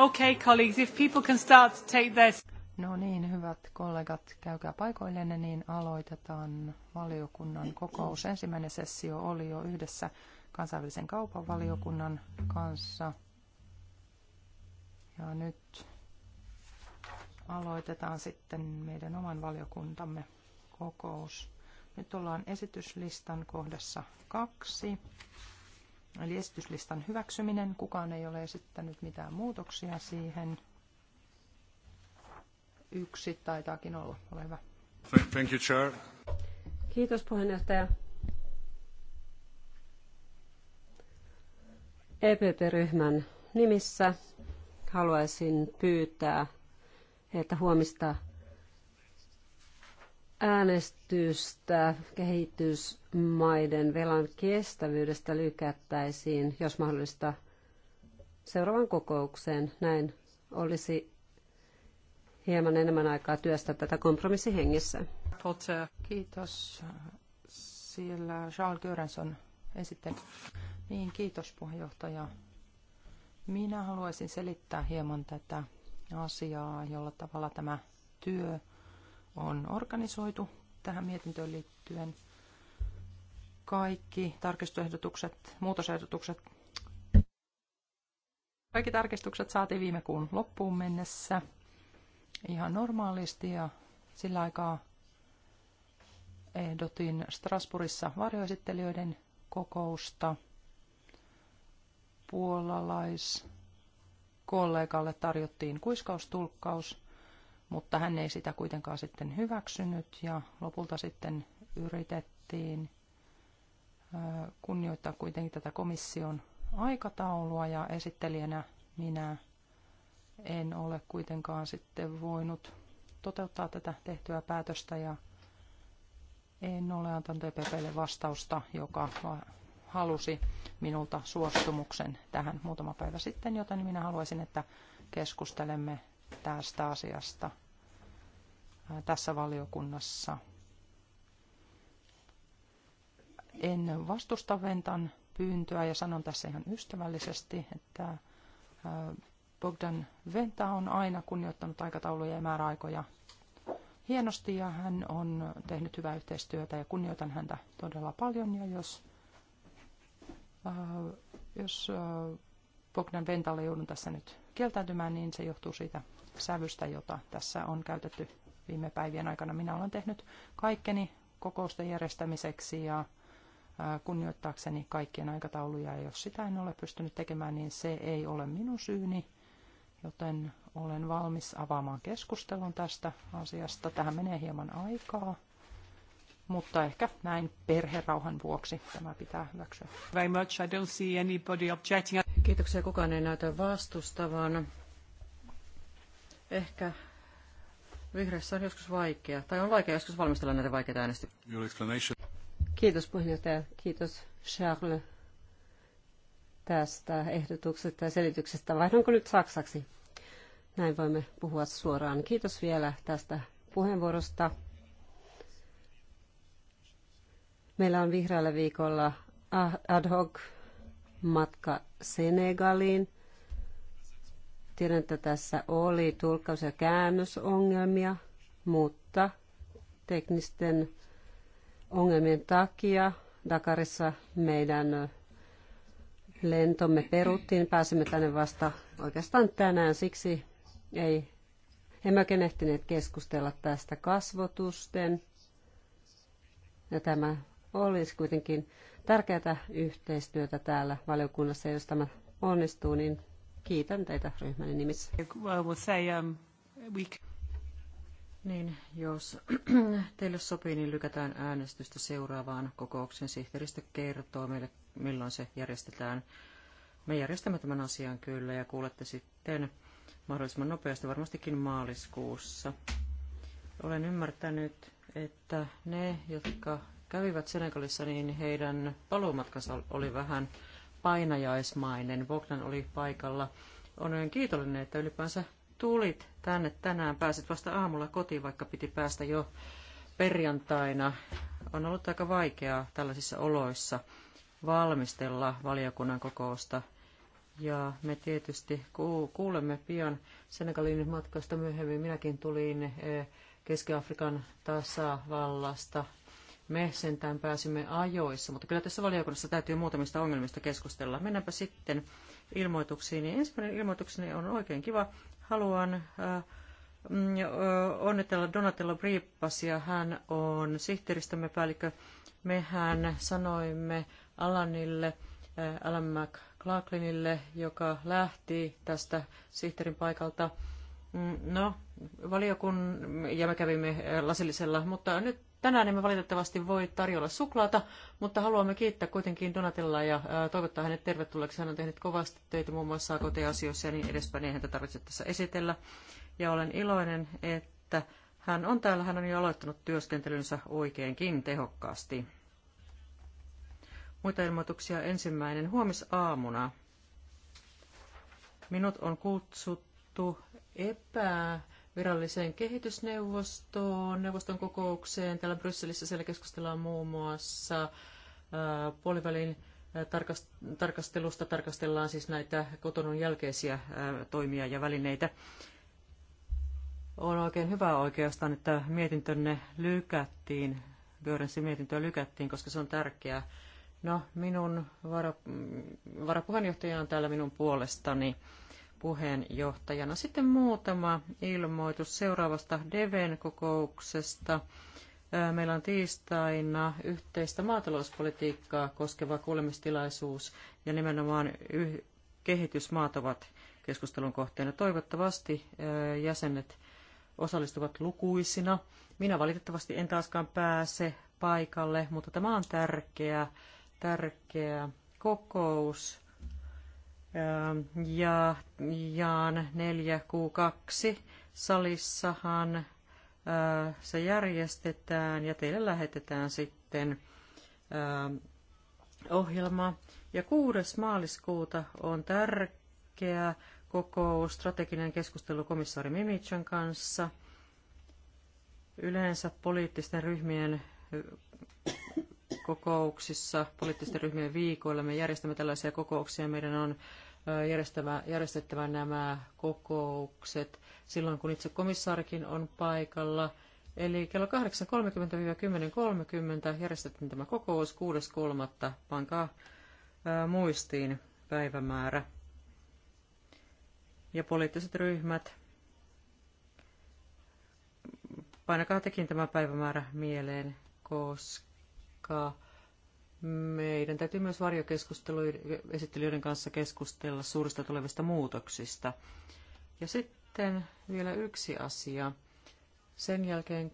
Okay, colleagues, if people can start to take their... No niin, hyvät kollegat, käykää paikoillenne, niin aloitetaan valiokunnan kokous. Ensimmäinen sessio oli jo yhdessä kansainvälisen kaupan valiokunnan kanssa. Ja nyt aloitetaan sitten meidän oman valiokuntamme kokous. Nyt ollaan esityslistan kohdassa kaksi. Eli esityslistan hyväksyminen. Kukaan ei ole esittänyt mitään muutoksia siihen. Yksi taitaakin olla. Ole hyvä. Thank you, Chair. Kiitos puheenjohtaja. EPP-ryhmän nimissä haluaisin pyytää, että huomista äänestystä kehitysmaiden velan kestävyydestä lykättäisiin, jos mahdollista, seuraavan kokoukseen. Näin olisi hieman enemmän aikaa työstää tätä kompromissihengissä. Kiitos. Siellä Charles Göransson esittää. Niin, kiitos puheenjohtaja. Minä haluaisin selittää hieman tätä asiaa, jolla tavalla tämä työ on organisoitu tähän mietintöön liittyen. Kaikki tarkistusehdotukset, muutosehdotukset, kaikki tarkistukset saatiin viime kuun loppuun mennessä ihan normaalisti ja sillä aikaa ehdotin Strasbourgissa varjoesittelijöiden kokousta puolalais kollegalle tarjottiin kuiskaustulkkaus mutta hän ei sitä kuitenkaan sitten hyväksynyt ja lopulta sitten yritettiin kunnioittaa kuitenkin tätä komission aikataulua ja esittelijänä minä en ole kuitenkaan sitten voinut toteuttaa tätä tehtyä päätöstä ja en ole antanut EPPlle vastausta, joka halusi minulta suostumuksen tähän muutama päivä sitten, joten minä haluaisin, että keskustelemme tästä asiasta tässä valiokunnassa. En vastusta Ventan pyyntöä ja sanon tässä ihan ystävällisesti, että Bogdan Venta on aina kunnioittanut aikatauluja ja määräaikoja hienosti ja hän on tehnyt hyvää yhteistyötä ja kunnioitan häntä todella paljon. Ja jos, jos Bogdan Ventalle joudun tässä nyt kieltäytymään, niin se johtuu siitä sävystä, jota tässä on käytetty viime päivien aikana. Minä olen tehnyt kaikkeni kokousten järjestämiseksi ja kunnioittaakseni kaikkien aikatauluja. Ja jos sitä en ole pystynyt tekemään, niin se ei ole minun syyni, joten olen valmis avaamaan keskustelun tästä asiasta. Tähän menee hieman aikaa, mutta ehkä näin perherauhan vuoksi tämä pitää hyväksyä. Very much. I don't see anybody objecting. Kiitoksia. Kukaan ei näytä vastustavan. Ehkä vihreissä on joskus vaikea, tai on vaikea joskus valmistella näitä vaikeita äänestyksiä. Kiitos puheenjohtaja. Kiitos Charles tästä ehdotuksesta ja selityksestä. Vaihdanko nyt saksaksi? Näin voimme puhua suoraan. Kiitos vielä tästä puheenvuorosta. Meillä on vihreällä viikolla ad hoc matka Senegaliin. Tiedän, että tässä oli tulkkaus- ja käännösongelmia, mutta teknisten ongelmien takia Dakarissa meidän lentomme peruttiin. Pääsimme tänne vasta oikeastaan tänään, siksi ei, emme oikein ehtineet keskustella tästä kasvotusten. Ja tämä olisi kuitenkin tärkeää yhteistyötä täällä valiokunnassa. Jos tämä onnistuu, niin kiitän teitä ryhmäni nimissä. Um, niin, jos teille sopii, niin lykätään äänestystä seuraavaan kokouksen. Sihteeristö kertoo meille, milloin se järjestetään. Me järjestämme tämän asian kyllä ja kuulette sitten mahdollisimman nopeasti, varmastikin maaliskuussa. Olen ymmärtänyt, että ne, jotka kävivät Senegalissa, niin heidän paluumatkansa oli vähän painajaismainen. Bogdan oli paikalla. Olen kiitollinen, että ylipäänsä tulit tänne tänään. Pääsit vasta aamulla kotiin, vaikka piti päästä jo perjantaina. On ollut aika vaikeaa tällaisissa oloissa valmistella valiokunnan kokousta. Ja me tietysti kuulemme pian Senegalin matkasta myöhemmin. Minäkin tulin eh, Keski-Afrikan tasavallasta me sentään pääsimme ajoissa, mutta kyllä tässä valiokunnassa täytyy muutamista ongelmista keskustella. Mennäänpä sitten ilmoituksiin. Niin ensimmäinen ilmoitukseni on oikein kiva. Haluan äh, mm, onnitella Donatello Briippasia. Hän on sihteeristömme päällikkö. Mehän sanoimme Alanille, äh, Alan McClarklinille, joka lähti tästä sihteerin paikalta. Mm, no, valiokun, ja me kävimme äh, lasillisella, mutta nyt Tänään emme valitettavasti voi tarjolla suklaata, mutta haluamme kiittää kuitenkin Donatella ja toivottaa hänet tervetulleeksi. Hän on tehnyt kovasti töitä muun muassa akt ja niin edespäin, niin ei häntä tarvitse tässä esitellä. Ja olen iloinen, että hän on täällä, hän on jo aloittanut työskentelynsä oikeinkin tehokkaasti. Muita ilmoituksia ensimmäinen huomisaamuna. Minut on kutsuttu epä viralliseen kehitysneuvostoon, neuvoston kokoukseen. Täällä Brysselissä siellä keskustellaan muun muassa puolivälin tarkastelusta tarkastellaan siis näitä kotonun jälkeisiä toimia ja välineitä. On oikein hyvä oikeastaan, että mietintönne lykättiin, Björnsin mietintöä lykättiin, koska se on tärkeää. No, minun varapuheenjohtaja on täällä minun puolestani puheenjohtajana. Sitten muutama ilmoitus seuraavasta Deven kokouksesta. Meillä on tiistaina yhteistä maatalouspolitiikkaa koskeva kuulemistilaisuus ja nimenomaan yh- kehitysmaat ovat keskustelun kohteena. Toivottavasti jäsenet osallistuvat lukuisina. Minä valitettavasti en taaskaan pääse paikalle, mutta tämä on tärkeä, tärkeä kokous ja jaan 4Q2 salissahan se järjestetään ja teille lähetetään sitten ohjelma. Ja 6. maaliskuuta on tärkeä kokous, strateginen keskustelu komissaari Mimitsan kanssa. Yleensä poliittisten ryhmien kokouksissa, poliittisten ryhmien viikoilla. Me järjestämme tällaisia kokouksia. Meidän on järjestettävä nämä kokoukset silloin, kun itse komissaarikin on paikalla. Eli kello 8.30-10.30 järjestettiin tämä kokous 6.3. Pankaa muistiin päivämäärä. Ja poliittiset ryhmät, painakaa tekin tämä päivämäärä mieleen, koska koska Meidän täytyy myös varjokeskustelijoiden kanssa keskustella suurista tulevista muutoksista. Ja sitten vielä yksi asia. Sen jälkeen,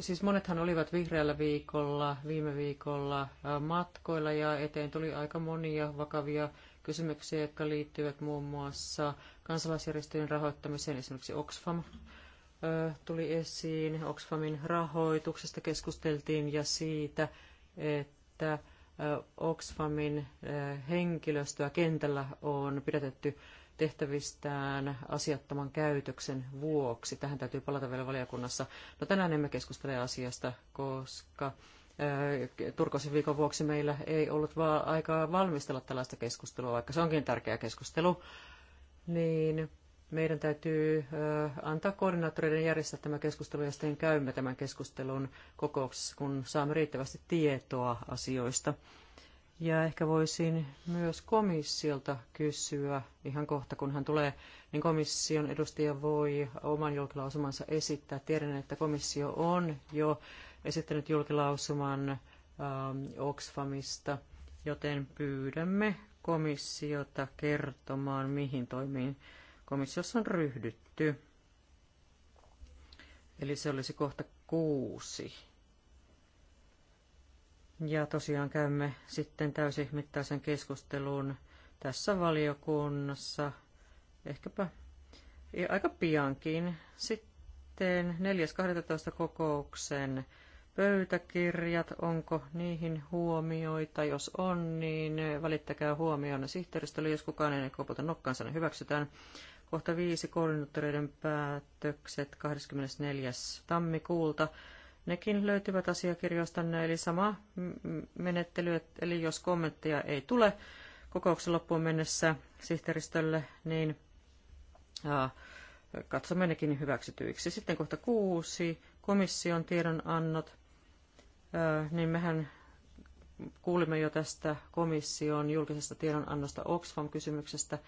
siis monethan olivat vihreällä viikolla, viime viikolla matkoilla ja eteen tuli aika monia vakavia kysymyksiä, jotka liittyvät muun muassa kansalaisjärjestöjen rahoittamiseen, esimerkiksi Oxfam tuli esiin, Oxfamin rahoituksesta keskusteltiin ja siitä, että Oxfamin henkilöstöä kentällä on pidätetty tehtävistään asiattoman käytöksen vuoksi. Tähän täytyy palata vielä valiokunnassa. No tänään emme keskustele asiasta, koska Turkosin viikon vuoksi meillä ei ollut aikaa valmistella tällaista keskustelua, vaikka se onkin tärkeä keskustelu. Niin meidän täytyy antaa koordinaattoreiden järjestää tämä keskustelu ja sitten käymme tämän keskustelun kokouksessa, kun saamme riittävästi tietoa asioista. Ja ehkä voisin myös komissiolta kysyä ihan kohta, kun hän tulee, niin komission edustaja voi oman julkilausumansa esittää. Tiedän, että komissio on jo esittänyt julkilausuman ähm, Oxfamista, joten pyydämme komissiota kertomaan, mihin toimiin komissiossa on ryhdytty. Eli se olisi kohta kuusi. Ja tosiaan käymme sitten täysihmittäisen keskustelun tässä valiokunnassa, ehkäpä aika piankin. Sitten 4.12. kokouksen pöytäkirjat, onko niihin huomioita, jos on, niin välittäkää huomioon sihteeristölle, jos kukaan ei kopota nokkaansa, niin hyväksytään. Kohta viisi koordinaattoreiden päätökset 24. tammikuulta. Nekin löytyvät asiakirjoistanne, eli sama menettely, eli jos kommentteja ei tule kokouksen loppuun mennessä sihteeristölle, niin katsomme nekin hyväksytyiksi. Sitten kohta kuusi, komission tiedonannot, niin mehän kuulimme jo tästä komission julkisesta tiedonannosta Oxfam-kysymyksestä.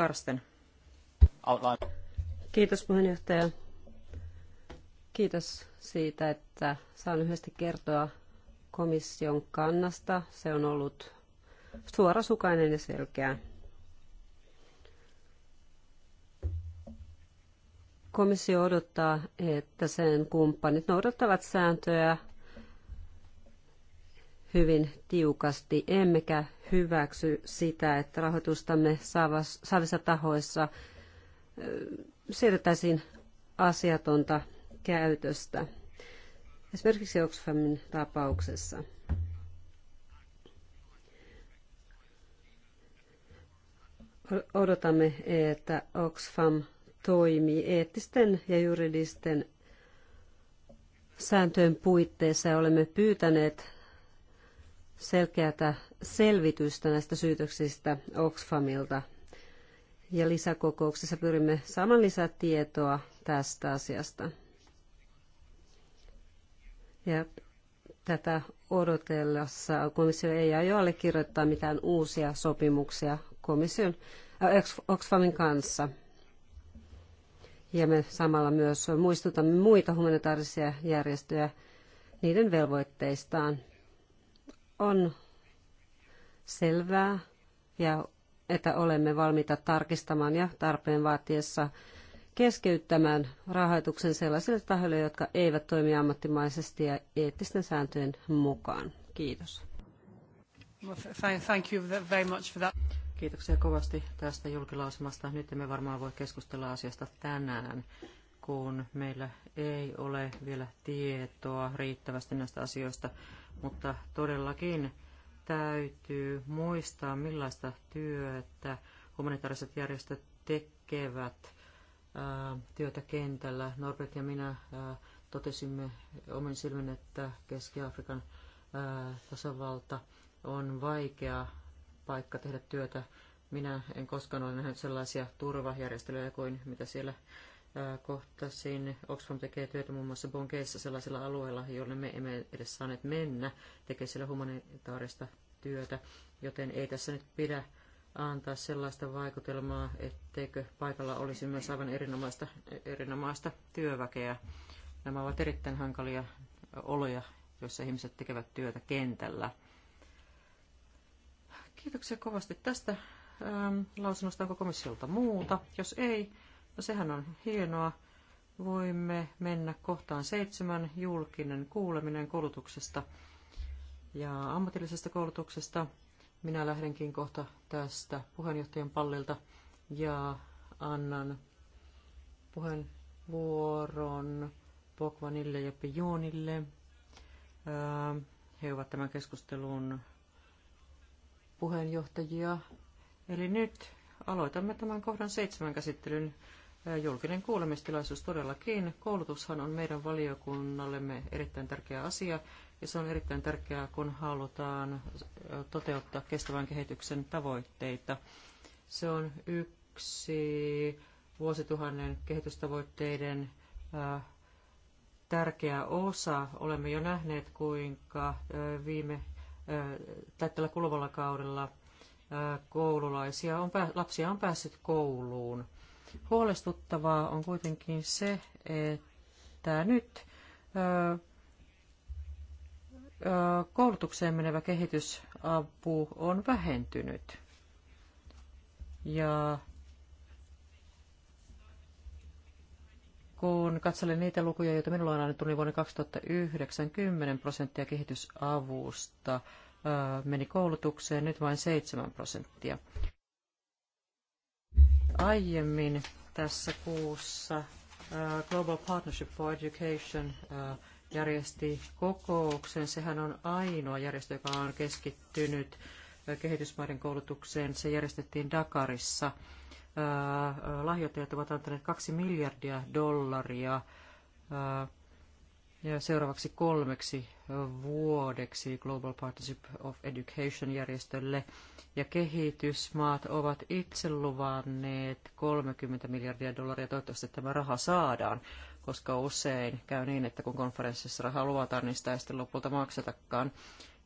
Karsten. Outline. Kiitos puheenjohtaja. Kiitos siitä, että saan lyhyesti kertoa komission kannasta. Se on ollut suorasukainen ja selkeä. Komissio odottaa, että sen kumppanit noudattavat sääntöjä hyvin tiukasti, emmekä hyväksy sitä, että rahoitustamme saavissa tahoissa siirrettäisiin asiatonta käytöstä. Esimerkiksi Oxfamin tapauksessa. Odotamme, että Oxfam toimii eettisten ja juridisten sääntöjen puitteissa ja olemme pyytäneet selkeätä selvitystä näistä syytöksistä Oxfamilta. Ja lisäkokouksessa pyrimme saamaan lisää tietoa tästä asiasta. Ja tätä odotellessa komissio ei aio allekirjoittaa mitään uusia sopimuksia komission äh, Oxfamin kanssa. Ja me samalla myös muistutamme muita humanitaarisia järjestöjä niiden velvoitteistaan. On selvää ja että olemme valmiita tarkistamaan ja tarpeen vaatiessa keskeyttämään rahoituksen sellaisille tahoille, jotka eivät toimi ammattimaisesti ja eettisten sääntöjen mukaan. Kiitos. Thank you very much for that. Kiitoksia kovasti tästä julkilausumasta. Nyt emme varmaan voi keskustella asiasta tänään, kun meillä ei ole vielä tietoa riittävästi näistä asioista mutta todellakin täytyy muistaa, millaista työtä humanitaariset järjestöt tekevät ää, työtä kentällä. Norbert ja minä ää, totesimme omin silmin, että Keski-Afrikan tasavalta on vaikea paikka tehdä työtä. Minä en koskaan ole nähnyt sellaisia turvajärjestelyjä kuin mitä siellä kohtasin. Oxfam tekee työtä muun muassa Bonkeissa sellaisilla alueilla, joille me emme edes saaneet mennä, tekee siellä humanitaarista työtä, joten ei tässä nyt pidä antaa sellaista vaikutelmaa, etteikö paikalla olisi myös aivan erinomaista, erinomaista työväkeä. Nämä ovat erittäin hankalia oloja, joissa ihmiset tekevät työtä kentällä. Kiitoksia kovasti tästä ähm, lausunnosta. Onko komissiolta muuta? Jos ei, No sehän on hienoa. Voimme mennä kohtaan seitsemän, julkinen kuuleminen koulutuksesta ja ammatillisesta koulutuksesta. Minä lähdenkin kohta tästä puheenjohtajan pallilta ja annan puheenvuoron Pokvanille ja Pijonille. Öö, he ovat tämän keskustelun puheenjohtajia. Eli nyt aloitamme tämän kohdan seitsemän käsittelyn julkinen kuulemistilaisuus todellakin. Koulutushan on meidän valiokunnallemme erittäin tärkeä asia ja se on erittäin tärkeää, kun halutaan toteuttaa kestävän kehityksen tavoitteita. Se on yksi vuosituhannen kehitystavoitteiden tärkeä osa. Olemme jo nähneet, kuinka viime tai tällä kuluvalla kaudella koululaisia on, lapsia on päässyt kouluun – Huolestuttavaa on kuitenkin se, että nyt koulutukseen menevä kehitysapu on vähentynyt. Ja kun katselen niitä lukuja, joita minulla on annettu, niin vuonna 2009 10 prosenttia kehitysavusta meni koulutukseen, nyt vain 7 prosenttia aiemmin tässä kuussa äh, Global Partnership for Education äh, järjesti kokouksen. Sehän on ainoa järjestö, joka on keskittynyt äh, kehitysmaiden koulutukseen. Se järjestettiin Dakarissa. Lahjoittajat ovat antaneet kaksi miljardia dollaria ja seuraavaksi kolmeksi vuodeksi Global Partnership of Education järjestölle. Ja kehitysmaat ovat itse luvanneet 30 miljardia dollaria. Toivottavasti tämä raha saadaan, koska usein käy niin, että kun konferenssissa raha luvataan, niin sitä ei sitten lopulta maksetakaan.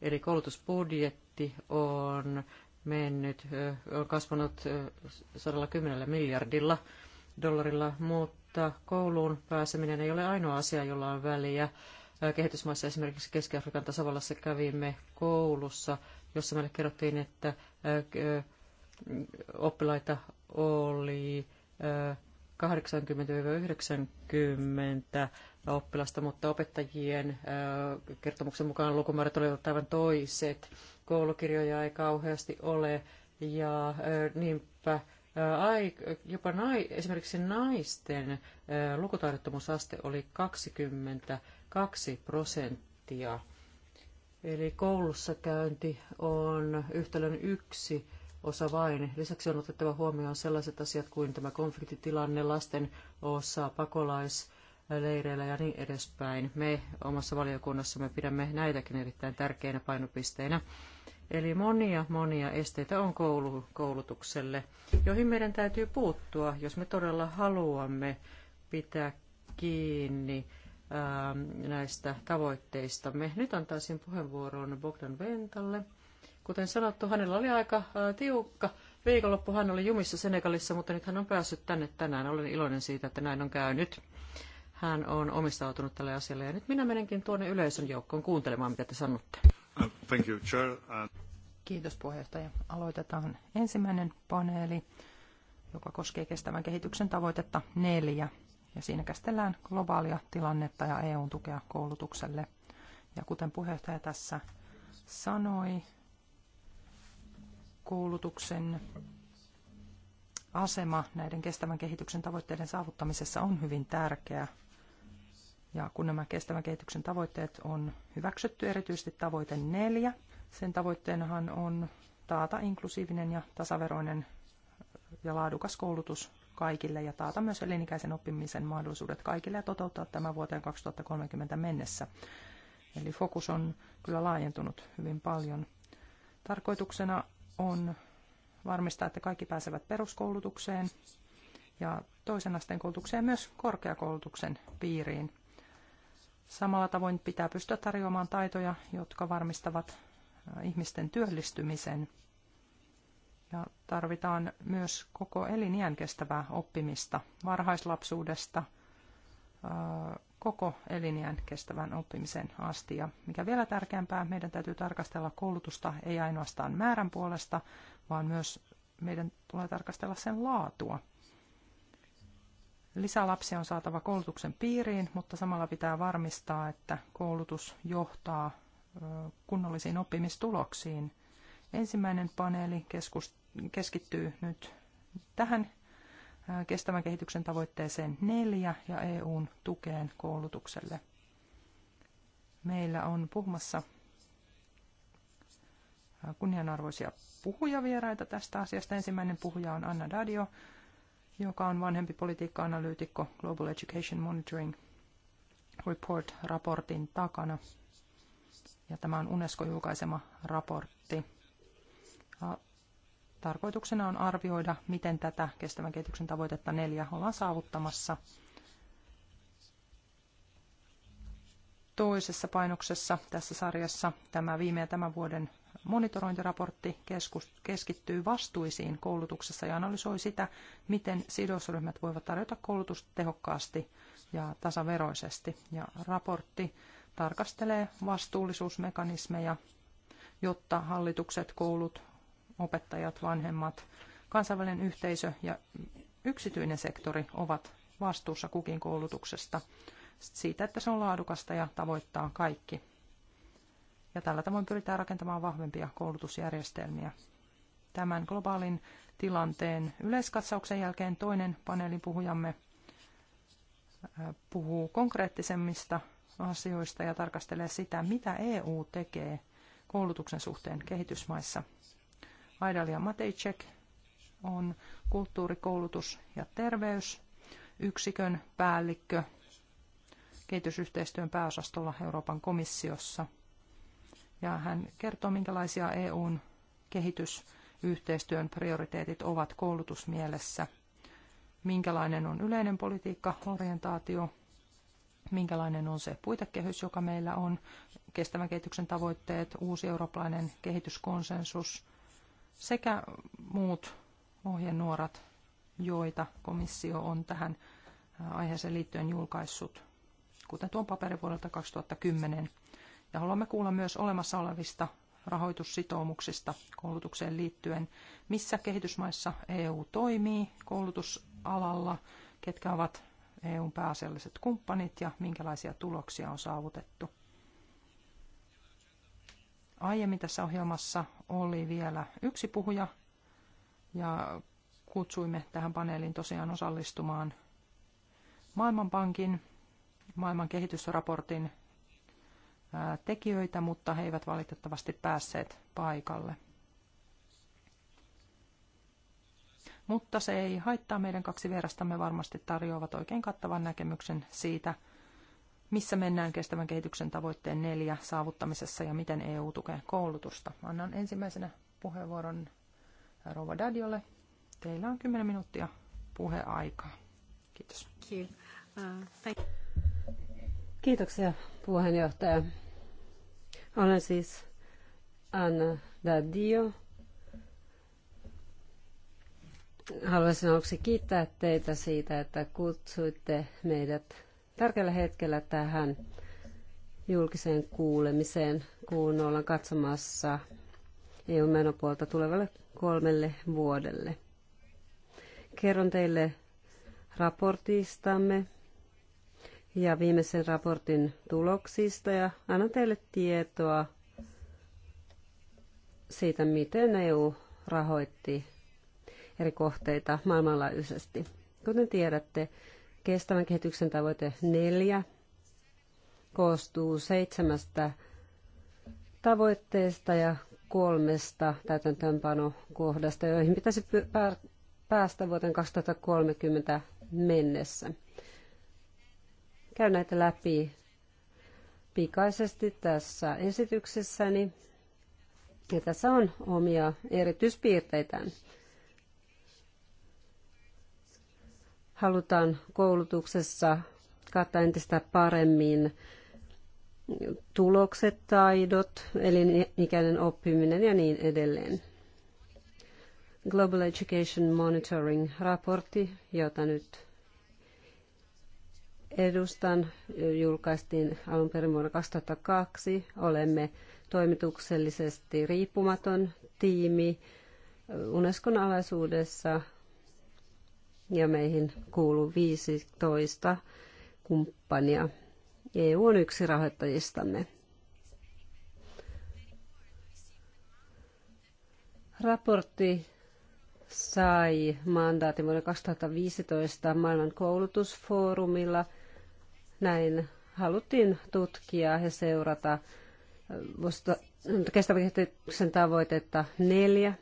Eli koulutusbudjetti on mennyt, on kasvanut 110 miljardilla dollarilla, mutta mutta kouluun pääseminen ei ole ainoa asia, jolla on väliä. Kehitysmaissa esimerkiksi Keski-Afrikan tasavallassa kävimme koulussa, jossa meille kerrottiin, että oppilaita oli 80-90 oppilasta, mutta opettajien kertomuksen mukaan lukumäärät olivat aivan toiset. Koulukirjoja ei kauheasti ole ja niinpä jopa nai, esimerkiksi naisten lukutaidottomuusaste oli 22 prosenttia. Eli koulussa käynti on yhtälön yksi osa vain. Lisäksi on otettava huomioon sellaiset asiat kuin tämä konfliktitilanne, lasten osa, pakolaisleireillä ja niin edespäin. Me omassa valiokunnassamme pidämme näitäkin erittäin tärkeinä painopisteinä. Eli monia, monia esteitä on koulutukselle, joihin meidän täytyy puuttua, jos me todella haluamme pitää kiinni ähm, näistä tavoitteistamme. Nyt antaisin puheenvuoron Bogdan Ventalle. Kuten sanottu, hänellä oli aika äh, tiukka viikonloppu. Hän oli jumissa Senegalissa, mutta nyt hän on päässyt tänne tänään. Olen iloinen siitä, että näin on käynyt. Hän on omistautunut tälle asialle ja nyt minä menenkin tuonne yleisön joukkoon kuuntelemaan, mitä te sanotte. Thank you, Chair. Kiitos puheenjohtaja. Aloitetaan ensimmäinen paneeli, joka koskee kestävän kehityksen tavoitetta neljä. Ja siinä käsitellään globaalia tilannetta ja EUn tukea koulutukselle. Ja kuten puheenjohtaja tässä sanoi, koulutuksen asema näiden kestävän kehityksen tavoitteiden saavuttamisessa on hyvin tärkeä. Ja kun nämä kestävän kehityksen tavoitteet on hyväksytty, erityisesti tavoite neljä, sen tavoitteenahan on taata inklusiivinen ja tasaveroinen ja laadukas koulutus kaikille ja taata myös elinikäisen oppimisen mahdollisuudet kaikille ja toteuttaa tämä vuoteen 2030 mennessä. Eli fokus on kyllä laajentunut hyvin paljon. Tarkoituksena on varmistaa, että kaikki pääsevät peruskoulutukseen ja toisen asteen koulutukseen myös korkeakoulutuksen piiriin. Samalla tavoin pitää pystyä tarjoamaan taitoja, jotka varmistavat äh, ihmisten työllistymisen. Ja tarvitaan myös koko eliniän kestävää oppimista varhaislapsuudesta äh, koko eliniän kestävän oppimisen asti. Ja mikä vielä tärkeämpää, meidän täytyy tarkastella koulutusta ei ainoastaan määrän puolesta, vaan myös meidän tulee tarkastella sen laatua. Lisää lapsia on saatava koulutuksen piiriin, mutta samalla pitää varmistaa, että koulutus johtaa kunnollisiin oppimistuloksiin. Ensimmäinen paneeli keskittyy nyt tähän kestävän kehityksen tavoitteeseen neljä ja EUn tukeen koulutukselle. Meillä on puhumassa kunnianarvoisia puhujavieraita tästä asiasta. Ensimmäinen puhuja on Anna Dadio, joka on vanhempi politiikka-analyytikko Global Education Monitoring Report-raportin takana. Ja tämä on UNESCO-julkaisema raportti. Tarkoituksena on arvioida, miten tätä kestävän kehityksen tavoitetta neljä ollaan saavuttamassa. Toisessa painoksessa tässä sarjassa tämä viime ja tämän vuoden Monitorointiraportti keskittyy vastuisiin koulutuksessa ja analysoi sitä, miten sidosryhmät voivat tarjota koulutusta tehokkaasti ja tasaveroisesti. Ja raportti tarkastelee vastuullisuusmekanismeja, jotta hallitukset, koulut, opettajat, vanhemmat, kansainvälinen yhteisö ja yksityinen sektori ovat vastuussa kukin koulutuksesta siitä, että se on laadukasta ja tavoittaa kaikki ja tällä tavoin pyritään rakentamaan vahvempia koulutusjärjestelmiä. Tämän globaalin tilanteen yleiskatsauksen jälkeen toinen paneelin puhujamme puhuu konkreettisemmista asioista ja tarkastelee sitä, mitä EU tekee koulutuksen suhteen kehitysmaissa. Aidalia Matejček on kulttuurikoulutus ja terveysyksikön päällikkö kehitysyhteistyön pääosastolla Euroopan komissiossa – ja hän kertoo, minkälaisia EUn kehitysyhteistyön prioriteetit ovat koulutusmielessä, minkälainen on yleinen politiikka, orientaatio, minkälainen on se puitekehys, joka meillä on, kestävän kehityksen tavoitteet, uusi eurooppalainen kehityskonsensus sekä muut ohjenuorat, joita komissio on tähän aiheeseen liittyen julkaissut, kuten tuon paperin vuodelta 2010. Ja haluamme kuulla myös olemassa olevista rahoitussitoumuksista koulutukseen liittyen, missä kehitysmaissa EU toimii koulutusalalla, ketkä ovat EUn pääasialliset kumppanit ja minkälaisia tuloksia on saavutettu. Aiemmin tässä ohjelmassa oli vielä yksi puhuja ja kutsuimme tähän paneeliin tosiaan osallistumaan Maailmanpankin, maailman kehitysraportin tekijöitä, mutta he eivät valitettavasti päässeet paikalle. Mutta se ei haittaa. Meidän kaksi vierastamme varmasti tarjoavat oikein kattavan näkemyksen siitä, missä mennään kestävän kehityksen tavoitteen neljä saavuttamisessa ja miten EU tukee koulutusta. Annan ensimmäisenä puheenvuoron Rova Dadiolle. Teillä on 10 minuuttia puheaikaa. Kiitos. Uh, Kiitoksia puheenjohtaja. Olen siis Anna Dadio. Haluaisin aluksi kiittää teitä siitä, että kutsuitte meidät tärkeällä hetkellä tähän julkiseen kuulemiseen, kun ollaan katsomassa EU-menopuolta tulevalle kolmelle vuodelle. Kerron teille raportistamme ja viimeisen raportin tuloksista ja annan teille tietoa siitä, miten EU rahoitti eri kohteita maailmanlaajuisesti. Kuten tiedätte, kestävän kehityksen tavoite neljä koostuu seitsemästä tavoitteesta ja kolmesta täytäntöönpanokohdasta, joihin pitäisi päästä vuoteen 2030 mennessä käyn näitä läpi pikaisesti tässä esityksessäni. Ja tässä on omia erityispiirteitä. Halutaan koulutuksessa kattaa entistä paremmin tulokset, taidot, elinikäinen oppiminen ja niin edelleen. Global Education Monitoring-raportti, jota nyt edustan julkaistiin alun perin vuonna 2002. Olemme toimituksellisesti riippumaton tiimi Unescon alaisuudessa ja meihin kuuluu 15 kumppania. EU on yksi rahoittajistamme. Raportti sai mandaatin vuonna 2015 maailman koulutusfoorumilla – näin haluttiin tutkia ja seurata äh, kestävän kehityksen tavoitetta neljä.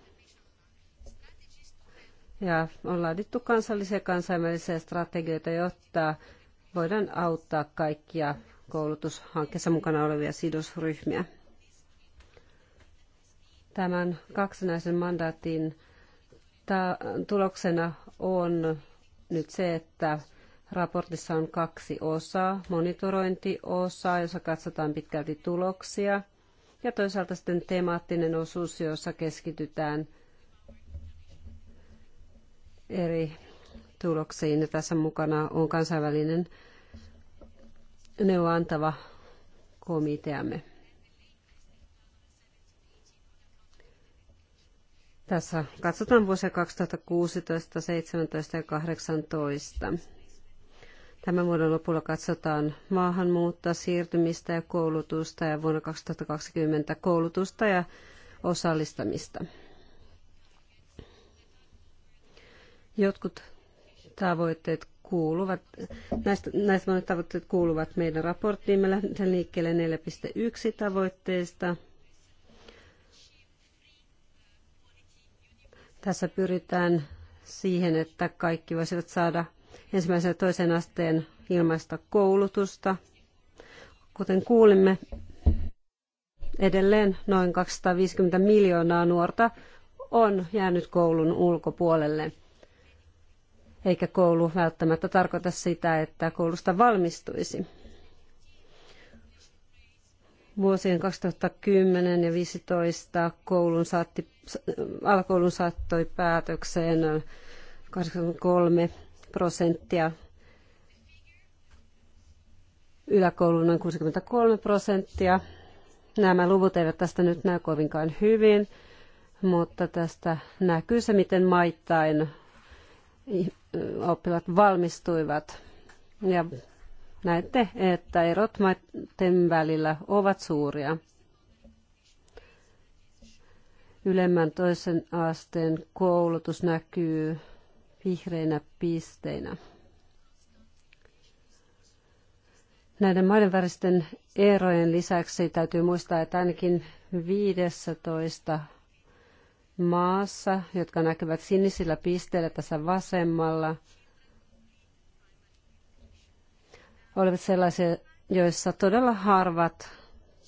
Ja on laadittu kansallisia ja kansainvälisiä strategioita, jotta voidaan auttaa kaikkia koulutushankkeessa mukana olevia sidosryhmiä. Tämän kaksinaisen mandaatin tuloksena on nyt se, että Raportissa on kaksi osaa, monitorointiosa, jossa katsotaan pitkälti tuloksia, ja toisaalta sitten temaattinen osuus, jossa keskitytään eri tuloksiin. Ja tässä mukana on kansainvälinen neuvoantava komiteamme. Tässä katsotaan vuosia 2016, 2017 ja 2018. Tämän vuoden lopulla katsotaan maahanmuutta, siirtymistä ja koulutusta ja vuonna 2020 koulutusta ja osallistamista. Jotkut tavoitteet kuuluvat, näistä, näistä monet tavoitteet kuuluvat meidän raporttiin. Me lähdetään liikkeelle 4.1 tavoitteista. Tässä pyritään siihen, että kaikki voisivat saada ensimmäisen ja toisen asteen ilmaista koulutusta. Kuten kuulimme, edelleen noin 250 miljoonaa nuorta on jäänyt koulun ulkopuolelle. Eikä koulu välttämättä tarkoita sitä, että koulusta valmistuisi. Vuosien 2010 ja 2015 koulun saatti, alakoulun saattoi päätökseen 83 prosenttia, yläkoulu noin 63 prosenttia. Nämä luvut eivät tästä nyt näy kovinkaan hyvin, mutta tästä näkyy se, miten maittain oppilaat valmistuivat. Ja näette, että erot maiden välillä ovat suuria. Ylemmän toisen asteen koulutus näkyy vihreinä pisteinä. Näiden maiden väristen erojen lisäksi täytyy muistaa, että ainakin 15 maassa, jotka näkyvät sinisillä pisteillä tässä vasemmalla, olivat sellaisia, joissa todella harvat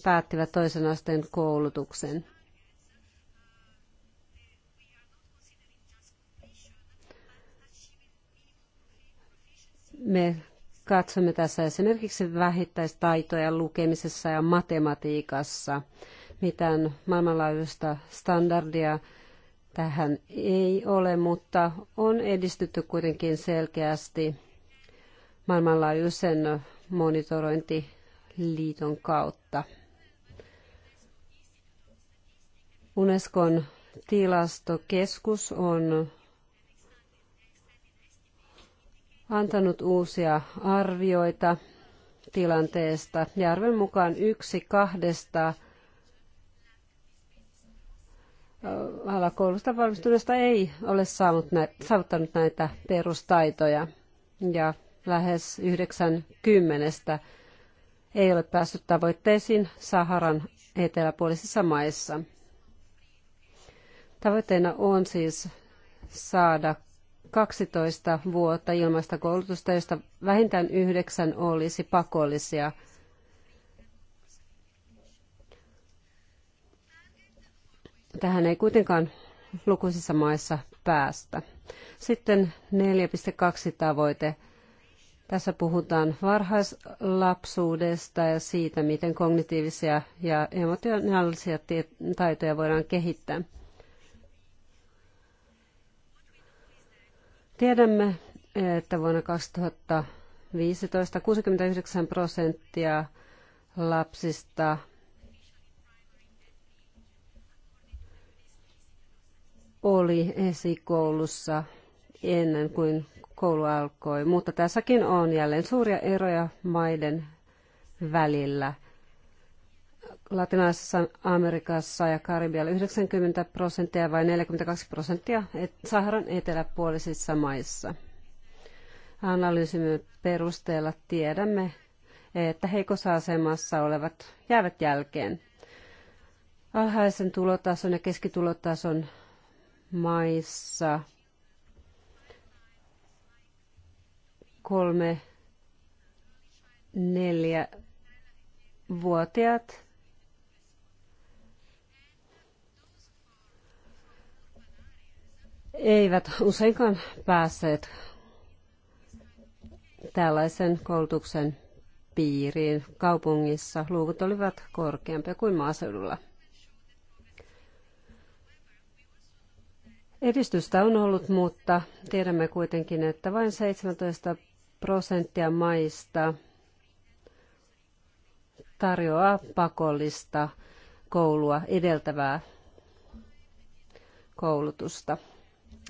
päättivät toisen asteen koulutuksen. Me katsomme tässä esimerkiksi vähittäistaitoja lukemisessa ja matematiikassa. Mitään maailmanlaajuista standardia tähän ei ole, mutta on edistytty kuitenkin selkeästi maailmanlaajuisen monitorointiliiton kautta. Unescon tilastokeskus on antanut uusia arvioita tilanteesta. Järven mukaan yksi kahdesta alakoulusta valmistuneesta ei ole saavuttanut näitä perustaitoja ja lähes yhdeksän kymmenestä ei ole päässyt tavoitteisiin Saharan eteläpuolisissa maissa. Tavoitteena on siis saada 12 vuotta ilmaista koulutusta, josta vähintään yhdeksän olisi pakollisia. Tähän ei kuitenkaan lukuisissa maissa päästä. Sitten 4.2 tavoite. Tässä puhutaan varhaislapsuudesta ja siitä, miten kognitiivisia ja emotionaalisia taitoja voidaan kehittää. Tiedämme, että vuonna 2015 69 prosenttia lapsista oli esikoulussa ennen kuin koulu alkoi, mutta tässäkin on jälleen suuria eroja maiden välillä. Latinalaisessa Amerikassa ja Karibialla 90 prosenttia vai 42 prosenttia Saharan eteläpuolisissa maissa. Analyysimme perusteella tiedämme, että heikossa asemassa olevat jäävät jälkeen. Alhaisen tulotason ja keskitulotason maissa kolme neljä vuotiaat eivät useinkaan päässeet tällaisen koulutuksen piiriin. Kaupungissa luvut olivat korkeampia kuin maaseudulla. Edistystä on ollut, mutta tiedämme kuitenkin, että vain 17 prosenttia maista tarjoaa pakollista koulua edeltävää koulutusta.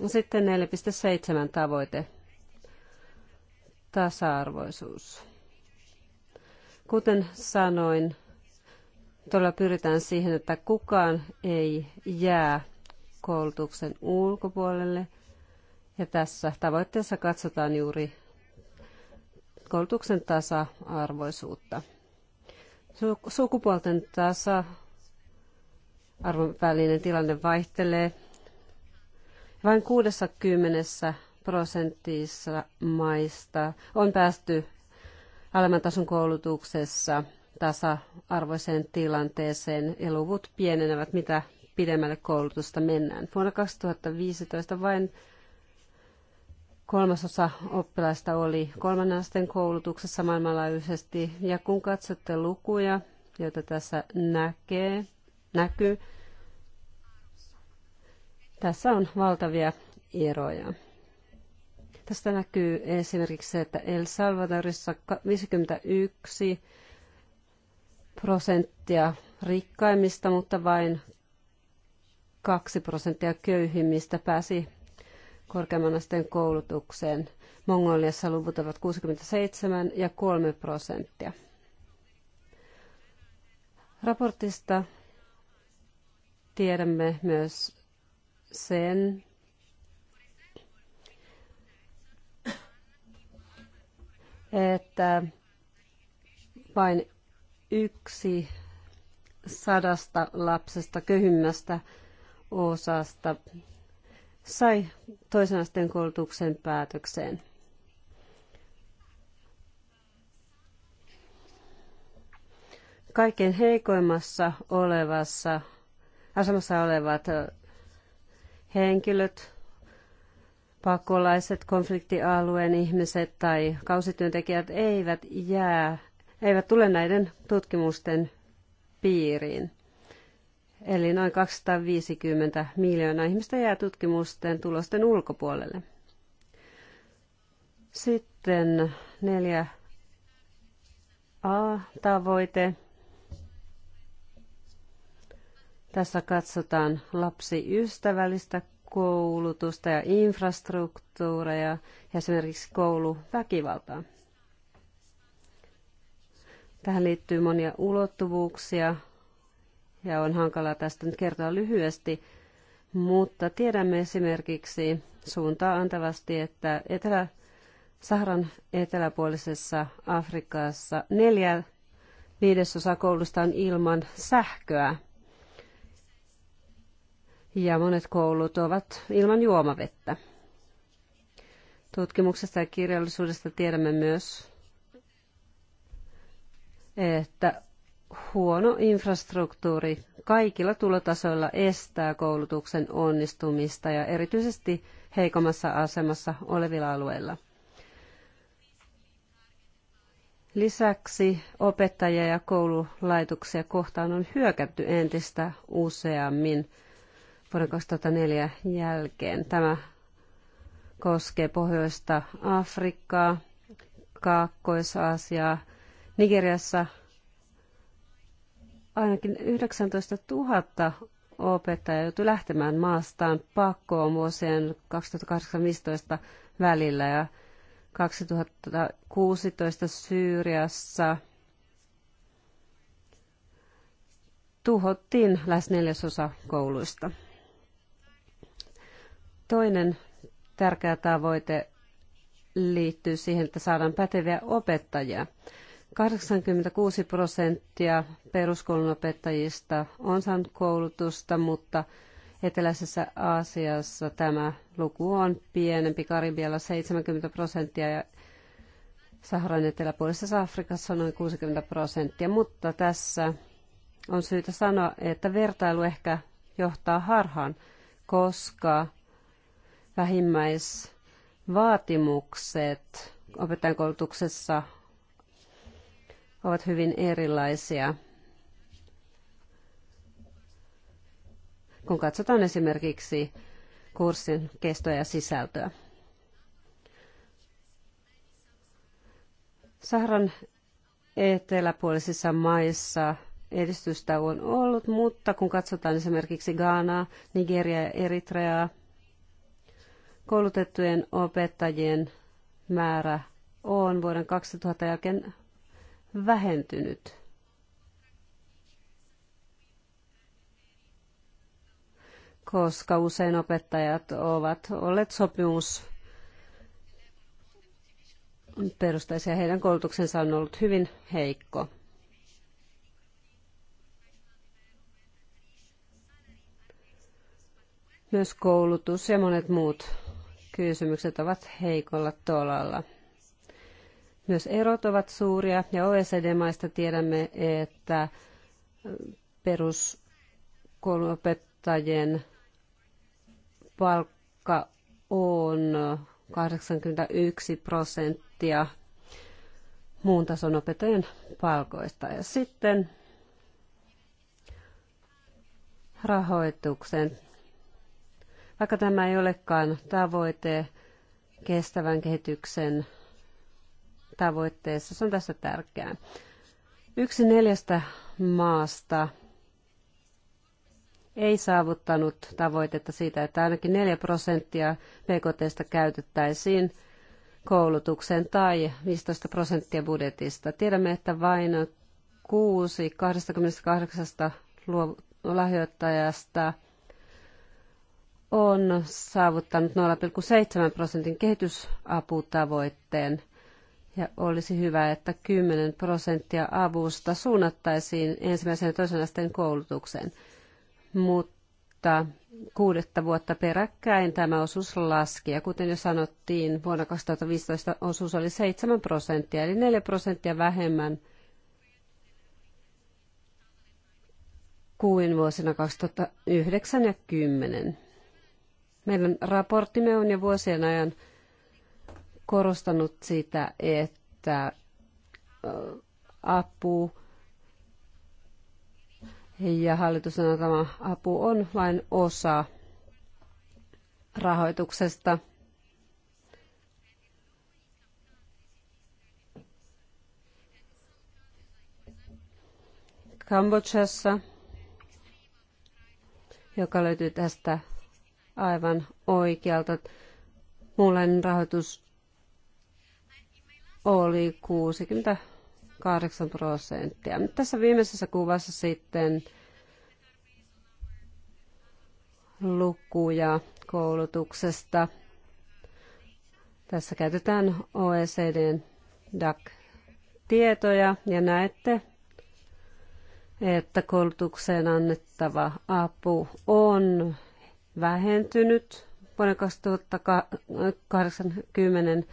Sitten 4.7 tavoite, tasa-arvoisuus. Kuten sanoin, tuolla pyritään siihen, että kukaan ei jää koulutuksen ulkopuolelle. Ja tässä tavoitteessa katsotaan juuri koulutuksen tasa-arvoisuutta. Sukupuolten tasa-arvon välinen tilanne vaihtelee vain 60 prosentissa maista on päästy tason koulutuksessa tasa-arvoiseen tilanteeseen ja luvut pienenevät, mitä pidemmälle koulutusta mennään. Vuonna 2015 vain kolmasosa oppilaista oli kolmannen asteen koulutuksessa maailmanlaajuisesti. Ja kun katsotte lukuja, joita tässä näkee, näkyy, tässä on valtavia eroja. Tästä näkyy esimerkiksi se, että El Salvadorissa 51 prosenttia rikkaimmista, mutta vain 2 prosenttia köyhimmistä pääsi korkeamman asteen koulutukseen. Mongoliassa luvut ovat 67 ja 3 prosenttia. Raportista tiedämme myös sen, että vain yksi sadasta lapsesta köyhimmästä osasta sai toisen asteen koulutuksen päätökseen. Kaikkein heikoimmassa olevassa asemassa olevat henkilöt, pakolaiset, konfliktialueen ihmiset tai kausityöntekijät eivät jää, eivät tule näiden tutkimusten piiriin. Eli noin 250 miljoonaa ihmistä jää tutkimusten tulosten ulkopuolelle. Sitten 4a-tavoite. Tässä katsotaan lapsiystävällistä koulutusta ja infrastruktuureja ja esimerkiksi kouluväkivaltaa. Tähän liittyy monia ulottuvuuksia ja on hankalaa tästä nyt kertoa lyhyesti, mutta tiedämme esimerkiksi suuntaa antavasti, että etelä, Saharan eteläpuolisessa Afrikassa neljä viidesosa koulusta on ilman sähköä ja monet koulut ovat ilman juomavettä. Tutkimuksesta ja kirjallisuudesta tiedämme myös, että huono infrastruktuuri kaikilla tulotasoilla estää koulutuksen onnistumista ja erityisesti heikommassa asemassa olevilla alueilla. Lisäksi opettajia ja koululaitoksia kohtaan on hyökätty entistä useammin – vuoden 2004 jälkeen. Tämä koskee pohjoista Afrikkaa, Kaakkois-Aasiaa. Nigeriassa ainakin 19 000 opettaja joutui lähtemään maastaan pakkoon vuosien 2008-2015 välillä ja 2016 Syyriassa tuhottiin lähes neljäsosa kouluista. Toinen tärkeä tavoite liittyy siihen, että saadaan päteviä opettajia. 86 prosenttia peruskoulun opettajista on saanut koulutusta, mutta Eteläisessä Aasiassa tämä luku on pienempi, Karibialla 70 prosenttia ja Saharan eteläpuolisessa Afrikassa on noin 60 prosenttia. Mutta tässä on syytä sanoa, että vertailu ehkä johtaa harhaan, koska vähimmäisvaatimukset opettajankoulutuksessa ovat hyvin erilaisia. Kun katsotaan esimerkiksi kurssin kestoa ja sisältöä. Saharan eteläpuolisissa maissa edistystä on ollut, mutta kun katsotaan esimerkiksi Ghanaa, Nigeriaa ja Eritreaa, koulutettujen opettajien määrä on vuoden 2000 jälkeen vähentynyt. koska usein opettajat ovat olleet sopimus perustaisia. Heidän koulutuksensa on ollut hyvin heikko. Myös koulutus ja monet muut kysymykset ovat heikolla tolalla. Myös erot ovat suuria ja OECD-maista tiedämme, että peruskoulunopettajien palkka on 81 prosenttia muun tason opettajien palkoista. Ja sitten rahoituksen vaikka tämä ei olekaan tavoite kestävän kehityksen tavoitteessa, se on tässä tärkeää. Yksi neljästä maasta ei saavuttanut tavoitetta siitä, että ainakin 4 prosenttia BKTstä käytettäisiin koulutukseen tai 15 prosenttia budjetista. Tiedämme, että vain 6 28 lahjoittajasta on saavuttanut 0,7 prosentin kehitysaputavoitteen ja olisi hyvä, että 10 prosenttia avusta suunnattaisiin ensimmäisen ja toisen asteen koulutukseen. Mutta kuudetta vuotta peräkkäin tämä osuus laski ja kuten jo sanottiin, vuonna 2015 osuus oli 7 prosenttia eli 4 prosenttia vähemmän kuin vuosina 2009 ja 2010. Meidän raporttimme on jo vuosien ajan korostanut sitä, että apu ja hallituksen antama apu on vain osa rahoituksesta. Kambodžassa, joka löytyy tästä aivan oikealta. Muunlainen rahoitus oli 68 prosenttia. tässä viimeisessä kuvassa sitten lukuja koulutuksesta. Tässä käytetään OECDn DAC-tietoja ja näette, että koulutukseen annettava apu on vähentynyt vuoden 2080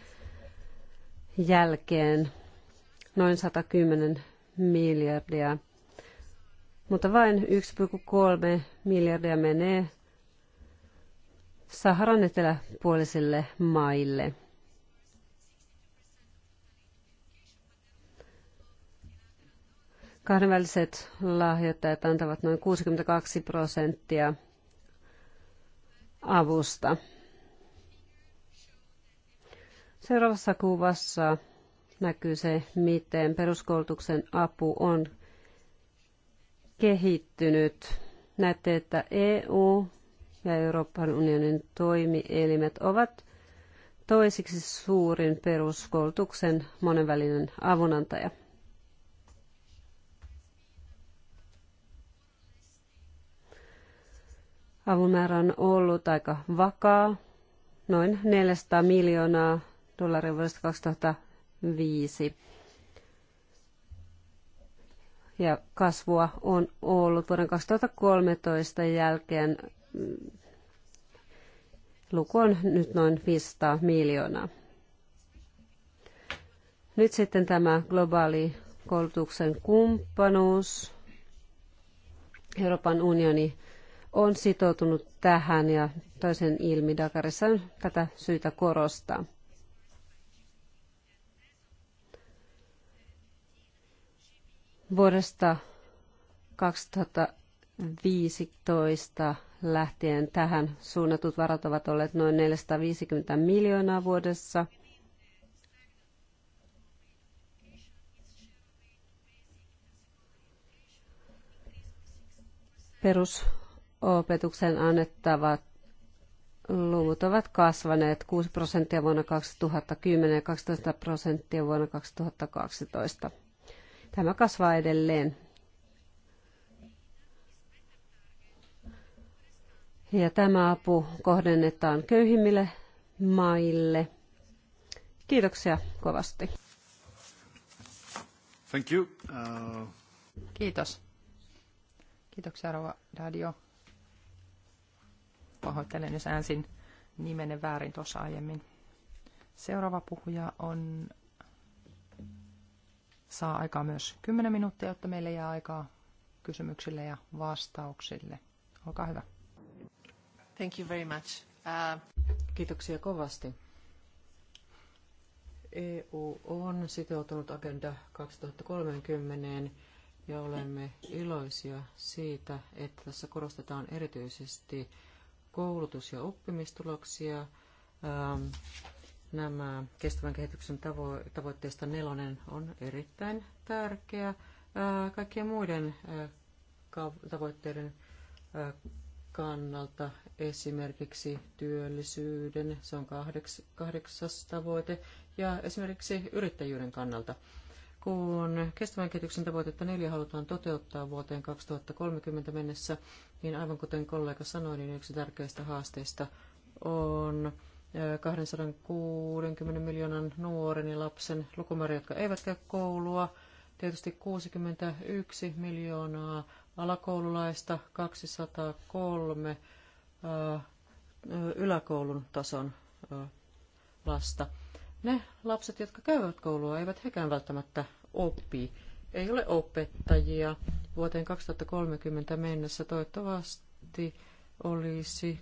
jälkeen noin 110 miljardia. Mutta vain 1,3 miljardia menee Saharan eteläpuolisille maille. Kahdenväliset lahjoittajat antavat noin 62 prosenttia avusta. Seuraavassa kuvassa näkyy se, miten peruskoulutuksen apu on kehittynyt. Näette, että EU ja Euroopan unionin toimielimet ovat toisiksi suurin peruskoulutuksen monenvälinen avunantaja. Avunmäärä on ollut aika vakaa, noin 400 miljoonaa dollaria vuodesta 2005. Ja kasvua on ollut vuoden 2013 jälkeen. Luku on nyt noin 500 miljoonaa. Nyt sitten tämä globaali koulutuksen kumppanuus. Euroopan unioni on sitoutunut tähän ja toisen ilmi Dakarissa on tätä syytä korostaa. Vuodesta 2015 lähtien tähän suunnatut varat ovat olleet noin 450 miljoonaa vuodessa. Perus opetuksen annettavat luvut ovat kasvaneet 6 prosenttia vuonna 2010 ja 12 prosenttia vuonna 2012. Tämä kasvaa edelleen. Ja tämä apu kohdennetaan köyhimmille maille. Kiitoksia kovasti. Thank you. Uh... Kiitos. Kiitoksia Rova Radio. Pahoittelen, jos äänsin nimenne väärin tuossa aiemmin. Seuraava puhuja on, saa aikaa myös 10 minuuttia, jotta meille jää aikaa kysymyksille ja vastauksille. Olkaa hyvä. Thank you very much. Uh... Kiitoksia kovasti. EU on sitoutunut Agenda 2030 ja olemme iloisia siitä, että tässä korostetaan erityisesti koulutus- ja oppimistuloksia. Ähm, nämä kestävän kehityksen tavo- tavoitteista nelonen on erittäin tärkeä äh, kaikkien muiden äh, tavoitteiden äh, kannalta esimerkiksi työllisyyden, se on kahdeks kahdeksas tavoite, ja esimerkiksi yrittäjyyden kannalta. Kun kestävän kehityksen tavoitetta neljä halutaan toteuttaa vuoteen 2030 mennessä, niin aivan kuten kollega sanoi, niin yksi tärkeistä haasteista on 260 miljoonan nuoren ja lapsen lukumäärä, jotka eivät käy koulua. Tietysti 61 miljoonaa alakoululaista, 203 yläkoulun tason lasta. Ne lapset, jotka käyvät koulua, eivät hekään välttämättä oppi. Ei ole opettajia, vuoteen 2030 mennessä toivottavasti olisi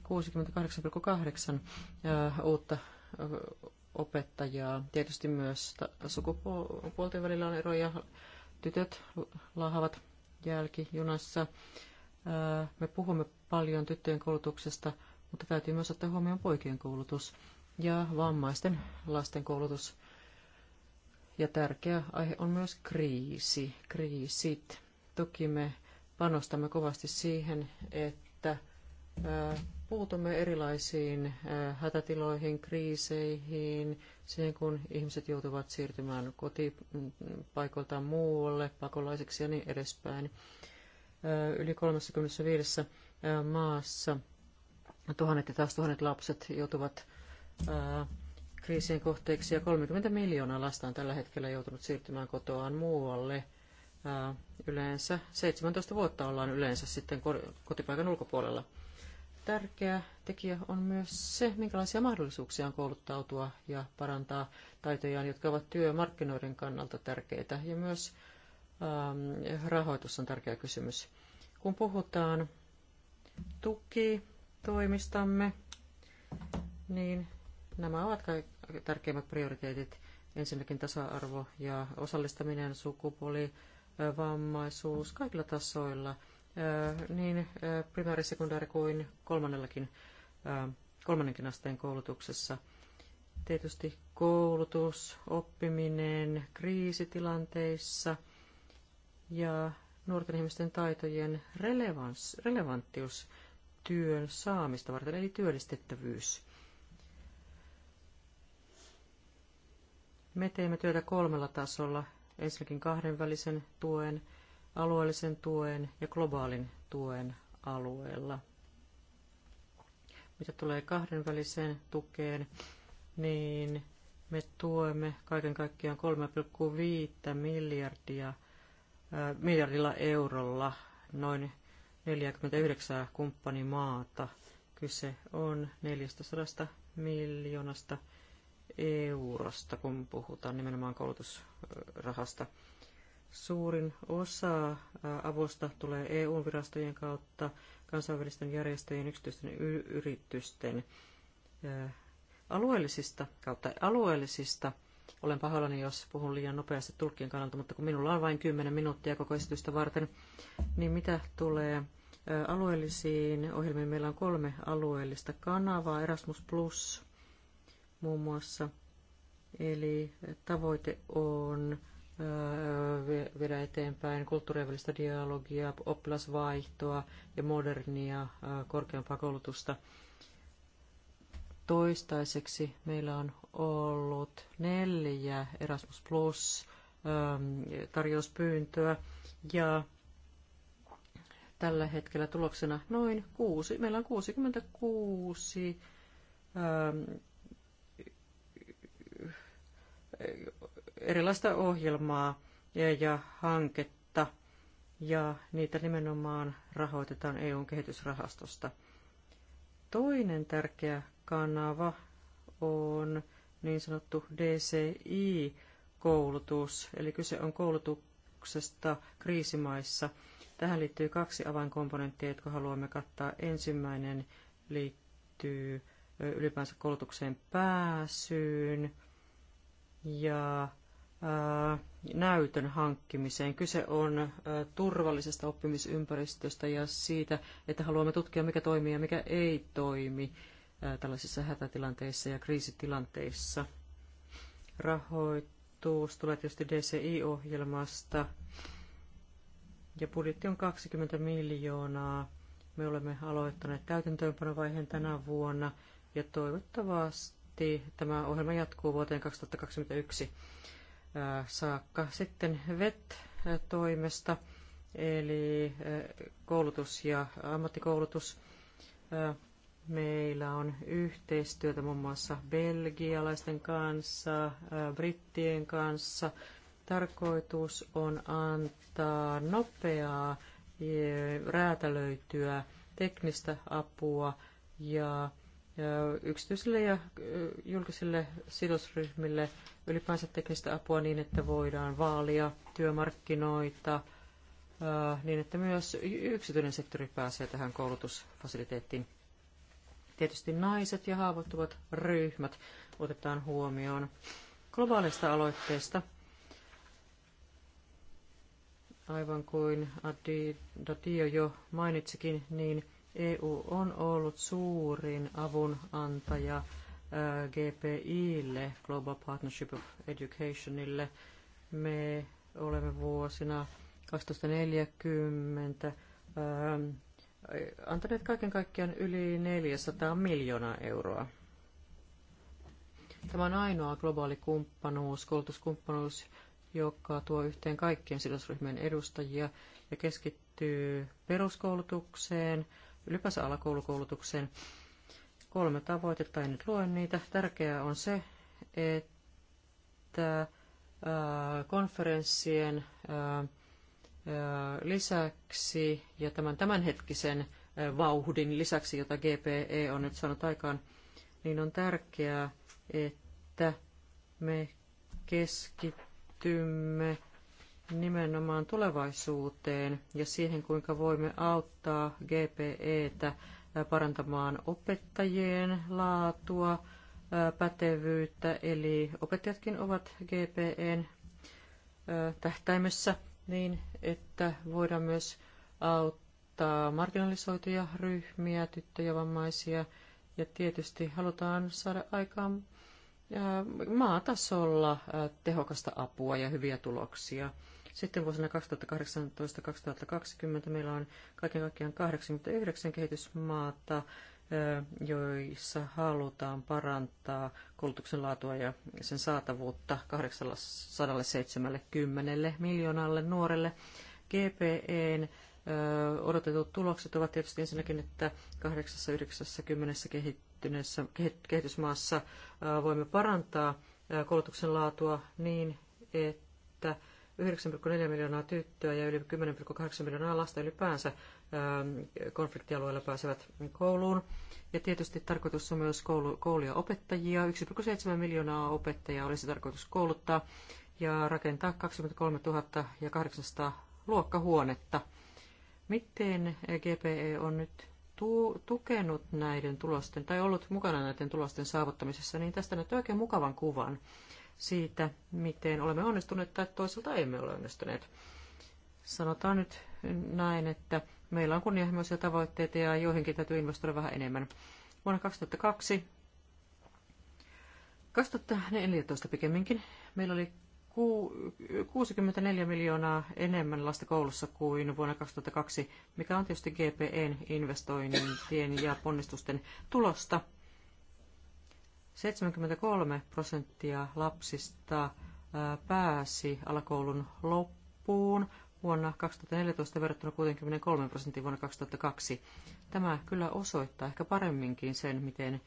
68,8 uutta opettajaa. Tietysti myös sukupuolten välillä on eroja. Tytöt lahavat jälkijunassa. Me puhumme paljon tyttöjen koulutuksesta, mutta täytyy myös ottaa huomioon poikien koulutus ja vammaisten lasten koulutus. Ja tärkeä aihe on myös kriisi, kriisit. Toki me panostamme kovasti siihen, että puutumme erilaisiin hätätiloihin, kriiseihin, siihen kun ihmiset joutuvat siirtymään kotipaikoiltaan muualle, pakolaisiksi ja niin edespäin. Yli 35 maassa tuhannet ja taas tuhannet lapset joutuvat kriisien kohteeksi ja 30 miljoonaa lasta on tällä hetkellä joutunut siirtymään kotoaan muualle – yleensä 17 vuotta ollaan yleensä sitten kotipaikan ulkopuolella. Tärkeä tekijä on myös se, minkälaisia mahdollisuuksia on kouluttautua ja parantaa taitojaan, jotka ovat työmarkkinoiden kannalta tärkeitä. Ja myös ähm, rahoitus on tärkeä kysymys. Kun puhutaan tukitoimistamme, niin nämä ovat kaikki tärkeimmät prioriteetit. Ensinnäkin tasa-arvo ja osallistaminen, sukupuoli, vammaisuus kaikilla tasoilla, niin primääri, sekundaari kuin kolmannellakin, kolmannenkin asteen koulutuksessa. Tietysti koulutus, oppiminen kriisitilanteissa ja nuorten ihmisten taitojen relevans, relevanttius työn saamista varten, eli työllistettävyys. Me teemme työtä kolmella tasolla, ensinnäkin kahdenvälisen tuen, alueellisen tuen ja globaalin tuen alueella. Mitä tulee kahdenväliseen tukeen, niin me tuemme kaiken kaikkiaan 3,5 miljardia, miljardilla eurolla noin 49 kumppanimaata. Kyse on 400 miljoonasta eurosta, kun puhutaan nimenomaan koulutusrahasta. Suurin osa avusta tulee EU-virastojen kautta, kansainvälisten järjestöjen, yksityisten yritysten alueellisista kautta alueellisista. Olen pahoillani, jos puhun liian nopeasti tulkien kannalta, mutta kun minulla on vain 10 minuuttia koko esitystä varten, niin mitä tulee alueellisiin ohjelmiin? Meillä on kolme alueellista kanavaa, Erasmus Plus, muun muassa. Eli tavoite on viedä eteenpäin kulttuurien välistä dialogia, oppilasvaihtoa ja modernia korkeampaa koulutusta. Toistaiseksi meillä on ollut neljä Erasmus Plus tarjouspyyntöä ja tällä hetkellä tuloksena noin kuusi. Meillä on 66 erilaista ohjelmaa ja, ja hanketta, ja niitä nimenomaan rahoitetaan EUn kehitysrahastosta. Toinen tärkeä kanava on niin sanottu DCI-koulutus, eli kyse on koulutuksesta kriisimaissa. Tähän liittyy kaksi avainkomponenttia, jotka haluamme kattaa. Ensimmäinen liittyy ylipäänsä koulutukseen pääsyyn, ja näytön hankkimiseen. Kyse on turvallisesta oppimisympäristöstä ja siitä, että haluamme tutkia, mikä toimii ja mikä ei toimi tällaisissa hätätilanteissa ja kriisitilanteissa. Rahoitus tulee tietysti DCI-ohjelmasta ja budjetti on 20 miljoonaa. Me olemme aloittaneet täytäntöönpanovaiheen tänä vuonna ja toivottavasti asti. Tämä ohjelma jatkuu vuoteen 2021 äh, saakka. Sitten VET-toimesta, eli äh, koulutus ja ammattikoulutus. Äh, meillä on yhteistyötä muun muassa belgialaisten kanssa, brittien kanssa. Tarkoitus on antaa nopeaa räätälöityä teknistä apua ja yksityisille ja julkisille sidosryhmille ylipäänsä teknistä apua niin, että voidaan vaalia työmarkkinoita, niin että myös yksityinen sektori pääsee tähän koulutusfasiliteettiin. Tietysti naiset ja haavoittuvat ryhmät otetaan huomioon globaalista aloitteesta Aivan kuin Adi Dadio jo mainitsikin, niin EU on ollut suurin avunantaja äh, GPIlle, Global Partnership of Educationille. Me olemme vuosina 2040 ähm, antaneet kaiken kaikkiaan yli 400 miljoonaa euroa. Tämä on ainoa globaali kumppanuus, koulutuskumppanuus, joka tuo yhteen kaikkien sidosryhmien edustajia ja keskittyy peruskoulutukseen, ylipäänsä alakoulukoulutukseen. Kolme tavoitetta, en nyt lue niitä. Tärkeää on se, että äh, konferenssien äh, äh, lisäksi ja tämän tämänhetkisen vauhdin lisäksi, jota GPE on nyt saanut aikaan, niin on tärkeää, että me keskitymme nimenomaan tulevaisuuteen ja siihen, kuinka voimme auttaa GPEtä parantamaan opettajien laatua, pätevyyttä, eli opettajatkin ovat GPEn tähtäimessä niin, että voidaan myös auttaa marginalisoituja ryhmiä, tyttöjä, vammaisia ja tietysti halutaan saada aikaan maatasolla tehokasta apua ja hyviä tuloksia. Sitten vuosina 2018-2020 meillä on kaiken kaikkiaan 89 kehitysmaata, joissa halutaan parantaa koulutuksen laatua ja sen saatavuutta 870 miljoonalle nuorelle. GPEn odotetut tulokset ovat tietysti ensinnäkin, että 890 kehittyneessä, kehitysmaassa voimme parantaa koulutuksen laatua niin, että 9,4 miljoonaa tyttöä ja yli 10,8 miljoonaa lasta ylipäänsä ähm, konfliktialueella pääsevät kouluun. Ja tietysti tarkoitus on myös koulu, kouluja opettajia. 1,7 miljoonaa opettajaa olisi tarkoitus kouluttaa ja rakentaa 23 800 luokkahuonetta. Miten GPE on nyt tukenut näiden tulosten tai ollut mukana näiden tulosten saavuttamisessa, niin tästä näyttää oikein mukavan kuvan siitä, miten olemme onnistuneet tai toisaalta emme ole onnistuneet. Sanotaan nyt näin, että meillä on kunnianhimoisia tavoitteita ja joihinkin täytyy investoida vähän enemmän. Vuonna 2002, 2014 pikemminkin, meillä oli 64 miljoonaa enemmän lasta koulussa kuin vuonna 2002, mikä on tietysti GPEn investointien ja ponnistusten tulosta – 73 prosenttia lapsista pääsi alakoulun loppuun vuonna 2014 verrattuna 63 prosenttiin vuonna 2002. Tämä kyllä osoittaa ehkä paremminkin sen, miten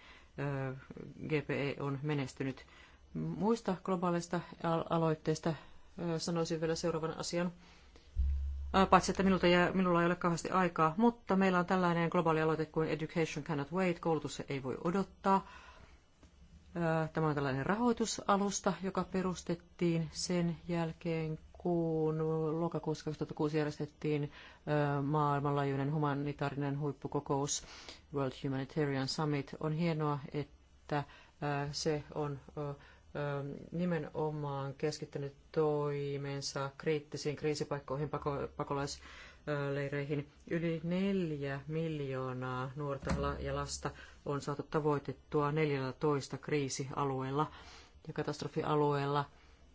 GPE on menestynyt. Muista globaaleista aloitteista sanoisin vielä seuraavan asian. Paitsi, että minulta jää, minulla ei ole kauheasti aikaa, mutta meillä on tällainen globaali aloite kuin Education Cannot Wait, koulutus ei voi odottaa Äh, tämä on tällainen rahoitusalusta, joka perustettiin sen jälkeen, kun lokakuussa 2006 järjestettiin äh, maailmanlaajuinen humanitaarinen huippukokous World Humanitarian Summit. On hienoa, että äh, se on nimenomaan keskittänyt toimensa kriittisiin kriisipaikkoihin, pakolais- leireihin. Yli neljä miljoonaa nuorta ja lasta on saatu tavoitettua 14 kriisialueella ja katastrofialueella.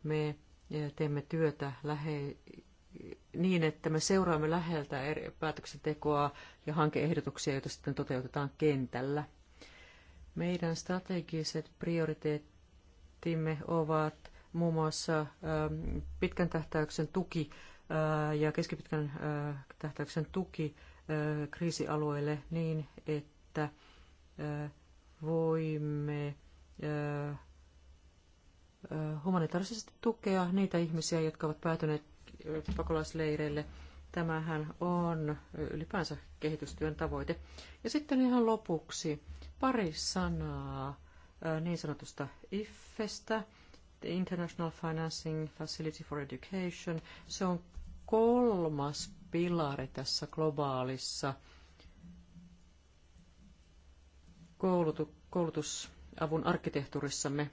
Me eh, teemme työtä lähe- niin, että me seuraamme läheltä eri päätöksentekoa ja hankeehdotuksia, joita sitten toteutetaan kentällä. Meidän strategiset prioriteettimme ovat muun muassa eh, pitkän tähtäyksen tuki ja keskipitkän tähtäyksen tuki kriisialueille niin, että voimme humanitaarisesti tukea niitä ihmisiä, jotka ovat päätyneet pakolaisleireille. Tämähän on ylipäänsä kehitystyön tavoite. Ja sitten ihan lopuksi pari sanaa niin sanotusta IFFestä, the International Financing Facility for Education. Se on kolmas pilari tässä globaalissa koulutu, koulutusavun arkkitehtuurissamme.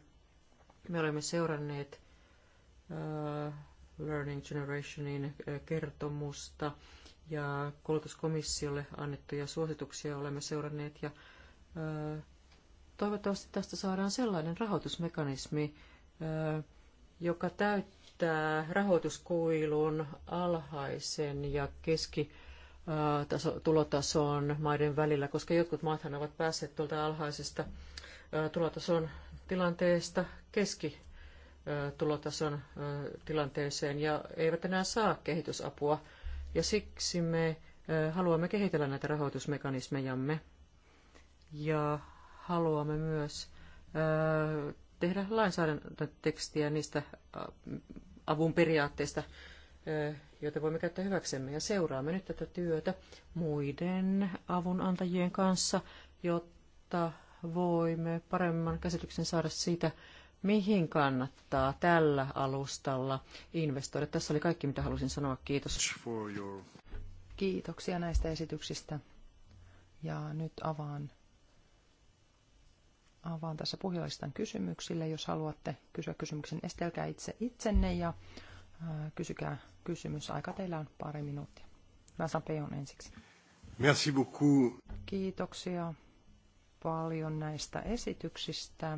Me olemme seuranneet uh, Learning Generationin äh, kertomusta ja koulutuskomissiolle annettuja suosituksia olemme seuranneet ja uh, toivottavasti tästä saadaan sellainen rahoitusmekanismi, uh, joka täyttää estää rahoituskuilun alhaisen ja keski äh, maiden välillä, koska jotkut maathan ovat päässeet tuolta alhaisesta äh, tulotason tilanteesta keskitulotason äh, tilanteeseen ja eivät enää saa kehitysapua. Ja siksi me haluamme kehitellä näitä rahoitusmekanismejamme ja haluamme myös tehdä lainsäädäntötekstiä niistä avun periaatteista, joita voimme käyttää hyväksemme. Ja seuraamme nyt tätä työtä muiden avunantajien kanssa, jotta voimme paremman käsityksen saada siitä, mihin kannattaa tällä alustalla investoida. Tässä oli kaikki, mitä halusin sanoa. Kiitos. Kiitoksia näistä esityksistä. Ja nyt avaan avaan tässä puhelistan kysymyksille. Jos haluatte kysyä kysymyksen, estelkää itse itsenne ja äh, kysykää kysymys. Aika teillä on pari minuuttia. Mä saan peon ensiksi. Merci beaucoup. Kiitoksia paljon näistä esityksistä.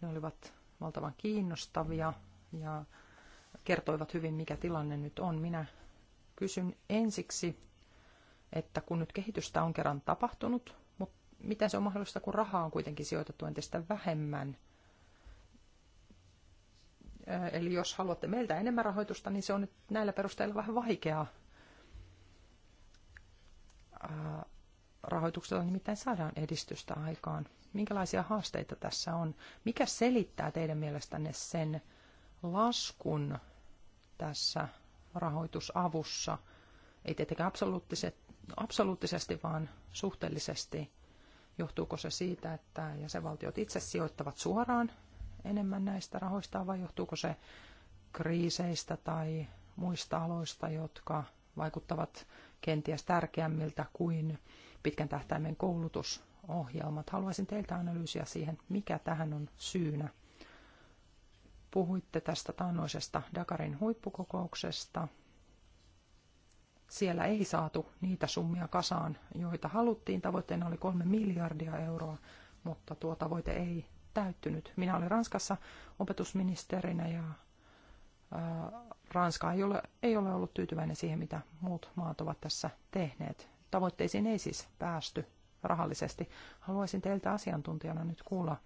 Ne olivat valtavan kiinnostavia ja kertoivat hyvin, mikä tilanne nyt on. Minä kysyn ensiksi, että kun nyt kehitystä on kerran tapahtunut, miten se on mahdollista, kun rahaa on kuitenkin sijoitettu entistä vähemmän. Eli jos haluatte meiltä enemmän rahoitusta, niin se on nyt näillä perusteilla vähän vaikeaa. Rahoituksella nimittäin saadaan edistystä aikaan. Minkälaisia haasteita tässä on? Mikä selittää teidän mielestänne sen laskun tässä rahoitusavussa? Ei tietenkään absoluuttisesti, vaan suhteellisesti. Johtuuko se siitä, että jäsenvaltiot itse sijoittavat suoraan enemmän näistä rahoista vai johtuuko se kriiseistä tai muista aloista, jotka vaikuttavat kenties tärkeämmiltä kuin pitkän tähtäimen koulutusohjelmat. Haluaisin teiltä analyysiä siihen, mikä tähän on syynä. Puhuitte tästä taannoisesta Dakarin huippukokouksesta siellä ei saatu niitä summia kasaan, joita haluttiin. Tavoitteena oli kolme miljardia euroa, mutta tuo tavoite ei täyttynyt. Minä olin Ranskassa opetusministerinä ja Ranska ei ole, ei ole ollut tyytyväinen siihen, mitä muut maat ovat tässä tehneet. Tavoitteisiin ei siis päästy rahallisesti. Haluaisin teiltä asiantuntijana nyt kuulla,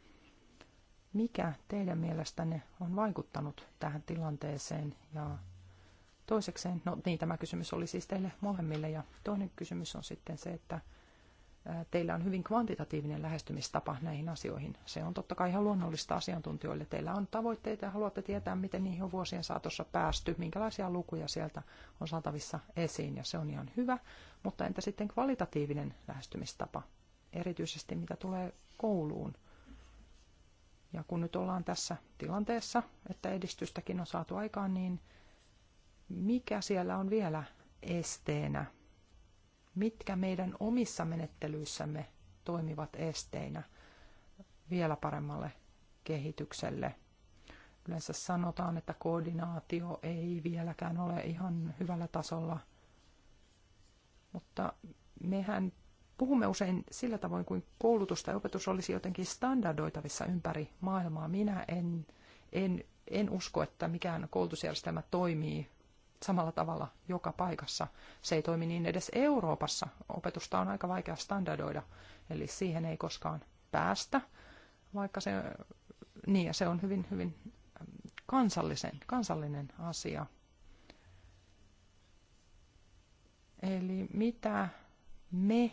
mikä teidän mielestänne on vaikuttanut tähän tilanteeseen ja Toisekseen, no niin, tämä kysymys oli siis teille molemmille ja toinen kysymys on sitten se, että teillä on hyvin kvantitatiivinen lähestymistapa näihin asioihin. Se on totta kai ihan luonnollista asiantuntijoille. Teillä on tavoitteita ja haluatte tietää, miten niihin on vuosien saatossa päästy, minkälaisia lukuja sieltä on saatavissa esiin ja se on ihan hyvä. Mutta entä sitten kvalitatiivinen lähestymistapa, erityisesti mitä tulee kouluun? Ja kun nyt ollaan tässä tilanteessa, että edistystäkin on saatu aikaan, niin mikä siellä on vielä esteenä? Mitkä meidän omissa menettelyissämme toimivat esteinä vielä paremmalle kehitykselle? Yleensä sanotaan, että koordinaatio ei vieläkään ole ihan hyvällä tasolla, mutta mehän puhumme usein sillä tavoin, kuin koulutus tai opetus olisi jotenkin standardoitavissa ympäri maailmaa. Minä en, en, en usko, että mikään koulutusjärjestelmä toimii samalla tavalla joka paikassa. Se ei toimi niin edes Euroopassa. Opetusta on aika vaikea standardoida, eli siihen ei koskaan päästä, vaikka se, niin ja se on hyvin, hyvin kansallisen, kansallinen asia. Eli mitä me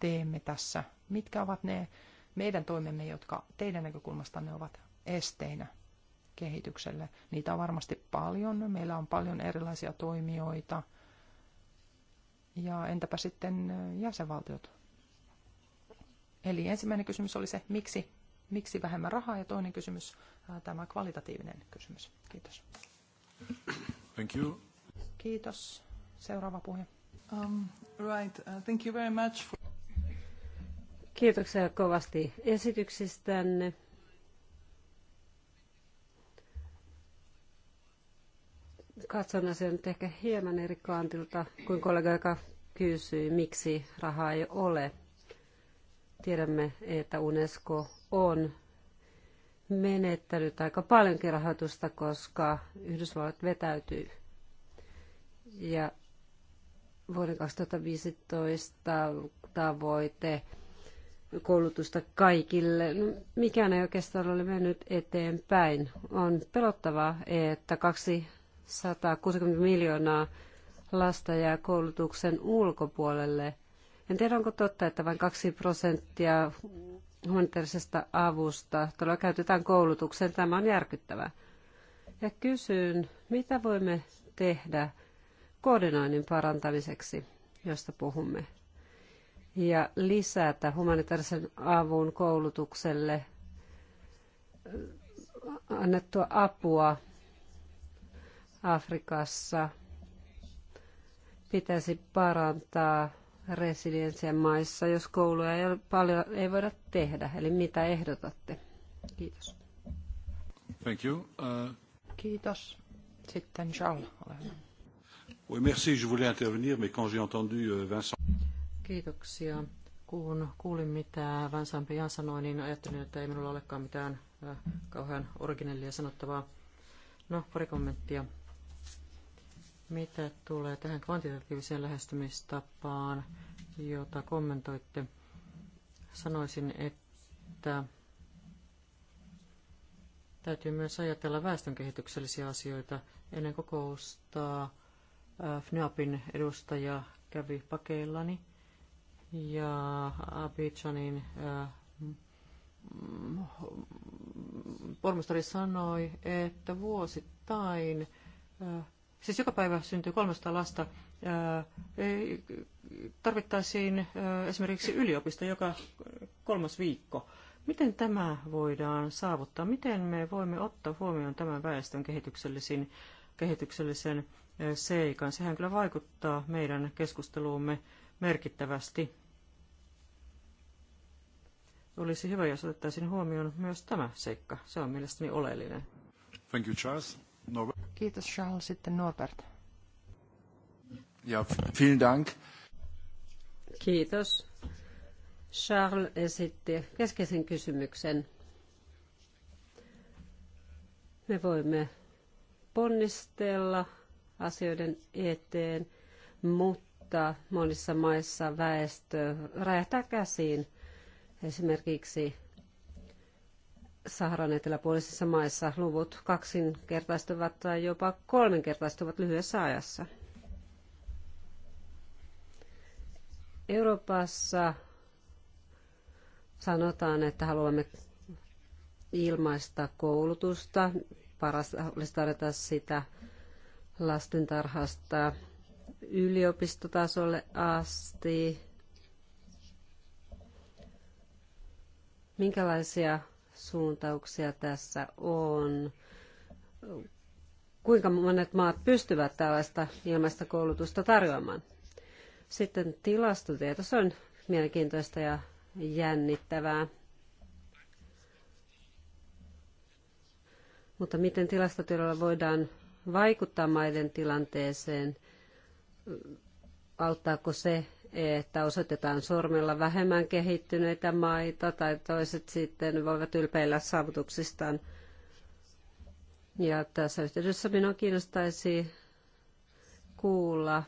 teemme tässä? Mitkä ovat ne meidän toimemme, jotka teidän näkökulmastanne ovat esteinä kehitykselle. Niitä on varmasti paljon. Meillä on paljon erilaisia toimijoita. Ja entäpä sitten jäsenvaltiot? Eli ensimmäinen kysymys oli se, miksi, miksi vähemmän rahaa, ja toinen kysymys, tämä kvalitatiivinen kysymys. Kiitos. Thank you. Kiitos. Seuraava puhe. Um, right. Uh, thank you very much for... Kiitoksia kovasti esityksistänne. katson asian nyt ehkä hieman eri kantilta kuin kollega, joka kysyi, miksi rahaa ei ole. Tiedämme, että UNESCO on menettänyt aika paljonkin rahoitusta, koska Yhdysvallat vetäytyy. Ja vuoden 2015 tavoite koulutusta kaikille. No, mikään ei oikeastaan ole mennyt eteenpäin. On pelottavaa, että kaksi 160 miljoonaa lasta jää koulutuksen ulkopuolelle. En tiedä, onko totta, että vain 2 prosenttia humanitaarisesta avusta todella käytetään koulutukseen. Tämä on järkyttävää. Ja kysyn, mitä voimme tehdä koordinoinnin parantamiseksi, josta puhumme, ja lisätä humanitaarisen avun koulutukselle annettua apua Afrikassa. Pitäisi parantaa resilienssien maissa, jos kouluja ei, paljon, ei voida tehdä. Eli mitä ehdotatte? Kiitos. Thank you. Uh... Kiitos. Sitten Charles, ole hyvä. Oui, merci. Je voulais intervenir, mais quand j'ai entendu euh, Vincent... Kiitoksia. Kun kuulin, mitä Vincent Pian sanoi, niin ajattelin, että ei minulla olekaan mitään äh, kauhean originellia sanottavaa. No, pari kommenttia. Mitä tulee tähän kvantitatiiviseen lähestymistapaan, jota kommentoitte, sanoisin, että täytyy myös ajatella väestönkehityksellisiä asioita. Ennen kokousta äh, FNAPin edustaja kävi pakeillani ja Abidjanin äh, pormestari sanoi, että vuosittain äh, siis joka päivä syntyy 300 lasta, tarvittaisiin esimerkiksi yliopisto joka kolmas viikko. Miten tämä voidaan saavuttaa? Miten me voimme ottaa huomioon tämän väestön kehityksellisen, kehityksellisen seikan? Sehän kyllä vaikuttaa meidän keskusteluumme merkittävästi. Olisi hyvä, jos otettaisiin huomioon myös tämä seikka. Se on mielestäni oleellinen. Thank you, Charles. Norbert. Kiitos Charles, sitten Norbert. Ja, vielen dank. Kiitos. Charles esitti keskeisen kysymyksen. Me voimme ponnistella asioiden eteen, mutta monissa maissa väestö räjähtää käsiin. Esimerkiksi Saharan eteläpuolisissa maissa luvut kaksinkertaistuvat tai jopa kolminkertaistuvat lyhyessä ajassa. Euroopassa sanotaan, että haluamme ilmaista koulutusta. Paras olisi tarjota sitä lastentarhasta yliopistotasolle asti. Minkälaisia suuntauksia tässä on. Kuinka monet maat pystyvät tällaista ilmaista koulutusta tarjoamaan? Sitten tilastotieto, se on mielenkiintoista ja jännittävää. Mutta miten tilastotiedolla voidaan vaikuttaa maiden tilanteeseen? Auttaako se että osoitetaan sormella vähemmän kehittyneitä maita tai toiset sitten voivat ylpeillä saavutuksistaan. Ja tässä yhteydessä minua kiinnostaisi kuulla,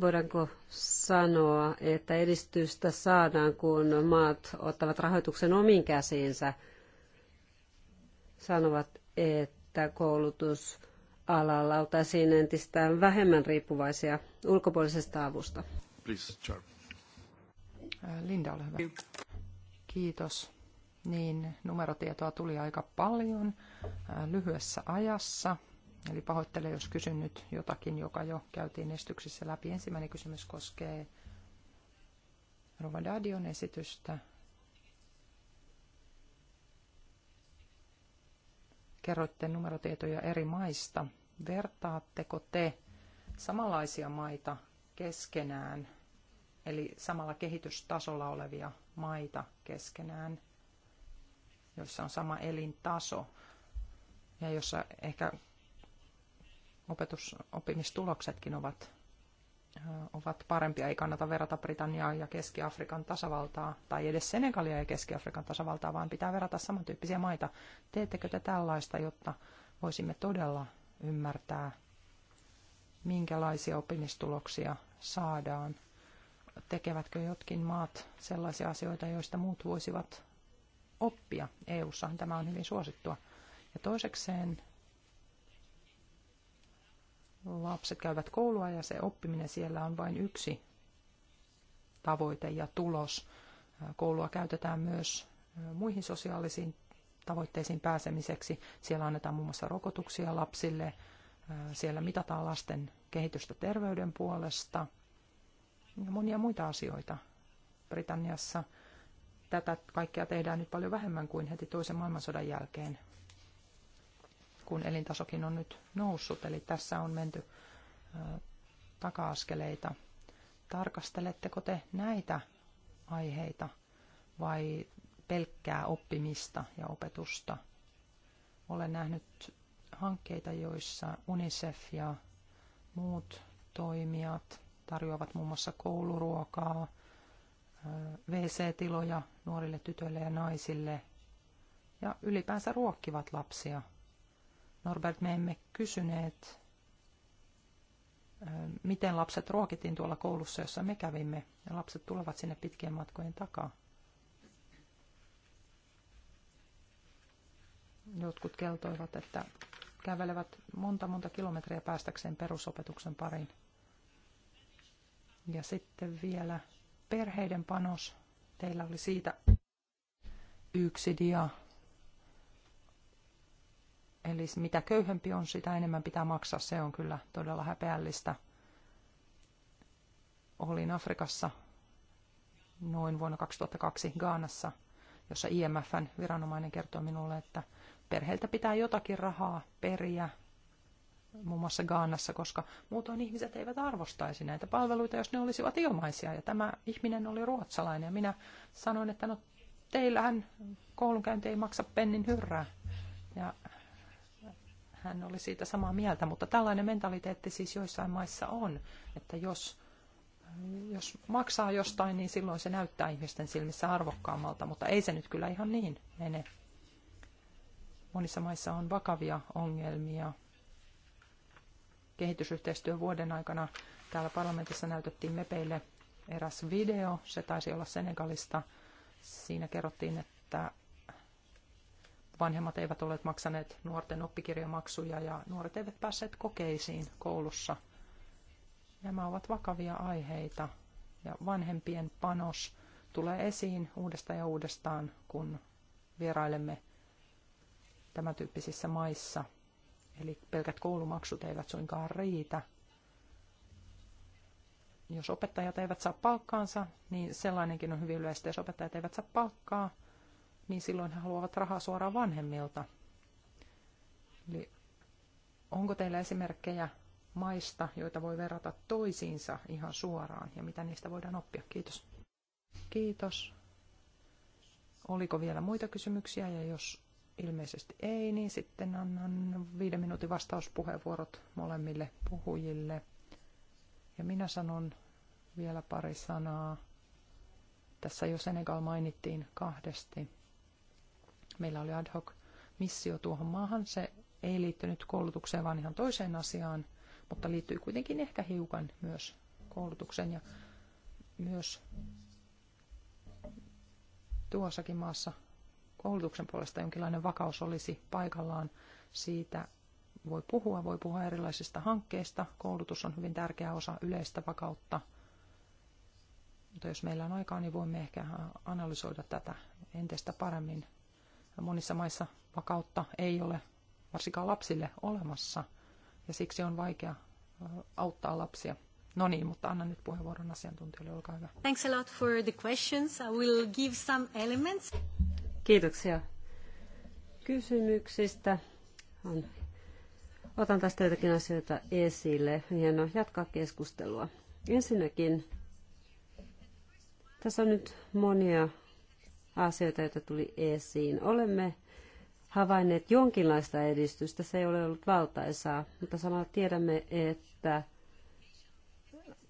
voidaanko sanoa, että edistystä saadaan, kun maat ottavat rahoituksen omiin käsiinsä, sanovat, että koulutus alalla oltaisiin entistä vähemmän riippuvaisia ulkopuolisesta avusta. Please, Linda, ole hyvä. Kiitos. Niin, numerotietoa tuli aika paljon lyhyessä ajassa. Eli pahoittelen, jos kysyn nyt jotakin, joka jo käytiin esityksessä läpi. Ensimmäinen kysymys koskee Rovadadion esitystä kerroitte numerotietoja eri maista. Vertaatteko te samanlaisia maita keskenään, eli samalla kehitystasolla olevia maita keskenään, joissa on sama elintaso ja jossa ehkä opetus, oppimistuloksetkin ovat ovat parempia. Ei kannata verrata Britanniaa ja Keski-Afrikan tasavaltaa, tai edes Senegalia ja Keski-Afrikan tasavaltaa, vaan pitää verrata samantyyppisiä maita. Teettekö te tällaista, jotta voisimme todella ymmärtää, minkälaisia oppimistuloksia saadaan? Tekevätkö jotkin maat sellaisia asioita, joista muut voisivat oppia? EU-ssahan tämä on hyvin suosittua. Ja toisekseen lapset käyvät koulua ja se oppiminen siellä on vain yksi tavoite ja tulos. Koulua käytetään myös muihin sosiaalisiin tavoitteisiin pääsemiseksi. Siellä annetaan muun muassa rokotuksia lapsille, siellä mitataan lasten kehitystä terveyden puolesta ja monia muita asioita. Britanniassa tätä kaikkea tehdään nyt paljon vähemmän kuin heti toisen maailmansodan jälkeen kun elintasokin on nyt noussut. Eli tässä on menty taka-askeleita. Tarkasteletteko te näitä aiheita vai pelkkää oppimista ja opetusta? Olen nähnyt hankkeita, joissa UNICEF ja muut toimijat tarjoavat muun muassa kouluruokaa, WC-tiloja nuorille tytöille ja naisille ja ylipäänsä ruokkivat lapsia – Norbert, me emme kysyneet, miten lapset ruokittiin tuolla koulussa, jossa me kävimme. Ja lapset tulevat sinne pitkien matkojen takaa. Jotkut keltoivat, että kävelevät monta monta kilometriä päästäkseen perusopetuksen pariin. Ja sitten vielä perheiden panos. Teillä oli siitä yksi dia Eli mitä köyhempi on, sitä enemmän pitää maksaa. Se on kyllä todella häpeällistä. Olin Afrikassa noin vuonna 2002 Gaanassa, jossa IMFn viranomainen kertoi minulle, että perheiltä pitää jotakin rahaa periä muun muassa Gaanassa, koska muutoin ihmiset eivät arvostaisi näitä palveluita, jos ne olisivat ilmaisia. Ja tämä ihminen oli ruotsalainen ja minä sanoin, että no teillähän koulunkäynti ei maksa pennin hyrrää. Ja hän oli siitä samaa mieltä, mutta tällainen mentaliteetti siis joissain maissa on, että jos, jos maksaa jostain, niin silloin se näyttää ihmisten silmissä arvokkaammalta, mutta ei se nyt kyllä ihan niin mene. Monissa maissa on vakavia ongelmia. Kehitysyhteistyön vuoden aikana täällä parlamentissa näytettiin mepeille eräs video, se taisi olla Senegalista. Siinä kerrottiin, että vanhemmat eivät olleet maksaneet nuorten oppikirjamaksuja ja nuoret eivät päässeet kokeisiin koulussa. Nämä ovat vakavia aiheita ja vanhempien panos tulee esiin uudestaan ja uudestaan, kun vierailemme tämän tyyppisissä maissa. Eli pelkät koulumaksut eivät suinkaan riitä. Jos opettajat eivät saa palkkaansa, niin sellainenkin on hyvin yleistä. Jos opettajat eivät saa palkkaa, niin silloin he haluavat rahaa suoraan vanhemmilta. Eli onko teillä esimerkkejä maista, joita voi verrata toisiinsa ihan suoraan ja mitä niistä voidaan oppia? Kiitos. Kiitos. Oliko vielä muita kysymyksiä ja jos ilmeisesti ei, niin sitten annan viiden minuutin vastauspuheenvuorot molemmille puhujille. Ja minä sanon vielä pari sanaa. Tässä jo Senegal mainittiin kahdesti. Meillä oli ad hoc missio tuohon maahan. Se ei liittynyt koulutukseen, vaan ihan toiseen asiaan, mutta liittyi kuitenkin ehkä hiukan myös koulutukseen ja myös tuossakin maassa koulutuksen puolesta jonkinlainen vakaus olisi paikallaan. Siitä voi puhua, voi puhua erilaisista hankkeista. Koulutus on hyvin tärkeä osa yleistä vakautta. Mutta jos meillä on aikaa, niin voimme ehkä analysoida tätä entistä paremmin. Monissa maissa vakautta ei ole varsinkaan lapsille olemassa ja siksi on vaikea auttaa lapsia. No niin, mutta annan nyt puheenvuoron asiantuntijoille, olkaa hyvä. Thanks a lot for the questions. I will give some elements. Kiitoksia kysymyksistä. On. Otan tästä jotakin asioita esille. Hienoa jatkaa keskustelua. Ensinnäkin tässä on nyt monia asioita, joita tuli esiin. Olemme havainneet jonkinlaista edistystä, se ei ole ollut valtaisaa, mutta samalla tiedämme, että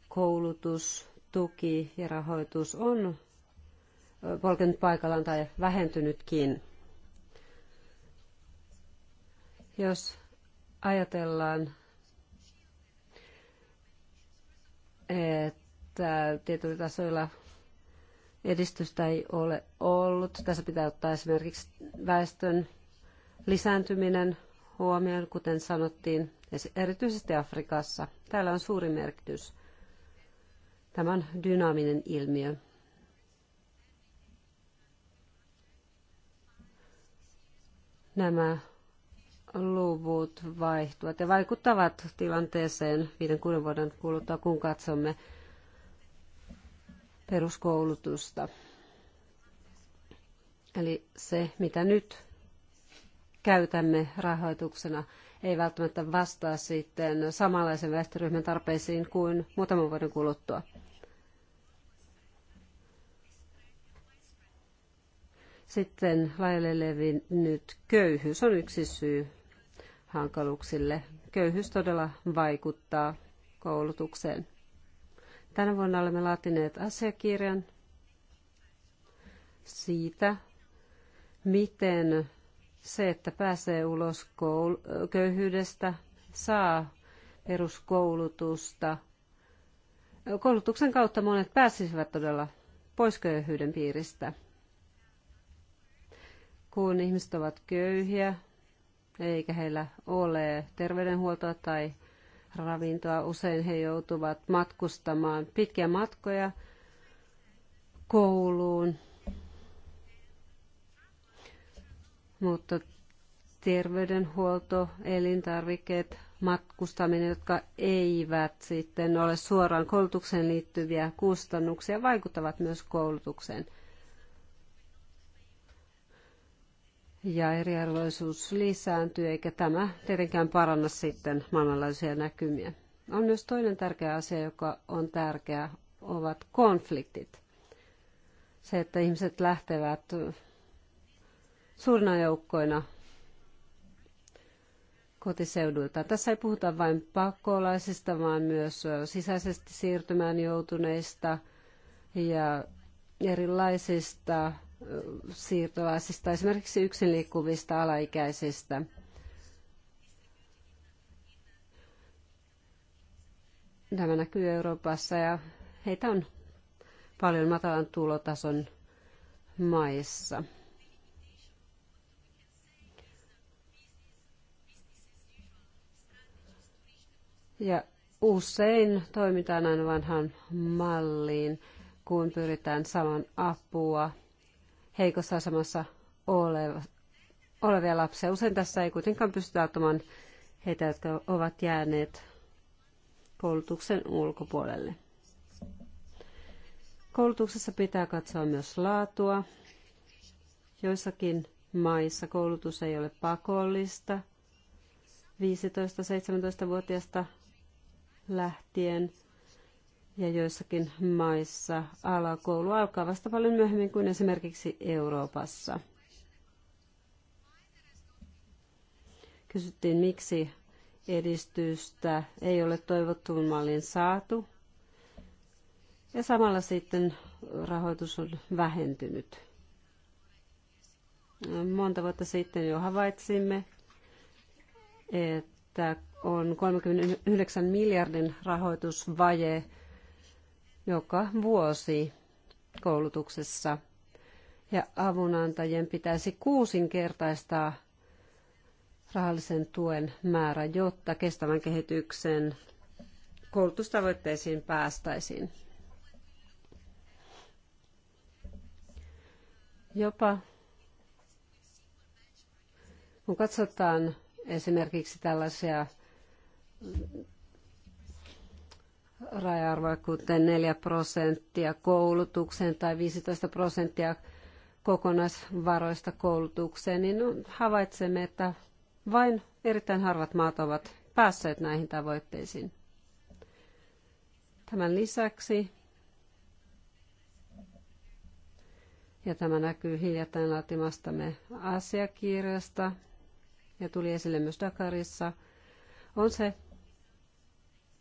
koulutus, tuki ja rahoitus on polkenut paikallaan tai vähentynytkin. Jos ajatellaan, että tietyillä tasoilla edistystä ei ole ollut. Tässä pitää ottaa esimerkiksi väestön lisääntyminen huomioon, kuten sanottiin, erityisesti Afrikassa. Täällä on suuri merkitys. Tämä on dynaaminen ilmiö. Nämä luvut vaihtuvat ja vaikuttavat tilanteeseen viiden kuuden vuoden kuluttua, kun katsomme peruskoulutusta. Eli se, mitä nyt käytämme rahoituksena, ei välttämättä vastaa sitten samanlaisen väestöryhmän tarpeisiin kuin muutaman vuoden kuluttua. Sitten laajalle levinnyt köyhyys on yksi syy hankaluuksille. Köyhyys todella vaikuttaa koulutukseen. Tänä vuonna olemme laatineet asiakirjan siitä, miten se, että pääsee ulos köyhyydestä, saa peruskoulutusta. Koulutuksen kautta monet pääsisivät todella pois köyhyyden piiristä. Kun ihmiset ovat köyhiä, eikä heillä ole terveydenhuoltoa tai ravintoa. Usein he joutuvat matkustamaan pitkiä matkoja kouluun, mutta terveydenhuolto, elintarvikkeet, matkustaminen, jotka eivät sitten ole suoraan koulutukseen liittyviä kustannuksia, vaikuttavat myös koulutukseen. ja eriarvoisuus lisääntyy, eikä tämä tietenkään paranna sitten maailmanlaajuisia näkymiä. On myös toinen tärkeä asia, joka on tärkeä, ovat konfliktit. Se, että ihmiset lähtevät suurina joukkoina kotiseuduilta. Tässä ei puhuta vain pakolaisista, vaan myös sisäisesti siirtymään joutuneista ja erilaisista siirtolaisista, esimerkiksi yksin liikkuvista alaikäisistä. Tämä näkyy Euroopassa ja heitä on paljon matalan tulotason maissa. Ja usein toimitaan aina vanhan malliin, kun pyritään saman apua – heikossa asemassa oleva, olevia lapsia. Usein tässä ei kuitenkaan pystytä auttamaan heitä, jotka ovat jääneet koulutuksen ulkopuolelle. Koulutuksessa pitää katsoa myös laatua. Joissakin maissa koulutus ei ole pakollista 15-17-vuotiaasta lähtien – ja joissakin maissa alakoulu alkaa vasta paljon myöhemmin kuin esimerkiksi Euroopassa. Kysyttiin, miksi edistystä ei ole toivottuun malliin saatu. Ja samalla sitten rahoitus on vähentynyt. Monta vuotta sitten jo havaitsimme, että on 39 miljardin rahoitusvaje joka vuosi koulutuksessa. Ja avunantajien pitäisi kuusinkertaistaa rahallisen tuen määrä, jotta kestävän kehityksen koulutustavoitteisiin päästäisiin. Jopa kun katsotaan esimerkiksi tällaisia raja-arvoja, kuten 4 prosenttia koulutukseen tai 15 prosenttia kokonaisvaroista koulutukseen, niin no, havaitsemme, että vain erittäin harvat maat ovat päässeet näihin tavoitteisiin. Tämän lisäksi, ja tämä näkyy hiljattain laatimastamme asiakirjasta ja tuli esille myös Dakarissa, on se,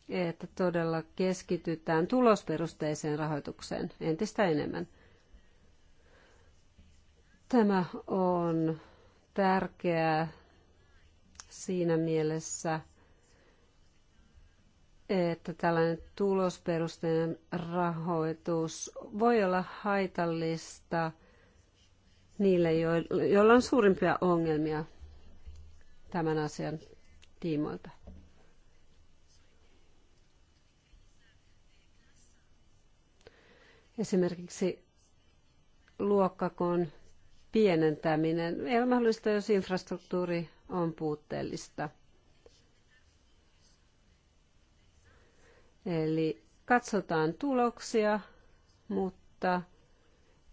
että todella keskitytään tulosperusteiseen rahoitukseen entistä enemmän. Tämä on tärkeää siinä mielessä, että tällainen tulosperusteinen rahoitus voi olla haitallista niille, joilla on suurimpia ongelmia tämän asian tiimoilta. Esimerkiksi luokkakoon pienentäminen ei ole mahdollista, jos infrastruktuuri on puutteellista. Eli katsotaan tuloksia, mutta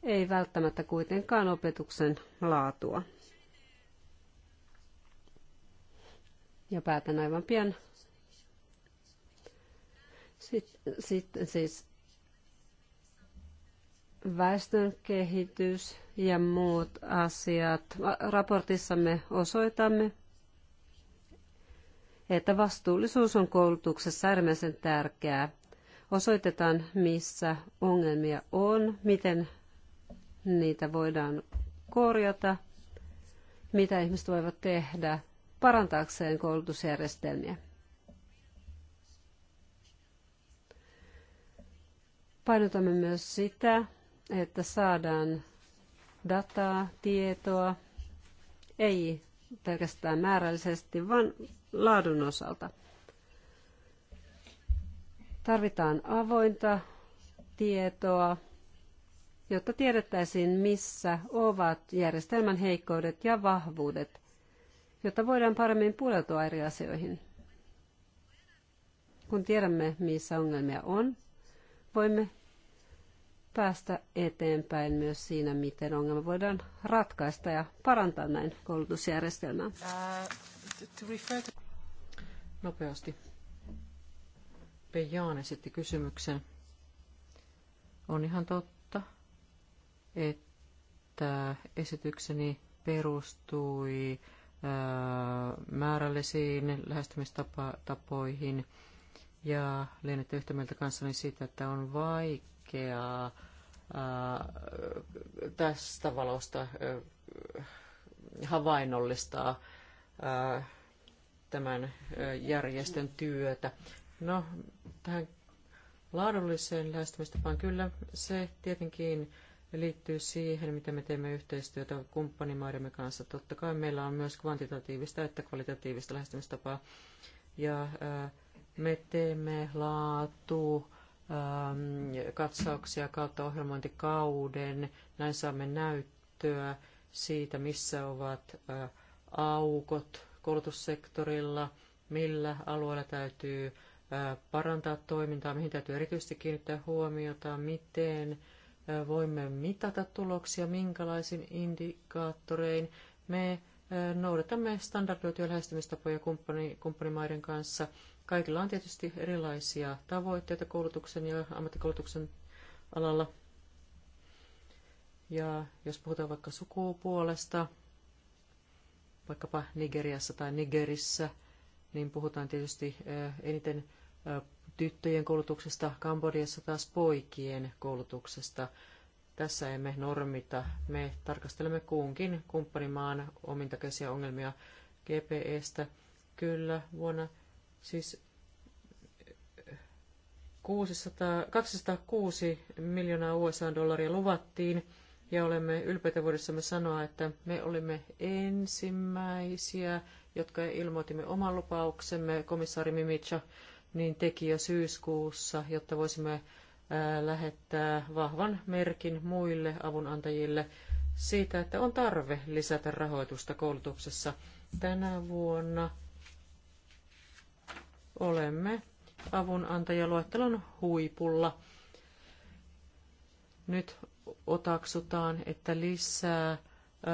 ei välttämättä kuitenkaan opetuksen laatua. Ja päätän aivan pian. Sitten, sitten siis väestön kehitys ja muut asiat. Raportissamme osoitamme, että vastuullisuus on koulutuksessa äärimmäisen tärkeää. Osoitetaan, missä ongelmia on, miten niitä voidaan korjata, mitä ihmiset voivat tehdä parantaakseen koulutusjärjestelmiä. Painotamme myös sitä, että saadaan dataa, tietoa, ei pelkästään määrällisesti, vaan laadun osalta. Tarvitaan avointa tietoa, jotta tiedettäisiin, missä ovat järjestelmän heikkoudet ja vahvuudet, jotta voidaan paremmin pureutua eri asioihin. Kun tiedämme, missä ongelmia on, voimme päästä eteenpäin myös siinä, miten ongelma voidaan ratkaista ja parantaa näin koulutusjärjestelmää. Nopeasti. Pejaan esitti kysymyksen. On ihan totta, että esitykseni perustui määrällisiin lähestymistapoihin ja lienette yhtä mieltä kanssani siitä, että on vaikea vaikeaa tästä valosta havainnollistaa tämän järjestön työtä. No, tähän laadulliseen lähestymistapaan kyllä se tietenkin liittyy siihen, mitä me teemme yhteistyötä kumppanimaidemme kanssa. Totta kai meillä on myös kvantitatiivista että kvalitatiivista lähestymistapaa. Ja me teemme laatu Ähm, katsauksia kautta ohjelmointikauden. Näin saamme näyttöä siitä, missä ovat aukot koulutussektorilla, millä alueella täytyy parantaa toimintaa, mihin täytyy erityisesti kiinnittää huomiota, miten voimme mitata tuloksia, minkälaisin indikaattorein. Me noudatamme standardoituja lähestymistapoja kumppani, kumppanimaiden kanssa Kaikilla on tietysti erilaisia tavoitteita koulutuksen ja ammattikoulutuksen alalla. Ja jos puhutaan vaikka sukupuolesta, vaikkapa Nigeriassa tai Nigerissä, niin puhutaan tietysti eniten tyttöjen koulutuksesta, Kambodiassa taas poikien koulutuksesta. Tässä emme normita, me tarkastelemme kuunkin kumppanimaan omintakeisia ongelmia GPEstä. Kyllä, vuonna Siis 600, 206 miljoonaa USA-dollaria luvattiin, ja olemme ylpeitä voidessamme sanoa, että me olimme ensimmäisiä, jotka ilmoitimme oman lupauksemme. Komissaari Mimicha niin teki jo syyskuussa, jotta voisimme lähettää vahvan merkin muille avunantajille siitä, että on tarve lisätä rahoitusta koulutuksessa. Tänä vuonna olemme avunantajaluettelon huipulla. Nyt otaksutaan, että lisää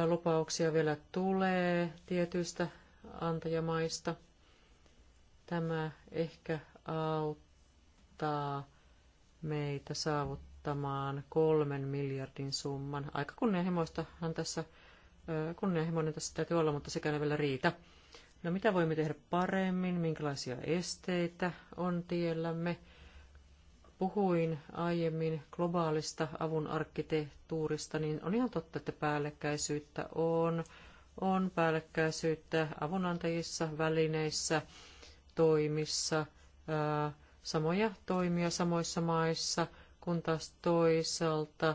lupauksia vielä tulee tietyistä antajamaista. Tämä ehkä auttaa meitä saavuttamaan kolmen miljardin summan. Aika kunnianhimoistahan tässä, kunnianhimoinen tässä täytyy olla, mutta sekään ei vielä riitä. No mitä voimme tehdä paremmin, minkälaisia esteitä on tiellämme? Puhuin aiemmin globaalista avun arkkitehtuurista, niin on ihan totta, että päällekkäisyyttä on. On päällekkäisyyttä avunantajissa, välineissä, toimissa, ää, samoja toimia samoissa maissa, kun taas toisaalta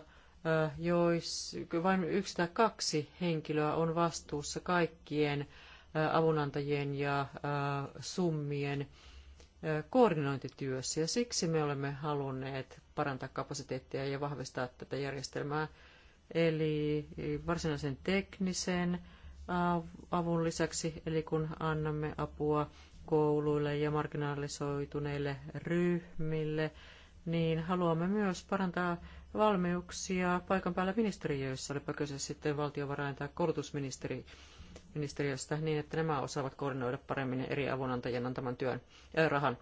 ää, jois, vain yksi tai kaksi henkilöä on vastuussa kaikkien avunantajien ja summien koordinointityössä ja siksi me olemme halunneet parantaa kapasiteettia ja vahvistaa tätä järjestelmää. Eli varsinaisen teknisen avun lisäksi, eli kun annamme apua kouluille ja marginalisoituneille ryhmille, niin haluamme myös parantaa valmiuksia paikan päällä ministeriöissä, olipa kyse sitten valtiovarain tai koulutusministeri ministeriöstä niin, että nämä osaavat koordinoida paremmin eri avunantajien antaman työn ja rahan.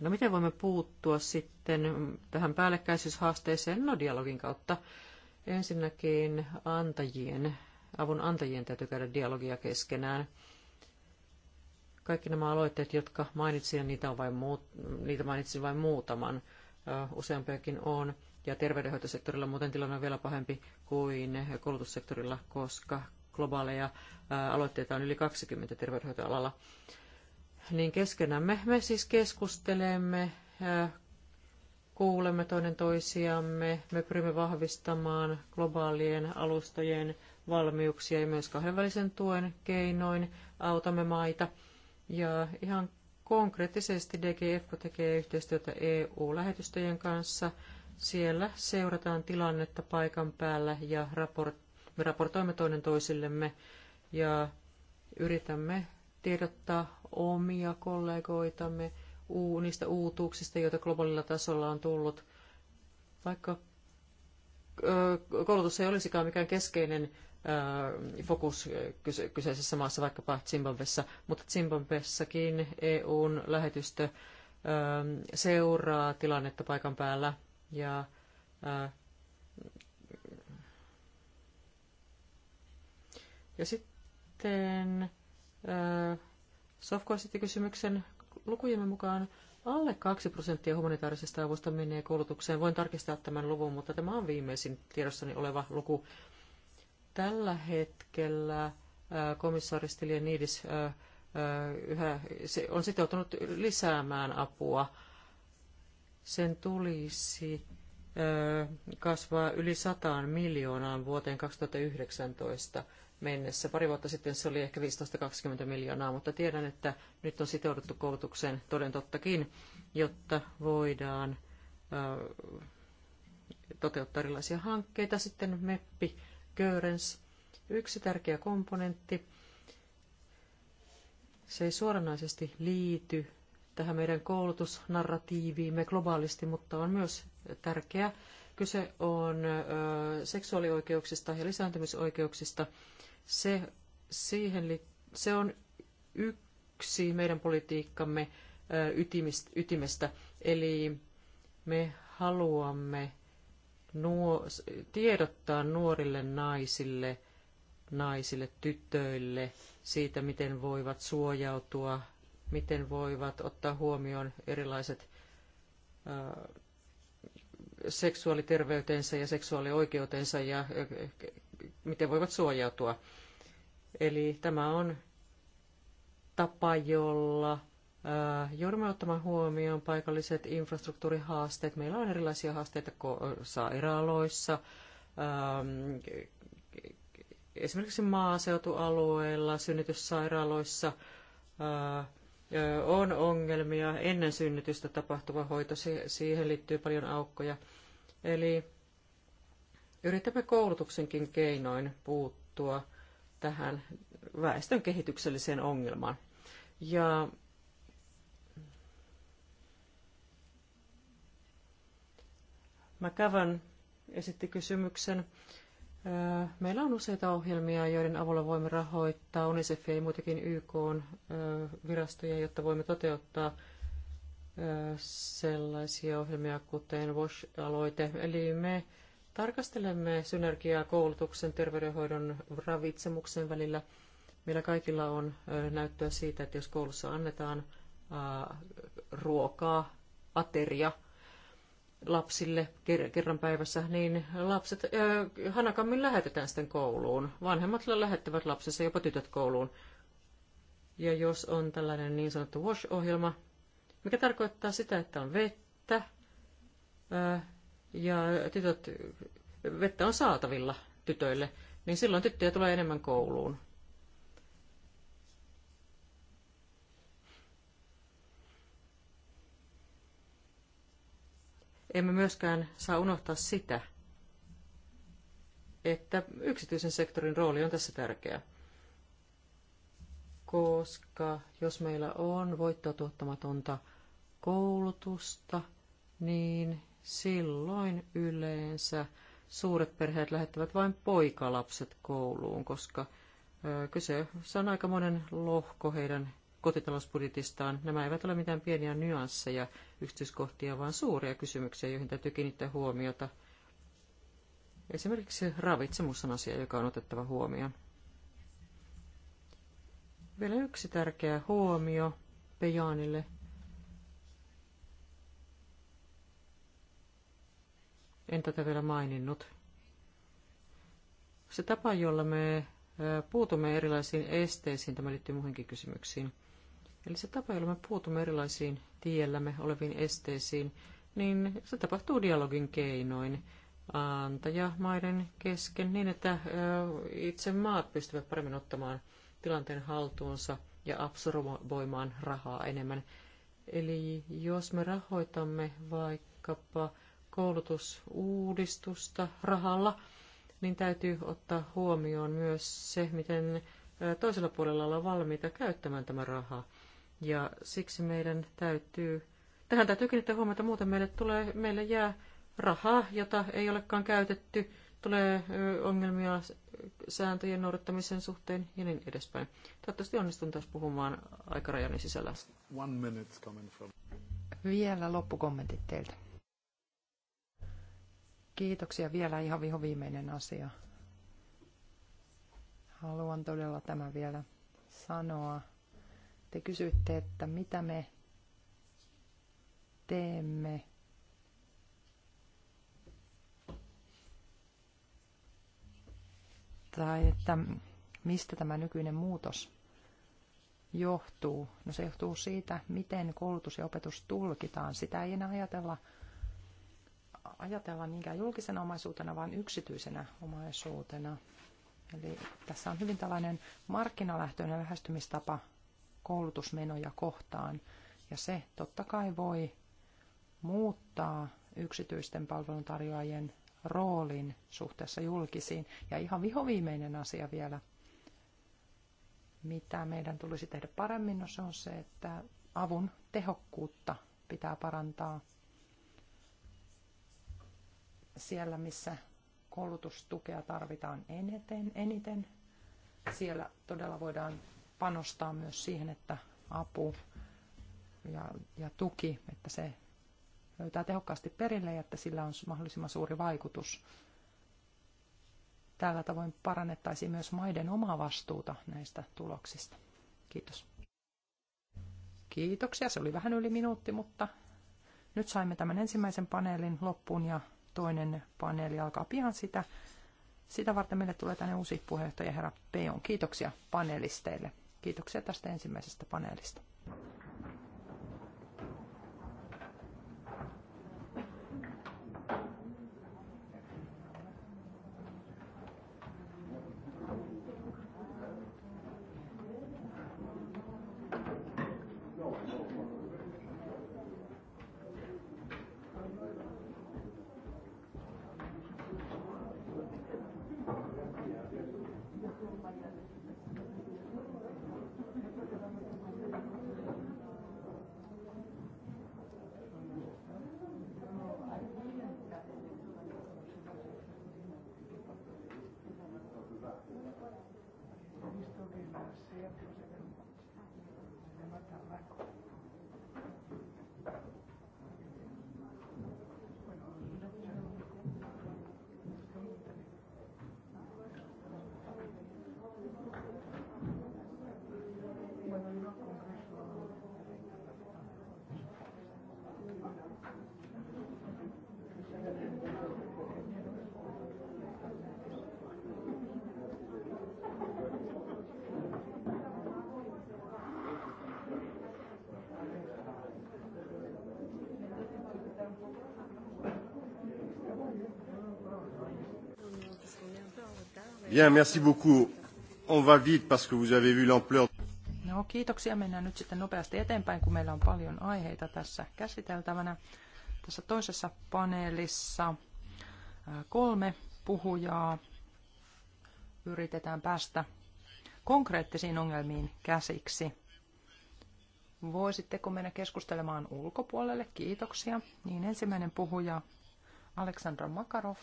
No miten voimme puuttua sitten tähän päällekkäisyyshaasteeseen? No dialogin kautta. Ensinnäkin antajien, avun antajien täytyy käydä dialogia keskenään. Kaikki nämä aloitteet, jotka mainitsin, niitä, on vain muut, niitä mainitsin vain muutaman, useampiakin on. Ja terveydenhoitosektorilla muuten tilanne on vielä pahempi kuin koulutussektorilla, koska globaaleja aloitteita on yli 20 terveydenhoitoalalla. Niin keskenämme me siis keskustelemme, kuulemme toinen toisiamme, me pyrimme vahvistamaan globaalien alustojen valmiuksia ja myös kahdenvälisen tuen keinoin autamme maita. Ja ihan konkreettisesti DGFK tekee yhteistyötä EU-lähetystöjen kanssa. Siellä seurataan tilannetta paikan päällä ja raportti. Me raportoimme toinen toisillemme ja yritämme tiedottaa omia kollegoitamme niistä uutuuksista, joita globaalilla tasolla on tullut. Vaikka koulutus ei olisikaan mikään keskeinen fokus kyseisessä maassa, vaikkapa Zimbabwessa, mutta Zimbabwessakin EUn lähetystö seuraa tilannetta paikan päällä ja Ja sitten äh, Sofko esitti kysymyksen lukujemme mukaan alle 2 prosenttia humanitaarisesta avusta menee koulutukseen. Voin tarkistaa tämän luvun, mutta tämä on viimeisin tiedossani oleva luku. Tällä hetkellä äh, komissaari Stylianides äh, yhä, se on sitoutunut lisäämään apua. Sen tulisi kasvaa yli 100 miljoonaan vuoteen 2019 mennessä. Pari vuotta sitten se oli ehkä 15-20 miljoonaa, mutta tiedän, että nyt on sitouduttu koulutukseen toden tottakin, jotta voidaan toteuttaa erilaisia hankkeita. Sitten MEPPI, Görens, yksi tärkeä komponentti. Se ei suoranaisesti liity tähän meidän koulutusnarratiiviimme globaalisti, mutta on myös tärkeä. Kyse on seksuaalioikeuksista ja lisääntymisoikeuksista se, siihen, se on yksi meidän politiikkamme ytimistä, ytimestä, eli me haluamme nuo, tiedottaa nuorille naisille, naisille, tytöille siitä, miten voivat suojautua, miten voivat ottaa huomioon erilaiset seksuaaliterveytensä ja seksuaalioikeutensa ja miten voivat suojautua. Eli tämä on tapa, jolla äh, joudumme ottamaan huomioon paikalliset infrastruktuurihaasteet. Meillä on erilaisia haasteita sairaaloissa, ähm, esimerkiksi maaseutualueilla, synnytyssairaaloissa äh, on ongelmia. Ennen synnytystä tapahtuva hoito, siihen liittyy paljon aukkoja. Eli Yritämme koulutuksenkin keinoin puuttua tähän väestön kehitykselliseen ongelmaan. Ja mä kävän esitti kysymyksen. Meillä on useita ohjelmia, joiden avulla voimme rahoittaa UNICEF ja muitakin YK-virastoja, jotta voimme toteuttaa sellaisia ohjelmia kuten WASH-aloite. Eli me Tarkastelemme synergiaa koulutuksen, terveydenhoidon, ravitsemuksen välillä. Meillä kaikilla on näyttöä siitä, että jos koulussa annetaan ruokaa, ateria lapsille kerran päivässä, niin lapset hanakammin lähetetään sitten kouluun. Vanhemmat lähettävät lapsensa jopa tytöt kouluun. Ja jos on tällainen niin sanottu WASH-ohjelma, mikä tarkoittaa sitä, että on vettä, ja tytöt, vettä on saatavilla tytöille, niin silloin tyttöjä tulee enemmän kouluun. Emme myöskään saa unohtaa sitä, että yksityisen sektorin rooli on tässä tärkeä. Koska jos meillä on voittoa tuottamatonta koulutusta, niin silloin yleensä suuret perheet lähettävät vain poikalapset kouluun, koska kyse on aika monen lohko heidän kotitalousbudjetistaan. Nämä eivät ole mitään pieniä nyansseja, yksityiskohtia, vaan suuria kysymyksiä, joihin täytyy kiinnittää huomiota. Esimerkiksi ravitsemus on asia, joka on otettava huomioon. Vielä yksi tärkeä huomio Pejaanille – En tätä vielä maininnut. Se tapa, jolla me puutumme erilaisiin esteisiin, tämä liittyy muihinkin kysymyksiin. Eli se tapa, jolla me puutumme erilaisiin tiellämme oleviin esteisiin, niin se tapahtuu dialogin keinoin antajamaiden kesken niin, että itse maat pystyvät paremmin ottamaan tilanteen haltuunsa ja absorboimaan rahaa enemmän. Eli jos me rahoitamme vaikkapa koulutusuudistusta rahalla, niin täytyy ottaa huomioon myös se, miten toisella puolella ollaan valmiita käyttämään tämä raha. Ja siksi meidän täytyy, tähän täytyy kiinnittää huomiota, muuten meille, tulee, meille jää rahaa, jota ei olekaan käytetty, tulee ongelmia sääntöjen noudattamisen suhteen ja niin edespäin. Toivottavasti onnistun taas puhumaan aikarajani sisällä. One minute coming from. Vielä loppukommentit teiltä. Kiitoksia vielä ihan viho viimeinen asia. Haluan todella tämän vielä sanoa. Te kysyitte, että mitä me teemme tai että mistä tämä nykyinen muutos johtuu. No se johtuu siitä, miten koulutus ja opetus tulkitaan. Sitä ei enää ajatella ajatella niinkään julkisena omaisuutena, vaan yksityisenä omaisuutena. Eli tässä on hyvin tällainen markkinalähtöinen lähestymistapa koulutusmenoja kohtaan, ja se totta kai voi muuttaa yksityisten palveluntarjoajien roolin suhteessa julkisiin. Ja ihan vihoviimeinen asia vielä, mitä meidän tulisi tehdä paremmin, no se on se, että avun tehokkuutta pitää parantaa siellä, missä koulutustukea tarvitaan eniten, eniten. Siellä todella voidaan panostaa myös siihen, että apu ja, ja tuki, että se löytää tehokkaasti perille ja että sillä on mahdollisimman suuri vaikutus. Tällä tavoin parannettaisiin myös maiden omaa vastuuta näistä tuloksista. Kiitos. Kiitoksia. Se oli vähän yli minuutti, mutta nyt saimme tämän ensimmäisen paneelin loppuun ja toinen paneeli alkaa pian sitä. Sitä varten meille tulee tänne uusi puheenjohtaja herra Peon. Kiitoksia panelisteille. Kiitoksia tästä ensimmäisestä paneelista. Bien, merci beaucoup. On va vite parce que vous avez vu l'ampleur. No, kiitoksia. Mennään nyt sitten nopeasti eteenpäin, kun meillä on paljon aiheita tässä käsiteltävänä. Tässä toisessa paneelissa kolme puhujaa. Yritetään päästä konkreettisiin ongelmiin käsiksi. Voisitteko mennä keskustelemaan ulkopuolelle? Kiitoksia. Niin ensimmäinen puhuja Aleksandra Makarov,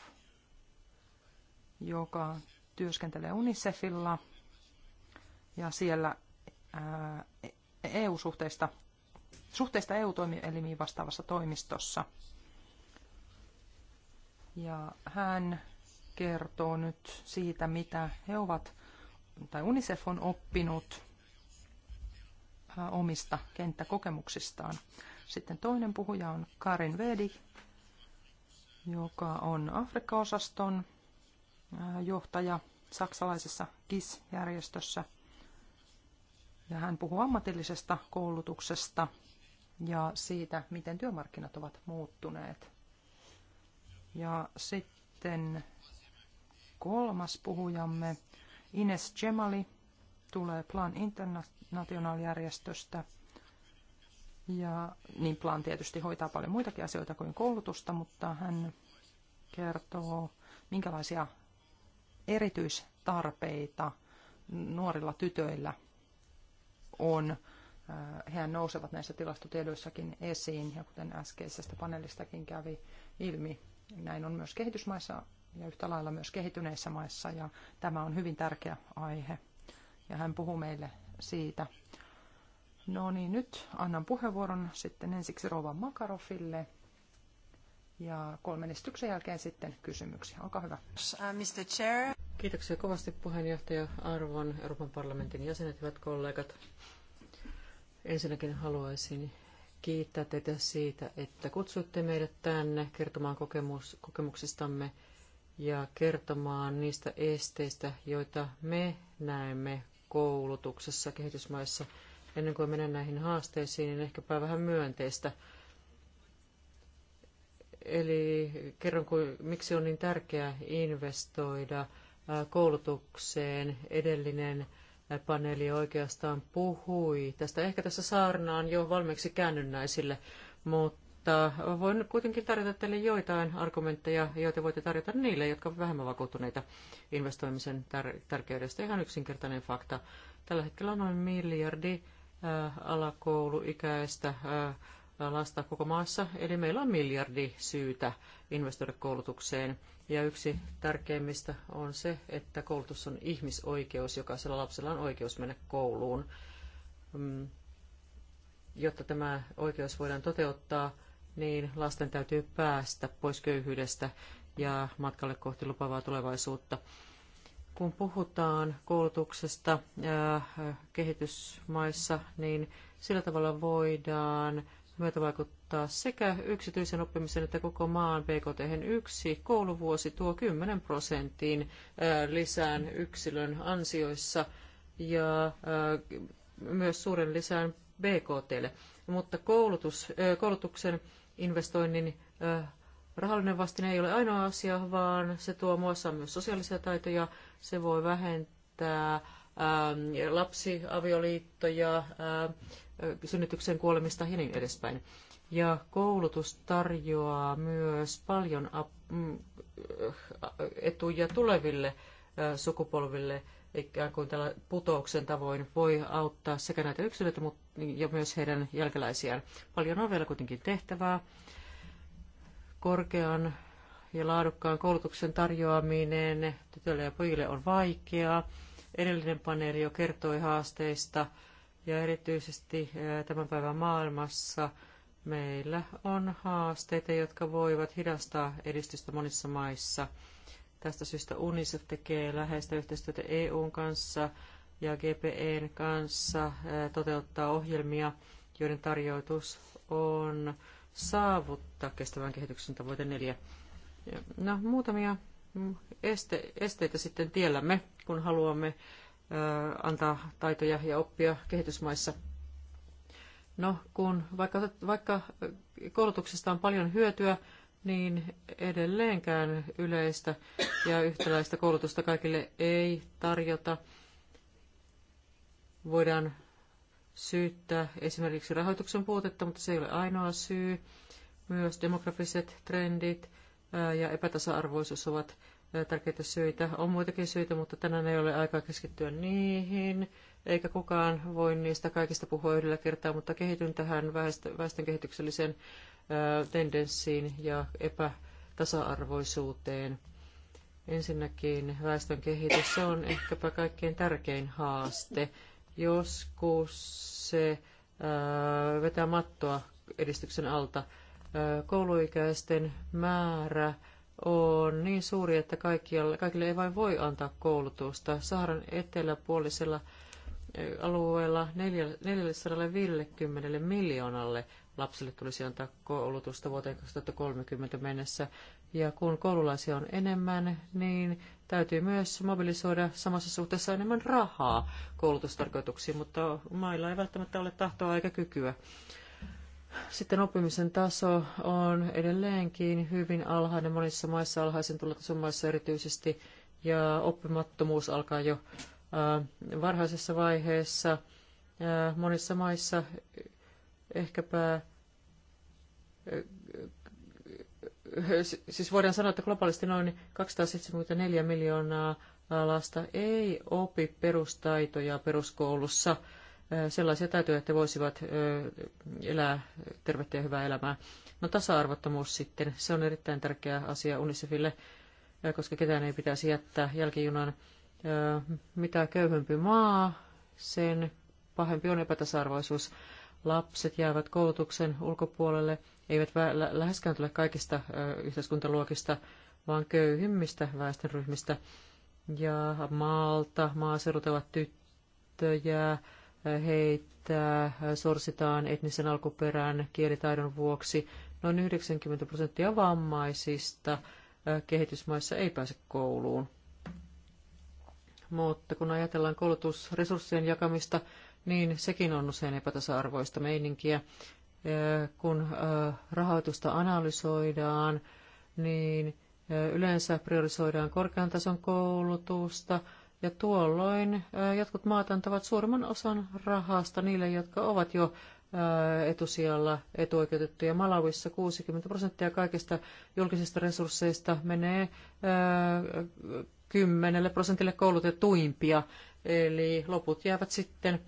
joka työskentelee UNICEFilla ja siellä EU-suhteista e suhteista EU-toimielimiin vastaavassa toimistossa. Ja hän kertoo nyt siitä, mitä he ovat, tai UNICEF on oppinut omista kenttäkokemuksistaan. Sitten toinen puhuja on Karin Vedi, joka on Afrikka-osaston Äh, johtaja saksalaisessa kis järjestössä Ja hän puhuu ammatillisesta koulutuksesta ja siitä, miten työmarkkinat ovat muuttuneet. Ja sitten kolmas puhujamme, Ines Cemali, tulee Plan International-järjestöstä. Ja niin Plan tietysti hoitaa paljon muitakin asioita kuin koulutusta, mutta hän kertoo, minkälaisia erityistarpeita nuorilla tytöillä on. Äh, He nousevat näissä tilastotiedoissakin esiin, ja kuten äskeisestä panelistakin kävi ilmi, näin on myös kehitysmaissa ja yhtä lailla myös kehityneissä maissa, ja tämä on hyvin tärkeä aihe. Ja hän puhuu meille siitä. No niin, nyt annan puheenvuoron sitten ensiksi Rova Makarofille, ja kolmen esityksen jälkeen sitten kysymyksiä. Olkaa hyvä. Uh, Mr. Chair. Kiitoksia kovasti puheenjohtaja Arvon, Euroopan parlamentin jäsenet, hyvät kollegat. Ensinnäkin haluaisin kiittää teitä siitä, että kutsuitte meidät tänne kertomaan kokemus, kokemuksistamme ja kertomaan niistä esteistä, joita me näemme koulutuksessa kehitysmaissa. Ennen kuin menen näihin haasteisiin, niin ehkäpä vähän myönteistä – Eli kerron, kuin, miksi on niin tärkeää investoida koulutukseen. Edellinen paneeli oikeastaan puhui tästä. Ehkä tässä saarnaan jo valmiiksi käännynnäisille, mutta voin kuitenkin tarjota teille joitain argumentteja, joita voitte tarjota niille, jotka ovat vähemmän vakuuttuneita investoimisen tär- tärkeydestä. Ihan yksinkertainen fakta. Tällä hetkellä on noin miljardi alakouluikäistä lasta koko maassa. Eli meillä on miljardi syytä investoida koulutukseen. Ja yksi tärkeimmistä on se, että koulutus on ihmisoikeus. Jokaisella lapsella on oikeus mennä kouluun. Mm. Jotta tämä oikeus voidaan toteuttaa, niin lasten täytyy päästä pois köyhyydestä ja matkalle kohti lupavaa tulevaisuutta. Kun puhutaan koulutuksesta kehitysmaissa, niin sillä tavalla voidaan myötävaikuttaa vaikuttaa sekä yksityisen oppimisen että koko maan BKT. Yksi kouluvuosi tuo 10 prosentin lisään yksilön ansioissa ja myös suuren lisään BKTlle. Mutta koulutus, koulutuksen investoinnin rahallinen vastine ei ole ainoa asia, vaan se tuo muassa myös sosiaalisia taitoja. Se voi vähentää lapsiavioliittoja, synnytyksen kuolemista ja niin edespäin. Ja koulutus tarjoaa myös paljon mm, etuja tuleville sukupolville, ikään kuin tällä putouksen tavoin voi auttaa sekä näitä yksilöitä ja myös heidän jälkeläisiään. Paljon on vielä kuitenkin tehtävää. Korkean ja laadukkaan koulutuksen tarjoaminen tytöille ja pojille on vaikeaa. Edellinen paneeli jo kertoi haasteista ja erityisesti eh, tämän päivän maailmassa meillä on haasteita, jotka voivat hidastaa edistystä monissa maissa. Tästä syystä UNICEF tekee läheistä yhteistyötä EUn kanssa ja GPEn kanssa eh, toteuttaa ohjelmia, joiden tarjoitus on saavuttaa kestävän kehityksen tavoite neljä. No, muutamia mm, este, esteitä sitten tiellämme, kun haluamme antaa taitoja ja oppia kehitysmaissa. No, kun vaikka, vaikka koulutuksesta on paljon hyötyä, niin edelleenkään yleistä ja yhtäläistä koulutusta kaikille ei tarjota. Voidaan syyttää esimerkiksi rahoituksen puutetta, mutta se ei ole ainoa syy. Myös demografiset trendit ja epätasa-arvoisuus ovat tärkeitä syitä. On muitakin syitä, mutta tänään ei ole aikaa keskittyä niihin, eikä kukaan voi niistä kaikista puhua yhdellä kertaa, mutta kehityn tähän väestön kehitykselliseen tendenssiin ja epätasa-arvoisuuteen. Ensinnäkin väestön kehitys, se on ehkäpä kaikkein tärkein haaste. Joskus se vetää mattoa edistyksen alta. Kouluikäisten määrä on niin suuri, että kaikille ei vain voi antaa koulutusta. Saharan eteläpuolisella alueella 450 miljoonalle lapsille tulisi antaa koulutusta vuoteen 2030 mennessä. Ja kun koululaisia on enemmän, niin täytyy myös mobilisoida samassa suhteessa enemmän rahaa koulutustarkoituksiin, mutta mailla ei välttämättä ole tahtoa eikä kykyä sitten oppimisen taso on edelleenkin hyvin alhainen monissa maissa, alhaisen tulotason maissa erityisesti, ja oppimattomuus alkaa jo varhaisessa vaiheessa. Monissa maissa ehkäpä, siis voidaan sanoa, että globaalisti noin 274 miljoonaa lasta ei opi perustaitoja peruskoulussa – sellaisia taitoja, että voisivat elää tervettä ja hyvää elämää. No tasa-arvottomuus sitten, se on erittäin tärkeä asia UNICEFille, koska ketään ei pitäisi jättää jälkijunan. Mitä köyhempi maa, sen pahempi on epätasa-arvoisuus. Lapset jäävät koulutuksen ulkopuolelle, eivät läheskään tule kaikista yhteiskuntaluokista, vaan köyhimmistä väestönryhmistä. Ja maalta, maaseudut ovat tyttöjä, heitä sorsitaan etnisen alkuperän kielitaidon vuoksi. Noin 90 prosenttia vammaisista kehitysmaissa ei pääse kouluun. Mutta kun ajatellaan koulutusresurssien jakamista, niin sekin on usein epätasa-arvoista meininkiä. Kun rahoitusta analysoidaan, niin yleensä priorisoidaan korkean tason koulutusta – ja tuolloin jotkut maat antavat suurimman osan rahasta niille, jotka ovat jo etusijalla etuoikeutettuja. Malawissa 60 prosenttia kaikista julkisista resursseista menee 10 prosentille koulutetuimpia, eli loput jäävät sitten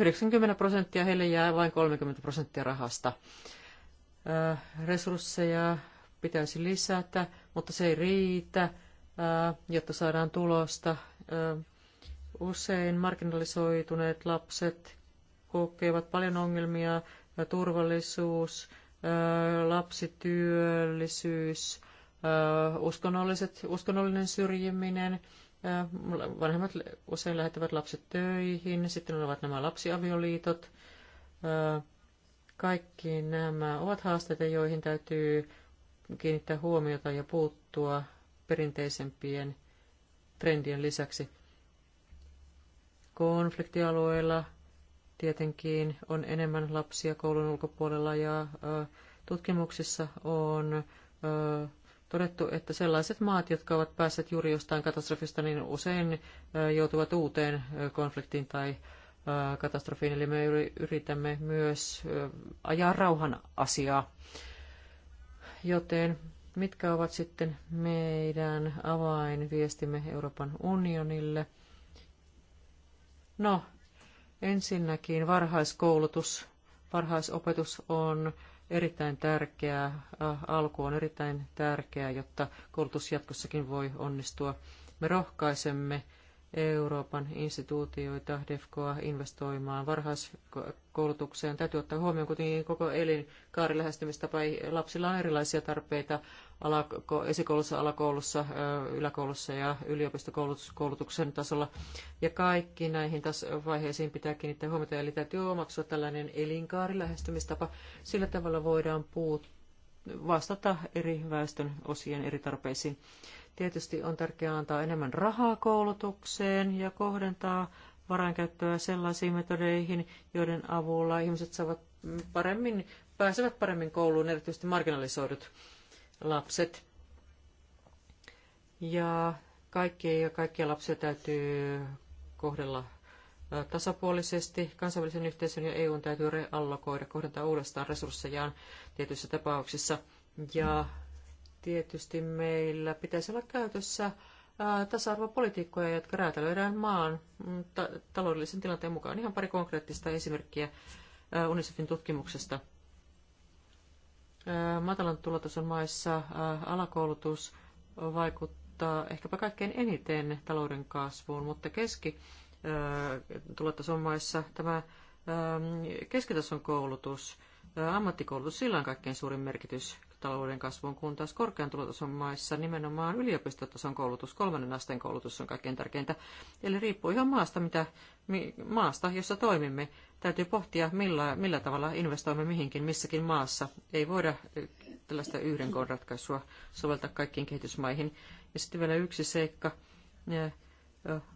90 prosenttia, heille jää vain 30 prosenttia rahasta. Resursseja pitäisi lisätä, mutta se ei riitä jotta saadaan tulosta. Usein marginalisoituneet lapset kokevat paljon ongelmia, turvallisuus, lapsityöllisyys, uskonnolliset, uskonnollinen syrjiminen, vanhemmat usein lähettävät lapset töihin, sitten ovat nämä lapsiavioliitot. Kaikki nämä ovat haasteita, joihin täytyy kiinnittää huomiota ja puuttua perinteisempien trendien lisäksi. Konfliktialueilla tietenkin on enemmän lapsia koulun ulkopuolella ja tutkimuksissa on todettu, että sellaiset maat, jotka ovat päässeet juuri jostain katastrofista, niin usein joutuvat uuteen konfliktiin tai katastrofiin. Eli me yritämme myös ajaa rauhan asiaa. Joten Mitkä ovat sitten meidän avainviestimme Euroopan unionille? No, ensinnäkin varhaiskoulutus, varhaisopetus on erittäin tärkeää, äh, alku on erittäin tärkeää, jotta koulutus jatkossakin voi onnistua. Me rohkaisemme Euroopan instituutioita, DEFCOa, investoimaan varhaiskoulutukseen. Täytyy ottaa huomioon kuitenkin koko elinkaari lähestymistapa. Lapsilla on erilaisia tarpeita alako, esikoulussa, alakoulussa, yläkoulussa ja yliopistokoulutuksen tasolla. Ja kaikki näihin taas vaiheisiin pitää kiinnittää huomiota. Eli täytyy omaksua tällainen elinkaari lähestymistapa. Sillä tavalla voidaan puuttua vastata eri väestön osien eri tarpeisiin. Tietysti on tärkeää antaa enemmän rahaa koulutukseen ja kohdentaa varainkäyttöä sellaisiin metodeihin, joiden avulla ihmiset saavat paremmin, pääsevät paremmin kouluun, erityisesti marginalisoidut lapset. Ja kaikkia ja kaikkia lapsia täytyy kohdella tasapuolisesti. Kansainvälisen yhteisön ja EUn täytyy reallokoida, kohdentaa uudestaan resurssejaan tietyissä tapauksissa. Ja tietysti meillä pitäisi olla käytössä tasa-arvopolitiikkoja, jotka räätälöidään maan mm, ta- taloudellisen tilanteen mukaan. Ihan pari konkreettista esimerkkiä UNICEFin tutkimuksesta. Matalan tulotason maissa alakoulutus vaikuttaa ehkäpä kaikkein eniten talouden kasvuun, mutta keski- tulotason maissa. Tämä keskitason koulutus, ammattikoulutus, sillä on kaikkein suurin merkitys talouden kasvuun, kun taas korkean tulotason maissa nimenomaan yliopistotason koulutus, kolmannen asteen koulutus on kaikkein tärkeintä. Eli riippuu ihan maasta, mitä, maasta jossa toimimme. Täytyy pohtia, millä, millä tavalla investoimme mihinkin missäkin maassa. Ei voida tällaista yhden ratkaisua soveltaa kaikkiin kehitysmaihin. Ja sitten vielä yksi seikka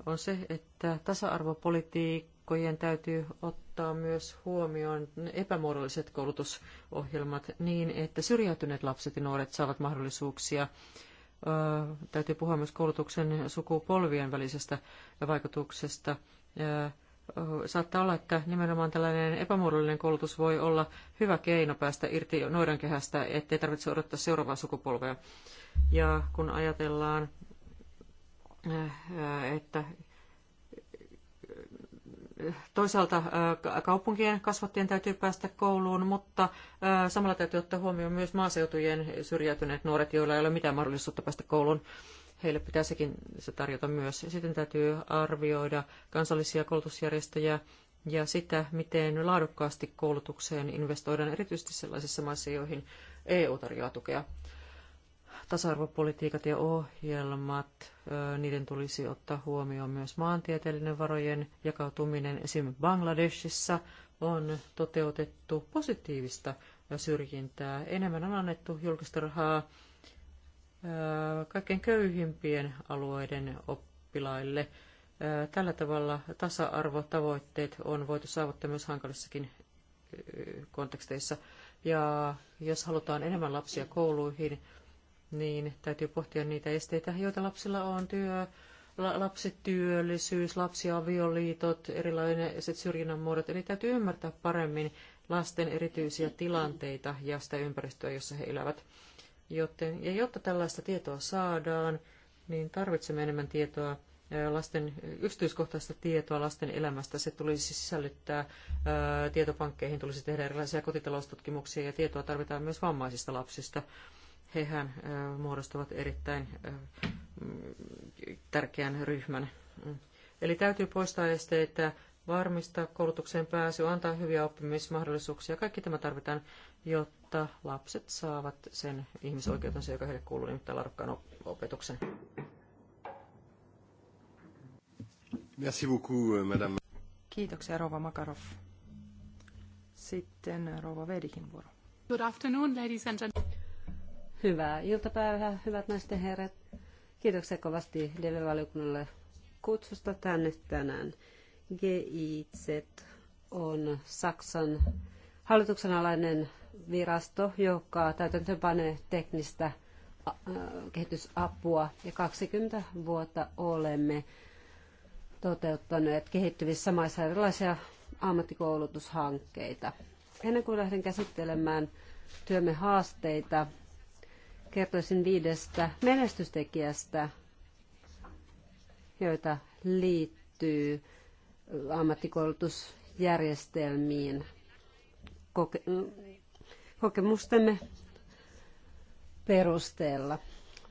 on se, että tasa-arvopolitiikkojen täytyy ottaa myös huomioon epämuodolliset koulutusohjelmat niin, että syrjäytyneet lapset ja nuoret saavat mahdollisuuksia täytyy puhua myös koulutuksen sukupolvien välisestä vaikutuksesta. Saattaa olla, että nimenomaan tällainen epämuodollinen koulutus voi olla hyvä keino päästä irti noidankehästä, ettei tarvitse odottaa seuraavaa sukupolvea. Ja kun ajatellaan Äh, että äh, toisaalta äh, kaupunkien kasvattien täytyy päästä kouluun, mutta samalla täytyy ottaa huomioon myös maaseutujen syrjäytyneet nuoret, joilla ei ole mitään mahdollisuutta päästä kouluun. Heille pitää sekin se tarjota myös. Sitten täytyy arvioida kansallisia koulutusjärjestöjä ja sitä, miten laadukkaasti koulutukseen investoidaan erityisesti sellaisissa maissa, joihin EU tarjoaa tukea tasa-arvopolitiikat ja ohjelmat, niiden tulisi ottaa huomioon myös maantieteellinen varojen jakautuminen. Esimerkiksi Bangladeshissa on toteutettu positiivista syrjintää. Enemmän on annettu julkista rahaa kaikkein köyhimpien alueiden oppilaille. Tällä tavalla tasa-arvotavoitteet on voitu saavuttaa myös hankalissakin konteksteissa. Ja jos halutaan enemmän lapsia kouluihin, niin täytyy pohtia niitä esteitä, joita lapsilla on, työ, lapsityöllisyys, lapsiavioliitot, erilaiset syrjinnän muodot. Eli täytyy ymmärtää paremmin lasten erityisiä tilanteita ja sitä ympäristöä, jossa he elävät. Joten, ja jotta tällaista tietoa saadaan, niin tarvitsemme enemmän tietoa lasten yksityiskohtaista tietoa lasten elämästä. Se tulisi sisällyttää tietopankkeihin, tulisi tehdä erilaisia kotitaloustutkimuksia ja tietoa tarvitaan myös vammaisista lapsista. Hehän muodostavat erittäin tärkeän ryhmän. Eli täytyy poistaa esteitä, varmistaa koulutukseen pääsy, antaa hyviä oppimismahdollisuuksia. Kaikki tämä tarvitaan, jotta lapset saavat sen ihmisoikeutensa, joka heille kuuluu, nimittäin laadukkaan opetuksen. Merci beaucoup, euh, madame. Kiitoksia, Rova Makarov. Sitten Rova Vedihin vuoro. Good afternoon, ladies and gentlemen. Hyvää iltapäivää, hyvät naisten herrat. Kiitoksia kovasti DV-valiokunnalle kutsusta tänne tänään. GIZ on Saksan hallituksen alainen virasto, joka täytäntöönpanee teknistä kehitysapua ja 20 vuotta olemme toteuttaneet kehittyvissä maissa erilaisia ammattikoulutushankkeita. Ennen kuin lähden käsittelemään työmme haasteita, kertoisin viidestä menestystekijästä, joita liittyy ammattikoulutusjärjestelmiin. Koke- kokemustemme perusteella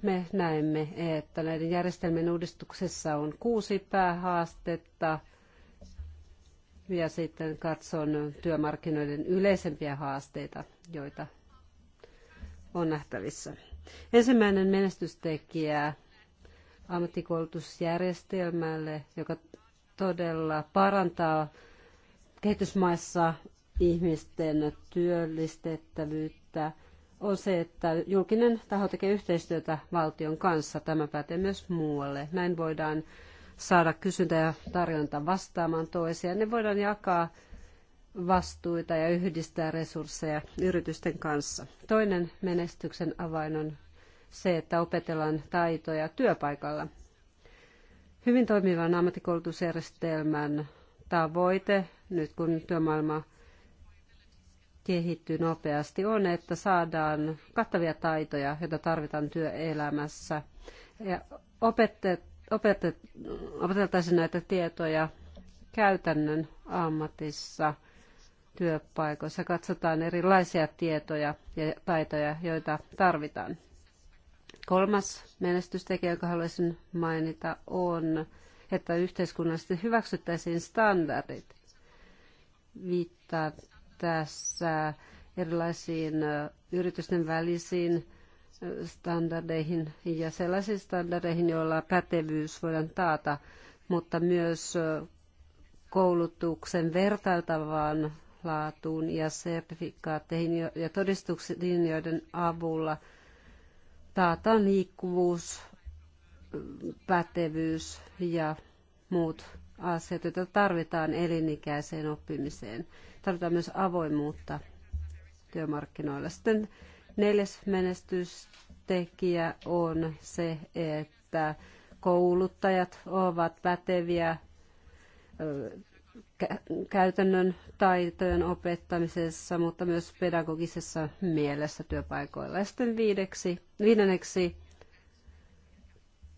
me näemme, että näiden järjestelmien uudistuksessa on kuusi päähaastetta ja sitten katson työmarkkinoiden yleisempiä haasteita, joita on nähtävissä. Ensimmäinen menestystekijä ammattikoulutusjärjestelmälle, joka todella parantaa kehitysmaissa ihmisten työllistettävyyttä, on se, että julkinen taho tekee yhteistyötä valtion kanssa. Tämä pätee myös muualle. Näin voidaan saada kysyntä ja tarjonta vastaamaan toisiaan. Ne voidaan jakaa vastuita ja yhdistää resursseja yritysten kanssa. Toinen menestyksen avain on se, että opetellaan taitoja työpaikalla. Hyvin toimivan ammattikoulutusjärjestelmän tavoite, nyt kun työmaailma kehittyy nopeasti, on, että saadaan kattavia taitoja, joita tarvitaan työelämässä. Ja opette, opette, opeteltaisiin näitä tietoja käytännön ammatissa – työpaikoissa. Katsotaan erilaisia tietoja ja taitoja, joita tarvitaan. Kolmas menestystekijä, jonka haluaisin mainita, on, että yhteiskunnallisesti hyväksyttäisiin standardit. Viittaa tässä erilaisiin yritysten välisiin standardeihin ja sellaisiin standardeihin, joilla pätevyys voidaan taata, mutta myös koulutuksen vertailtavaan laatuun ja sertifikaatteihin ja todistuksiin, joiden avulla taataan liikkuvuus, pätevyys ja muut asiat, joita tarvitaan elinikäiseen oppimiseen. Tarvitaan myös avoimuutta työmarkkinoilla. Sitten neljäs menestystekijä on se, että kouluttajat ovat päteviä käytännön taitojen opettamisessa, mutta myös pedagogisessa mielessä työpaikoilla. Ja sitten viideksi, viidenneksi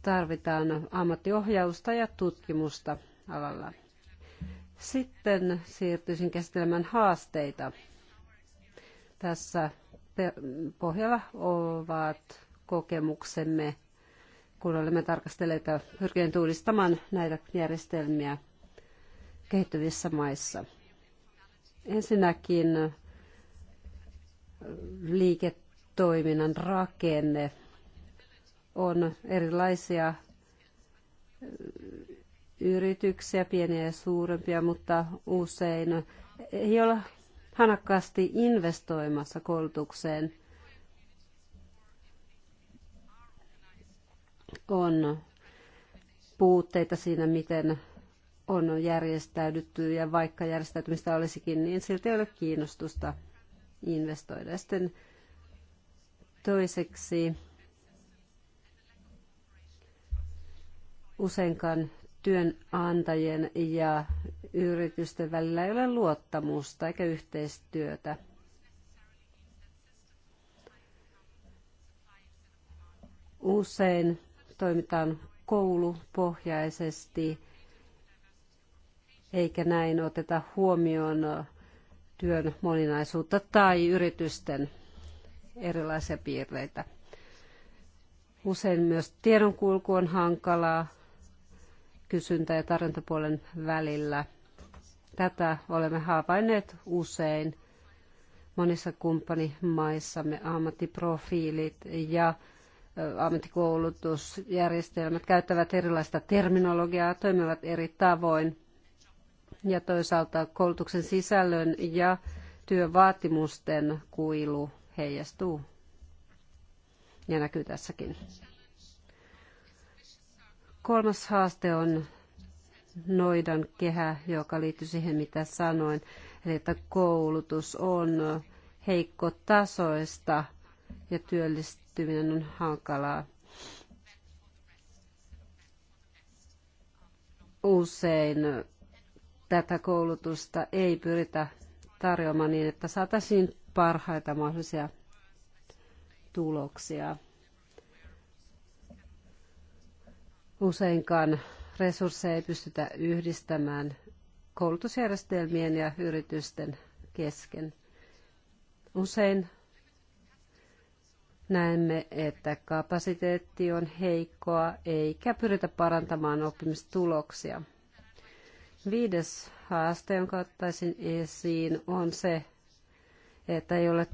tarvitaan ammattiohjausta ja tutkimusta alalla. Sitten siirtyisin käsittelemään haasteita. Tässä pohjalla ovat kokemuksemme, kun olemme tarkastelleet ja pyrkineet uudistamaan näitä järjestelmiä kehittyvissä maissa. Ensinnäkin liiketoiminnan rakenne on erilaisia yrityksiä, pieniä ja suurempia, mutta usein ei ole hanakkaasti investoimassa koulutukseen. On puutteita siinä, miten on järjestäydytty ja vaikka järjestäytymistä olisikin, niin silti ei ole kiinnostusta investoida. Ja sitten toiseksi useinkaan työnantajien ja yritysten välillä ei ole luottamusta eikä yhteistyötä. Usein toimitaan koulupohjaisesti eikä näin oteta huomioon työn moninaisuutta tai yritysten erilaisia piirteitä. Usein myös tiedonkulku on hankalaa kysyntä- ja tarjontapuolen välillä. Tätä olemme havainneet usein monissa kumppanimaissamme ammattiprofiilit ja ammattikoulutusjärjestelmät käyttävät erilaista terminologiaa, toimivat eri tavoin ja toisaalta koulutuksen sisällön ja työvaatimusten kuilu heijastuu ja näkyy tässäkin. Kolmas haaste on noidan kehä, joka liittyy siihen, mitä sanoin, eli että koulutus on heikko tasoista ja työllistyminen on hankalaa. Usein tätä koulutusta ei pyritä tarjoamaan niin, että saataisiin parhaita mahdollisia tuloksia. Useinkaan resursseja ei pystytä yhdistämään koulutusjärjestelmien ja yritysten kesken. Usein näemme, että kapasiteetti on heikkoa eikä pyritä parantamaan oppimistuloksia. Viides haaste, jonka ottaisin esiin, on se, että ei ole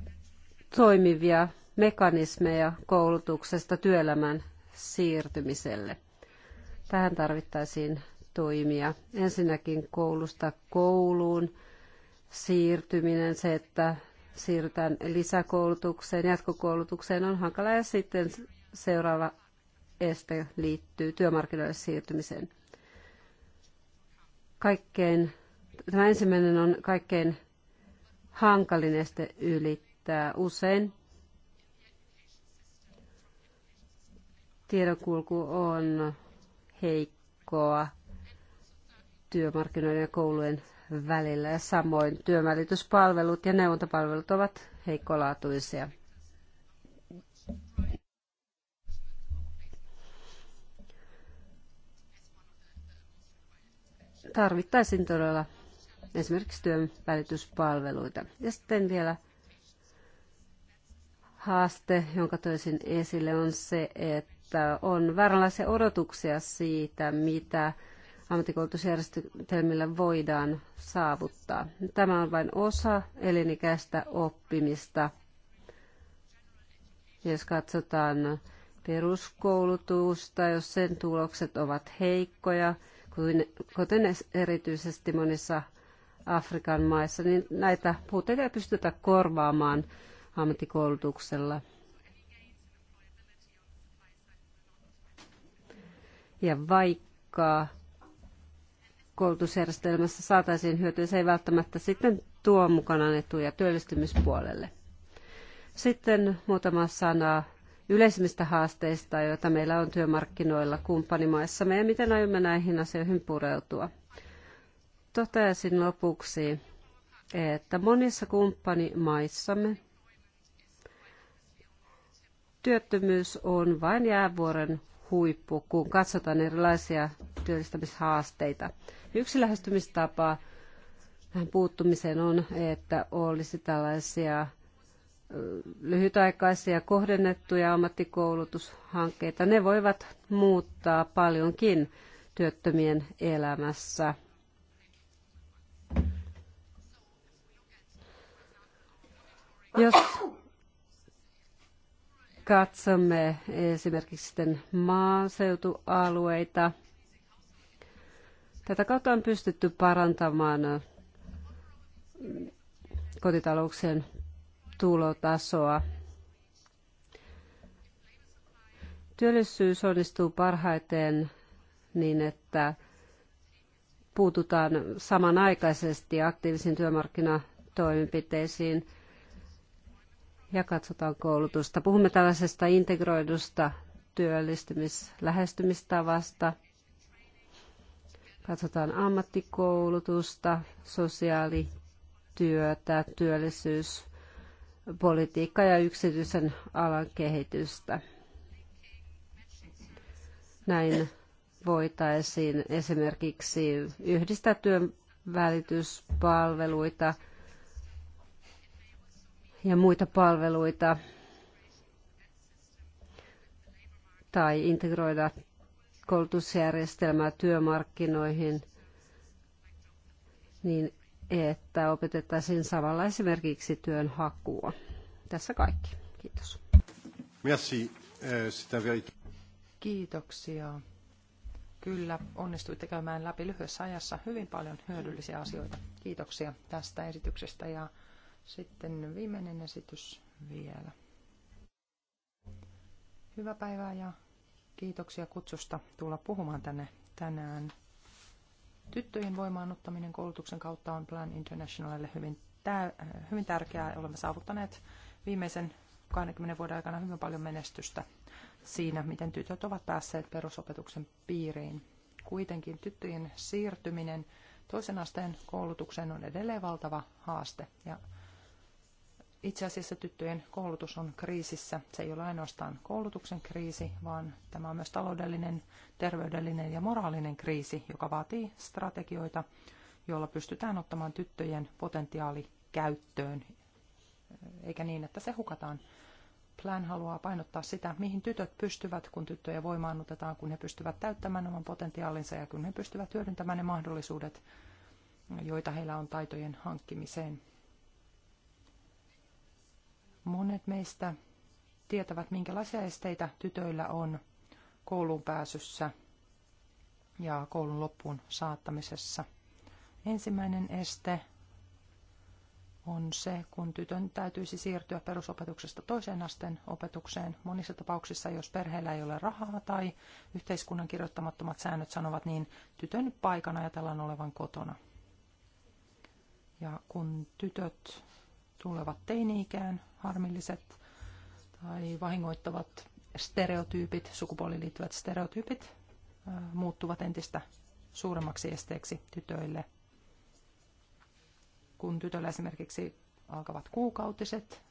toimivia mekanismeja koulutuksesta työelämän siirtymiselle. Tähän tarvittaisiin toimia. Ensinnäkin koulusta kouluun siirtyminen, se, että siirrytään lisäkoulutukseen, jatkokoulutukseen on hankala ja sitten seuraava este liittyy työmarkkinoille siirtymiseen kaikkein, tämä ensimmäinen on kaikkein hankalin este ylittää. Usein tiedonkulku on heikkoa työmarkkinoiden ja koulujen välillä ja samoin työmälityspalvelut ja neuvontapalvelut ovat heikkolaatuisia. tarvittaisiin todella esimerkiksi työnvälityspalveluita. Ja sitten vielä haaste, jonka toisin esille, on se, että on vääränlaisia odotuksia siitä, mitä ammattikoulutusjärjestelmillä voidaan saavuttaa. Tämä on vain osa elinikäistä oppimista. Jos katsotaan peruskoulutusta, jos sen tulokset ovat heikkoja, kuten erityisesti monissa Afrikan maissa, niin näitä puutteita ei pystytä korvaamaan ammattikoulutuksella. Ja vaikka koulutusjärjestelmässä saataisiin hyötyä, se ei välttämättä sitten tuo mukanaan etuja työllistymispuolelle. Sitten muutama sana yleisimmistä haasteista, joita meillä on työmarkkinoilla kumppanimaissamme ja miten aiomme näihin asioihin pureutua. Toteaisin lopuksi, että monissa kumppanimaissamme työttömyys on vain jäävuoren huippu, kun katsotaan erilaisia työllistämishaasteita. Yksi lähestymistapa tähän puuttumiseen on, että olisi tällaisia lyhytaikaisia kohdennettuja ammattikoulutushankkeita. Ne voivat muuttaa paljonkin työttömien elämässä. Jos katsomme esimerkiksi sitten maaseutualueita, tätä kautta on pystytty parantamaan kotitalouksien tulotasoa. Työllisyys onnistuu parhaiten niin, että puututaan samanaikaisesti aktiivisiin työmarkkinatoimenpiteisiin ja katsotaan koulutusta. Puhumme tällaisesta integroidusta työllistymislähestymistavasta. Katsotaan ammattikoulutusta, sosiaalityötä, työllisyys, politiikkaa ja yksityisen alan kehitystä. Näin voitaisiin esimerkiksi yhdistää työn välityspalveluita ja muita palveluita tai integroida koulutusjärjestelmää työmarkkinoihin niin, että opetettaisiin samalla esimerkiksi työnhakua. Tässä kaikki. Kiitos. Merci. Eh, kiitoksia. Kyllä, onnistuitte käymään läpi lyhyessä ajassa hyvin paljon hyödyllisiä asioita. Kiitoksia tästä esityksestä ja sitten viimeinen esitys vielä. Hyvää päivää ja kiitoksia kutsusta tulla puhumaan tänne tänään. Tyttöjen voimaannuttaminen koulutuksen kautta on Plan Internationalille hyvin, tär- äh, hyvin tärkeää. Olemme saavuttaneet viimeisen 20 vuoden aikana hyvin paljon menestystä siinä, miten tytöt ovat päässeet perusopetuksen piiriin. Kuitenkin tyttöjen siirtyminen toisen asteen koulutukseen on edelleen valtava haaste ja itse asiassa tyttöjen koulutus on kriisissä. Se ei ole ainoastaan koulutuksen kriisi, vaan tämä on myös taloudellinen, terveydellinen ja moraalinen kriisi, joka vaatii strategioita, joilla pystytään ottamaan tyttöjen potentiaali käyttöön, eikä niin, että se hukataan. Plan haluaa painottaa sitä, mihin tytöt pystyvät, kun tyttöjä voimaannutetaan, kun he pystyvät täyttämään oman potentiaalinsa ja kun he pystyvät hyödyntämään ne mahdollisuudet, joita heillä on taitojen hankkimiseen. Monet meistä tietävät, minkälaisia esteitä tytöillä on kouluun pääsyssä ja koulun loppuun saattamisessa. Ensimmäinen este on se, kun tytön täytyisi siirtyä perusopetuksesta toiseen asteen opetukseen. Monissa tapauksissa, jos perheellä ei ole rahaa tai yhteiskunnan kirjoittamattomat säännöt sanovat, niin tytön paikan ajatellaan olevan kotona. Ja kun tytöt tulevat teini-ikään, harmilliset tai vahingoittavat stereotyypit, sukupuoliin liittyvät stereotyypit muuttuvat entistä suuremmaksi esteeksi tytöille. Kun tytöllä esimerkiksi alkavat kuukautiset,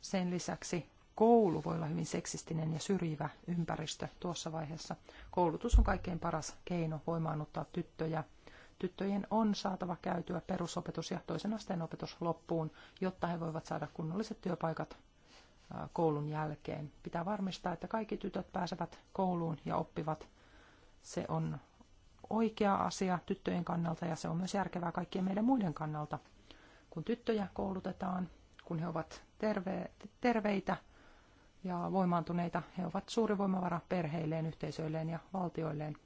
sen lisäksi koulu voi olla hyvin seksistinen ja syrjivä ympäristö tuossa vaiheessa. Koulutus on kaikkein paras keino voimaannuttaa tyttöjä – Tyttöjen on saatava käytyä perusopetus ja toisen asteen opetus loppuun, jotta he voivat saada kunnolliset työpaikat koulun jälkeen. Pitää varmistaa, että kaikki tytöt pääsevät kouluun ja oppivat. Se on oikea asia tyttöjen kannalta ja se on myös järkevää kaikkien meidän muiden kannalta. Kun tyttöjä koulutetaan, kun he ovat terve, terveitä ja voimaantuneita, he ovat suuri voimavara perheilleen, yhteisöilleen ja valtioilleen.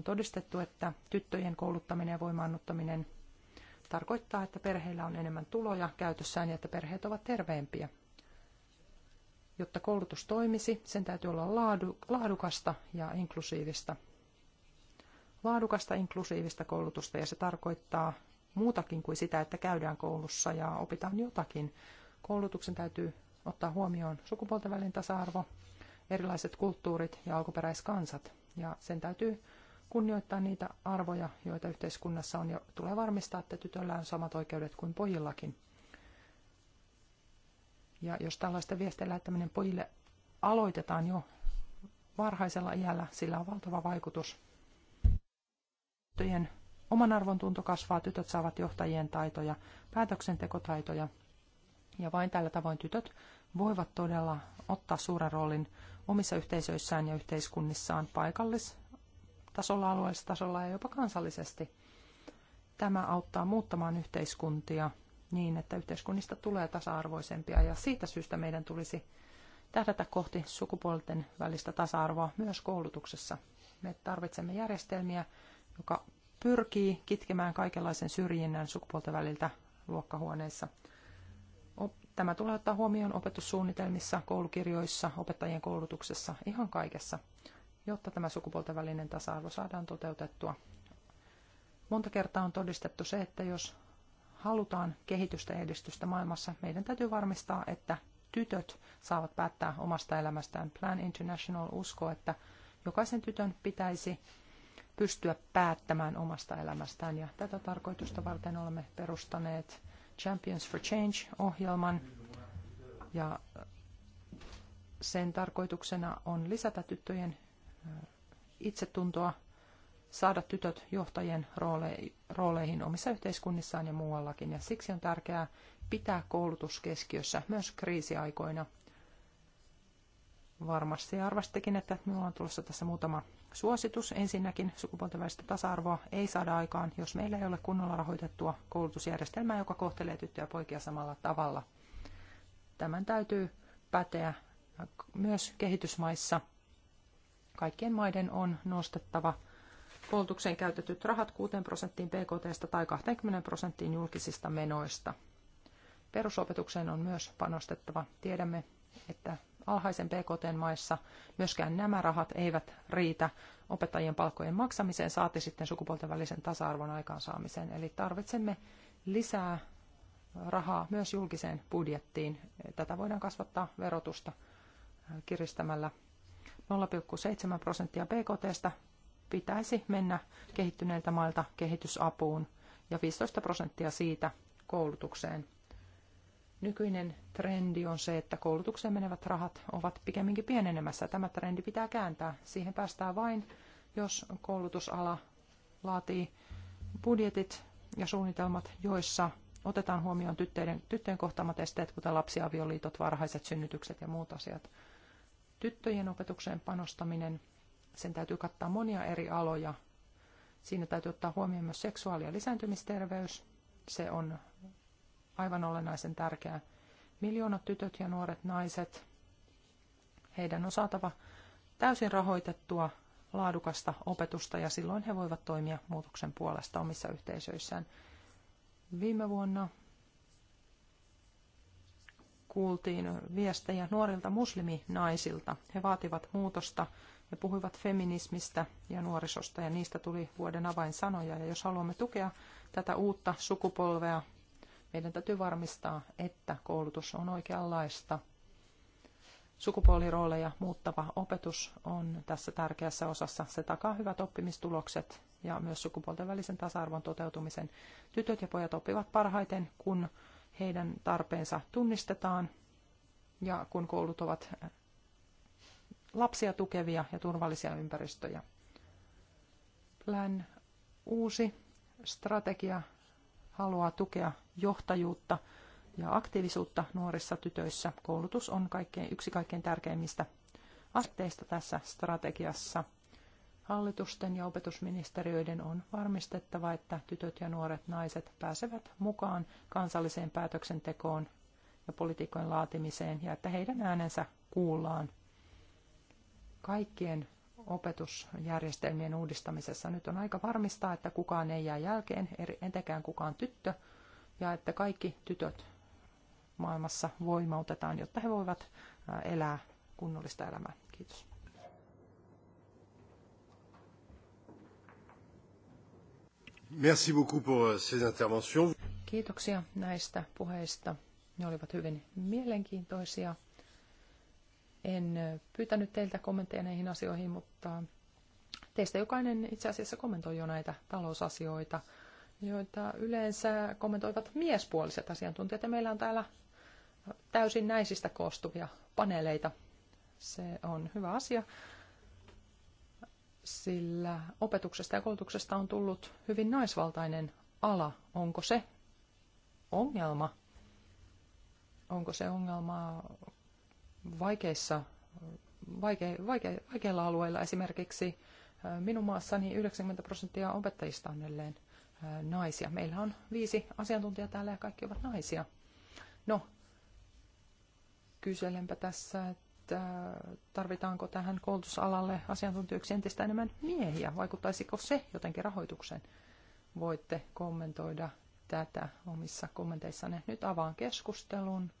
On todistettu, että tyttöjen kouluttaminen ja voimaannuttaminen tarkoittaa, että perheillä on enemmän tuloja käytössään ja että perheet ovat terveempiä. Jotta koulutus toimisi, sen täytyy olla laadu, laadukasta ja inklusiivista. Laadukasta inklusiivista koulutusta ja se tarkoittaa muutakin kuin sitä, että käydään koulussa ja opitaan jotakin. Koulutuksen täytyy ottaa huomioon sukupuolten välin tasa-arvo, erilaiset kulttuurit ja alkuperäiskansat. Ja sen täytyy kunnioittaa niitä arvoja, joita yhteiskunnassa on, ja tulee varmistaa, että tytöllä on samat oikeudet kuin pojillakin. Ja jos tällaista viestiä lähettäminen pojille aloitetaan jo varhaisella iällä, sillä on valtava vaikutus. Tyttöjen oman arvon tunto kasvaa, tytöt saavat johtajien taitoja, päätöksentekotaitoja, ja vain tällä tavoin tytöt voivat todella ottaa suuren roolin omissa yhteisöissään ja yhteiskunnissaan paikallis-, tasolla, alueellistasolla ja jopa kansallisesti. Tämä auttaa muuttamaan yhteiskuntia niin, että yhteiskunnista tulee tasa-arvoisempia ja siitä syystä meidän tulisi tähdätä kohti sukupuolten välistä tasa-arvoa myös koulutuksessa. Me tarvitsemme järjestelmiä, joka pyrkii kitkemään kaikenlaisen syrjinnän sukupuolten väliltä luokkahuoneissa. Tämä tulee ottaa huomioon opetussuunnitelmissa, koulukirjoissa, opettajien koulutuksessa, ihan kaikessa – jotta tämä sukupuolten välinen tasa-arvo saadaan toteutettua. Monta kertaa on todistettu se, että jos halutaan kehitystä ja edistystä maailmassa, meidän täytyy varmistaa, että tytöt saavat päättää omasta elämästään. Plan International uskoo, että jokaisen tytön pitäisi pystyä päättämään omasta elämästään. Ja tätä tarkoitusta varten olemme perustaneet Champions for Change-ohjelman. Ja sen tarkoituksena on lisätä tyttöjen itsetuntoa saada tytöt johtajien rooleihin omissa yhteiskunnissaan ja muuallakin. Ja siksi on tärkeää pitää koulutus keskiössä myös kriisiaikoina. Varmasti arvastikin, että minulla on tulossa tässä muutama suositus. Ensinnäkin sukupuolten välistä tasa-arvoa ei saada aikaan, jos meillä ei ole kunnolla rahoitettua koulutusjärjestelmää, joka kohtelee tyttöjä ja poikia samalla tavalla. Tämän täytyy päteä myös kehitysmaissa kaikkien maiden on nostettava koulutukseen käytetyt rahat 6 prosenttiin BKT tai 20 prosenttiin julkisista menoista. Perusopetukseen on myös panostettava. Tiedämme, että alhaisen BKT maissa myöskään nämä rahat eivät riitä opettajien palkkojen maksamiseen, saati sitten sukupuolten välisen tasa-arvon aikaansaamiseen. Eli tarvitsemme lisää rahaa myös julkiseen budjettiin. Tätä voidaan kasvattaa verotusta kiristämällä 0,7 prosenttia BKTstä pitäisi mennä kehittyneiltä mailta kehitysapuun ja 15 prosenttia siitä koulutukseen. Nykyinen trendi on se, että koulutukseen menevät rahat ovat pikemminkin pienenemässä. Tämä trendi pitää kääntää. Siihen päästään vain, jos koulutusala laatii budjetit ja suunnitelmat, joissa otetaan huomioon tyttöjen, tyttöjen kohtaamat esteet, kuten lapsiavioliitot, varhaiset synnytykset ja muut asiat tyttöjen opetukseen panostaminen. Sen täytyy kattaa monia eri aloja. Siinä täytyy ottaa huomioon myös seksuaali- ja lisääntymisterveys. Se on aivan olennaisen tärkeää. Miljoonat tytöt ja nuoret naiset, heidän on saatava täysin rahoitettua laadukasta opetusta ja silloin he voivat toimia muutoksen puolesta omissa yhteisöissään. Viime vuonna kuultiin viestejä nuorilta musliminaisilta. He vaativat muutosta, he puhuivat feminismistä ja nuorisosta ja niistä tuli vuoden avainsanoja. Ja jos haluamme tukea tätä uutta sukupolvea, meidän täytyy varmistaa, että koulutus on oikeanlaista. Sukupuolirooleja muuttava opetus on tässä tärkeässä osassa. Se takaa hyvät oppimistulokset ja myös sukupuolten välisen tasa-arvon toteutumisen. Tytöt ja pojat oppivat parhaiten, kun heidän tarpeensa tunnistetaan ja kun koulut ovat lapsia tukevia ja turvallisia ympäristöjä. Plan uusi strategia haluaa tukea johtajuutta ja aktiivisuutta nuorissa tytöissä. Koulutus on kaikkein, yksi kaikkein tärkeimmistä asteista tässä strategiassa – Hallitusten ja opetusministeriöiden on varmistettava, että tytöt ja nuoret naiset pääsevät mukaan kansalliseen päätöksentekoon ja politiikkojen laatimiseen ja että heidän äänensä kuullaan. Kaikkien opetusjärjestelmien uudistamisessa nyt on aika varmistaa, että kukaan ei jää jälkeen, entekään kukaan tyttö, ja että kaikki tytöt maailmassa voimautetaan, jotta he voivat elää kunnollista elämää. Kiitos. Merci beaucoup pour euh, ces interventions. Kiitoksia näistä puheista. Ne olivat hyvin mielenkiintoisia. En pyytänyt teiltä kommentteja näihin asioihin, mutta teistä jokainen itse asiassa kommentoi jo näitä talousasioita, joita yleensä kommentoivat miespuoliset asiantuntijat. Ja meillä on täällä täysin naisista koostuvia paneeleita. Se on hyvä asia sillä opetuksesta ja koulutuksesta on tullut hyvin naisvaltainen ala. Onko se ongelma? Onko se ongelma vaikeissa, vaike, vaike, vaikeilla alueilla esimerkiksi? Äh, minun maassani 90 prosenttia opettajista on edelleen äh, naisia. Meillä on viisi asiantuntijaa täällä ja kaikki ovat naisia. No, kyselenpä tässä, tarvitaanko tähän koulutusalalle asiantuntijoiksi entistä enemmän miehiä? Vaikuttaisiko se jotenkin rahoitukseen? Voitte kommentoida tätä omissa kommenteissanne. Nyt avaan keskustelun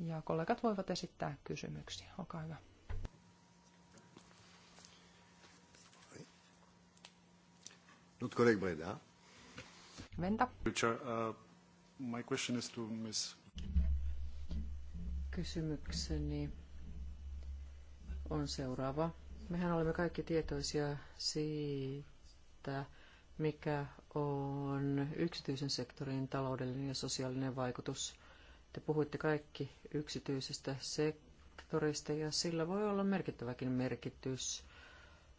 ja kollegat voivat esittää kysymyksiä. Olkaa hyvä. Venta. Richard, uh, my question is to Ms. Kysymykseni on seuraava. Mehän olemme kaikki tietoisia siitä, mikä on yksityisen sektorin taloudellinen ja sosiaalinen vaikutus. Te puhuitte kaikki yksityisestä sektorista ja sillä voi olla merkittäväkin merkitys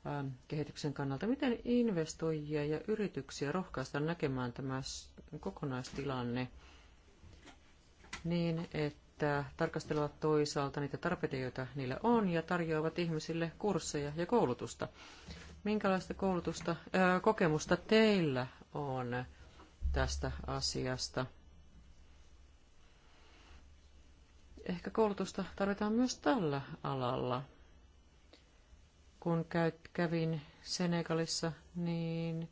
ähm, kehityksen kannalta. Miten investoijia ja yrityksiä rohkaista näkemään tämä kokonaistilanne niin, että että tarkastelevat toisaalta niitä tarpeita, joita niillä on, ja tarjoavat ihmisille kursseja ja koulutusta. Minkälaista koulutusta, ää, kokemusta teillä on tästä asiasta? Ehkä koulutusta tarvitaan myös tällä alalla. Kun kävin Senegalissa, niin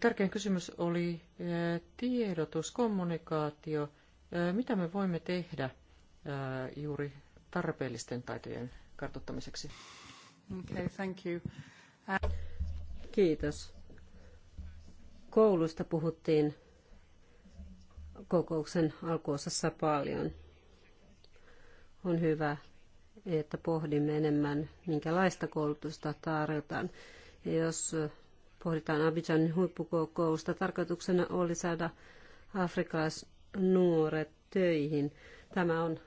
tärkein kysymys oli eh, tiedotus, kommunikaatio. Eh, mitä me voimme tehdä eh, juuri tarpeellisten taitojen kartoittamiseksi? Okay, thank you. Kiitos. Koulusta puhuttiin kokouksen alkuosassa paljon. On hyvä, että pohdimme enemmän, minkälaista koulutusta tarjotaan. Ja jos pohditaan Abidjanin huippukokousta. Tarkoituksena oli saada afrikalaisnuoret töihin. Tämä on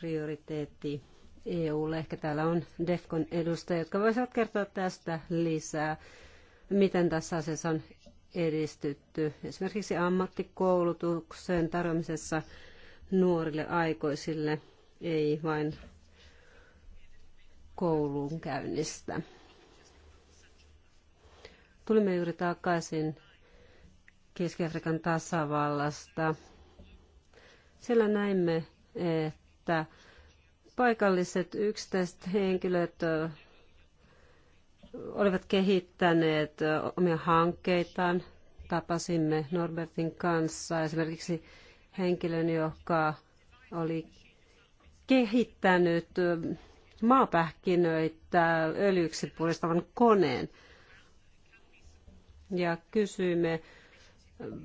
prioriteetti EUlle. Ehkä täällä on DEFCON edustajia, jotka voisivat kertoa tästä lisää, miten tässä asiassa on edistytty. Esimerkiksi ammattikoulutuksen tarjoamisessa nuorille aikuisille, ei vain koulun käynnistä. Tulimme juuri takaisin Keski-Afrikan tasavallasta. Siellä näimme, että paikalliset yksittäiset henkilöt olivat kehittäneet omia hankkeitaan. Tapasimme Norbertin kanssa esimerkiksi henkilön, joka oli kehittänyt maapähkinöitä öljyksi puristavan koneen ja kysyimme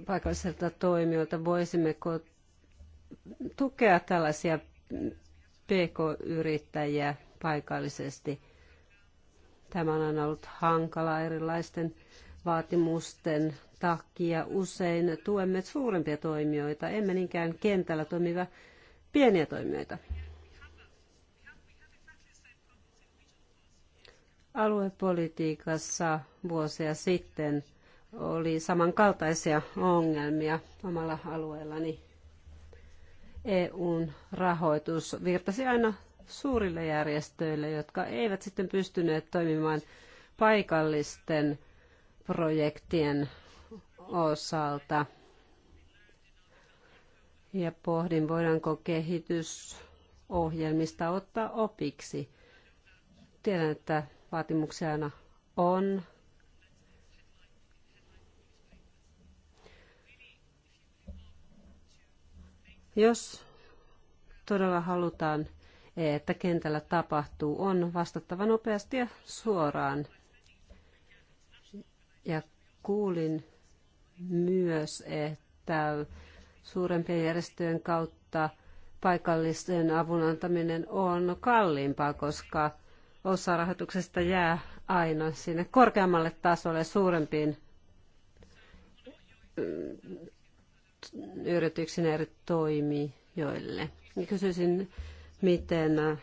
paikallisilta toimijoilta, voisimmeko tukea tällaisia pk-yrittäjiä paikallisesti. Tämä on aina ollut hankala erilaisten vaatimusten takia. Usein tuemme suurempia toimijoita, emme niinkään kentällä toimivia pieniä toimijoita. Aluepolitiikassa vuosia sitten oli samankaltaisia ongelmia omalla alueellani. EUn rahoitus virtasi aina suurille järjestöille, jotka eivät sitten pystyneet toimimaan paikallisten projektien osalta. Ja pohdin, voidaanko kehitysohjelmista ottaa opiksi. Tiedän, että vaatimuksena on. Jos todella halutaan, että kentällä tapahtuu, on vastattava nopeasti ja suoraan. Ja kuulin myös, että suurempien järjestöjen kautta paikallisten avun antaminen on kalliimpaa, koska osa rahoituksesta jää aina sinne korkeammalle tasolle suurempiin mm, yrityksen eri toimijoille. kysyisin, miten äh,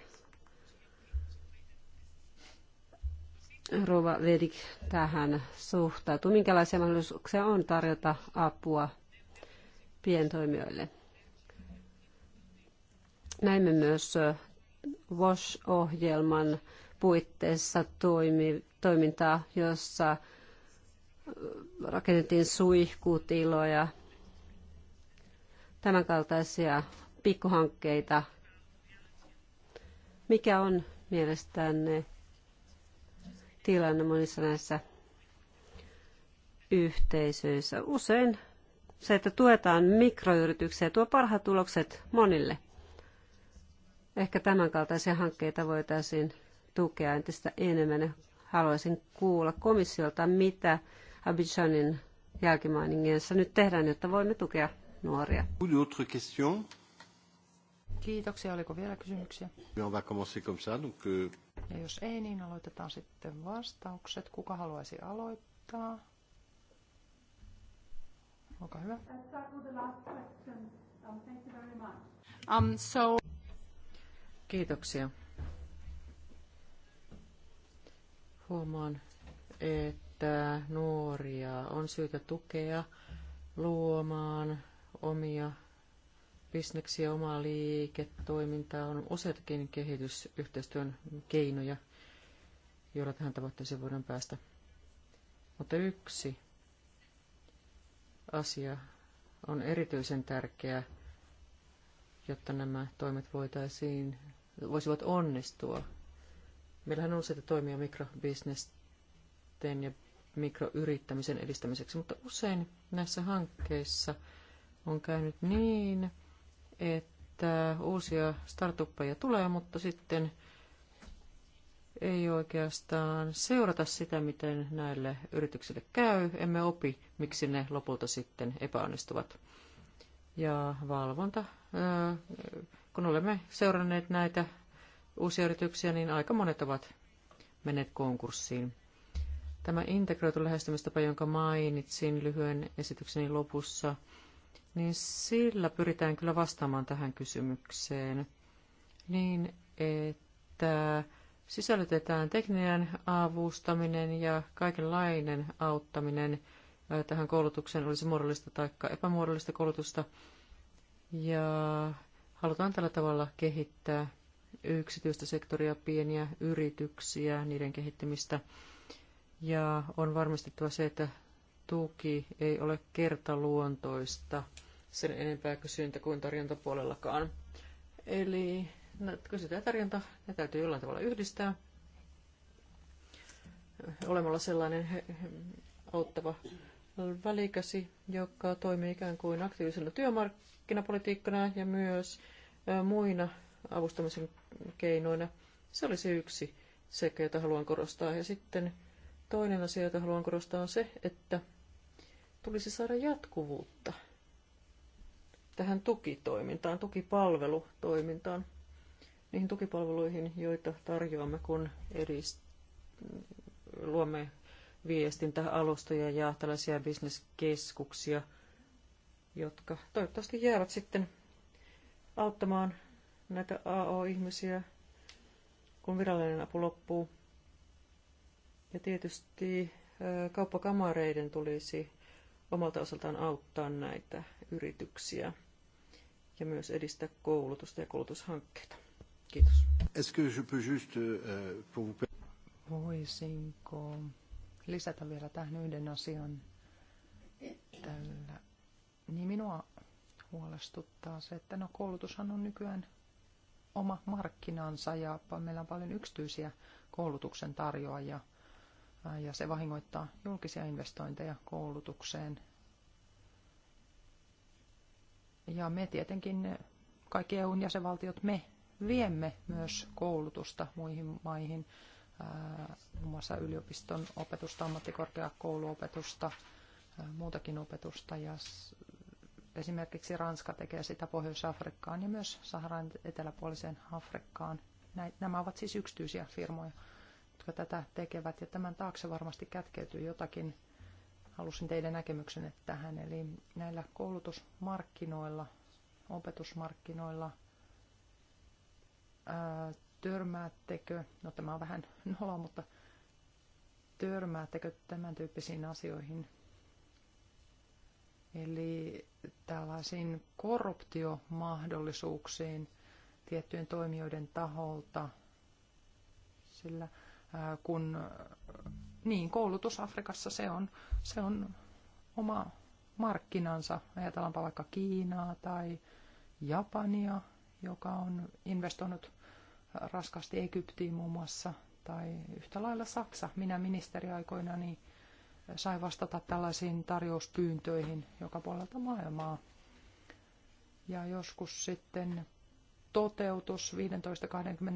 Rova Vedik tähän suhtautuu. Minkälaisia mahdollisuuksia on tarjota apua pientoimijoille? Näimme myös äh, WASH-ohjelman puitteissa toimi, toimintaa, jossa rakennettiin suihkutiloja, tämänkaltaisia pikkuhankkeita. Mikä on mielestänne tilanne monissa näissä yhteisöissä? Usein se, että tuetaan mikroyrityksiä, tuo parhaat tulokset monille. Ehkä tämänkaltaisia hankkeita voitaisiin tukea entistä enemmän. Haluaisin kuulla komissiolta, mitä Abidjanin jälkimainingeissa nyt tehdään, jotta voimme tukea nuoria. Kiitoksia. Oliko vielä kysymyksiä? Euh. Ja jos ei, niin aloitetaan sitten vastaukset. Kuka haluaisi aloittaa? Olkaa hyvä. Um, so... Kiitoksia. Huomaan, että nuoria on syytä tukea luomaan omia bisneksiä, omaa liiketoimintaa. On useitakin kehitysyhteistyön keinoja, joilla tähän tavoitteeseen voidaan päästä. Mutta yksi asia on erityisen tärkeä, jotta nämä toimet voitaisiin, voisivat onnistua Meillähän on useita toimia mikrobisnesten ja mikroyrittämisen edistämiseksi, mutta usein näissä hankkeissa on käynyt niin, että uusia startuppeja tulee, mutta sitten ei oikeastaan seurata sitä, miten näille yrityksille käy. Emme opi, miksi ne lopulta sitten epäonnistuvat. Ja valvonta, kun olemme seuranneet näitä uusia yrityksiä, niin aika monet ovat menneet konkurssiin. Tämä integroitu lähestymistapa, jonka mainitsin lyhyen esitykseni lopussa, niin sillä pyritään kyllä vastaamaan tähän kysymykseen niin, että sisällytetään tekninen avustaminen ja kaikenlainen auttaminen tähän koulutukseen, olisi muodollista tai epämuodollista koulutusta. Ja halutaan tällä tavalla kehittää yksityistä sektoria, pieniä yrityksiä, niiden kehittämistä. Ja on varmistettava se, että tuki ei ole kertaluontoista sen enempää kysyntä kuin tarjontapuolellakaan. Eli no, kysyntä ja tarjonta, ne täytyy jollain tavalla yhdistää olemalla sellainen auttava välikäsi, joka toimii ikään kuin aktiivisena työmarkkinapolitiikkana ja myös muina avustamisen keinoina. Se oli se yksi sekä, jota haluan korostaa. Ja sitten toinen asia, jota haluan korostaa, on se, että tulisi saada jatkuvuutta tähän tukitoimintaan, tukipalvelutoimintaan, niihin tukipalveluihin, joita tarjoamme, kun edist- luomme viestintäalustoja ja tällaisia bisneskeskuksia, jotka toivottavasti jäävät sitten auttamaan näitä AO-ihmisiä, kun virallinen apu loppuu. Ja tietysti kauppakamareiden tulisi omalta osaltaan auttaa näitä yrityksiä ja myös edistää koulutusta ja koulutushankkeita. Kiitos. Euh, Voisinko lisätä vielä tähän yhden asian tällä? Niin minua huolestuttaa se, että no koulutushan on nykyään oma markkinansa ja meillä on paljon yksityisiä koulutuksen tarjoajia ja se vahingoittaa julkisia investointeja koulutukseen. Ja me tietenkin, kaikki EUn jäsenvaltiot, me viemme myös koulutusta muihin maihin, muun muassa yliopiston opetusta, ammattikorkeakouluopetusta, muutakin opetusta ja Esimerkiksi Ranska tekee sitä Pohjois-Afrikkaan ja myös Saharan eteläpuoliseen Afrikkaan. Nämä ovat siis yksityisiä firmoja, jotka tätä tekevät ja tämän taakse varmasti kätkeytyy jotakin. Halusin teidän näkemyksenne tähän, eli näillä koulutusmarkkinoilla, opetusmarkkinoilla, ää, törmäättekö, no tämä on vähän nolla, mutta törmäättekö tämän tyyppisiin asioihin Eli tällaisiin korruptiomahdollisuuksiin tiettyjen toimijoiden taholta, sillä kun niin koulutus Afrikassa se on, se on oma markkinansa. Ajatellaanpa vaikka Kiinaa tai Japania, joka on investoinut raskasti Egyptiin muun muassa, tai yhtä lailla Saksa. Minä ministeriaikoinani sai vastata tällaisiin tarjouspyyntöihin joka puolelta maailmaa. Ja joskus sitten toteutus,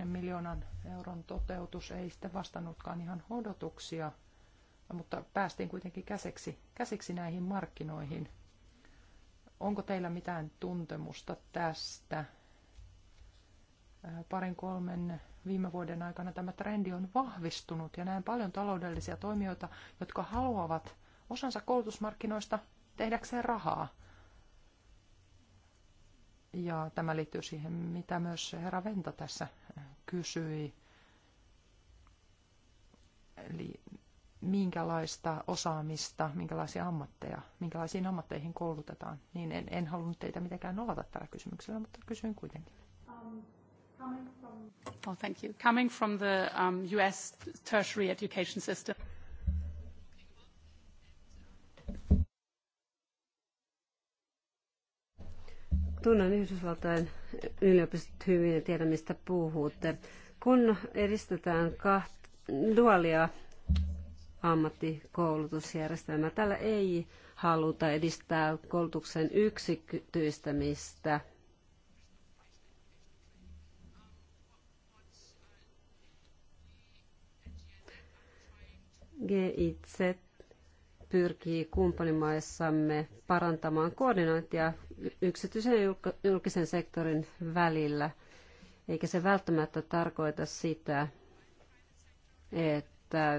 15-20 miljoonan euron toteutus ei sitten vastannutkaan ihan odotuksia, mutta päästiin kuitenkin käsiksi, käsiksi näihin markkinoihin. Onko teillä mitään tuntemusta tästä? Äh, parin kolmen viime vuoden aikana tämä trendi on vahvistunut ja näen paljon taloudellisia toimijoita, jotka haluavat osansa koulutusmarkkinoista tehdäkseen rahaa. Ja tämä liittyy siihen, mitä myös herra Venta tässä kysyi. Eli minkälaista osaamista, minkälaisia ammatteja, minkälaisiin ammatteihin koulutetaan. Niin en, en halunnut teitä mitenkään nolata tällä kysymyksellä, mutta kysyin kuitenkin. Um. Oh, thank you. Coming from the um, U.S. tertiary education system. Tunnen Yhdysvaltain yliopistot hyvin ja tiedän, mistä puhutte. Kun edistetään kaht- dualia ammattikoulutusjärjestelmää, täällä ei haluta edistää koulutuksen yksityistämistä – g itse pyrkii kumppanimaissamme parantamaan koordinointia yksityisen ja julkisen sektorin välillä, eikä se välttämättä tarkoita sitä, että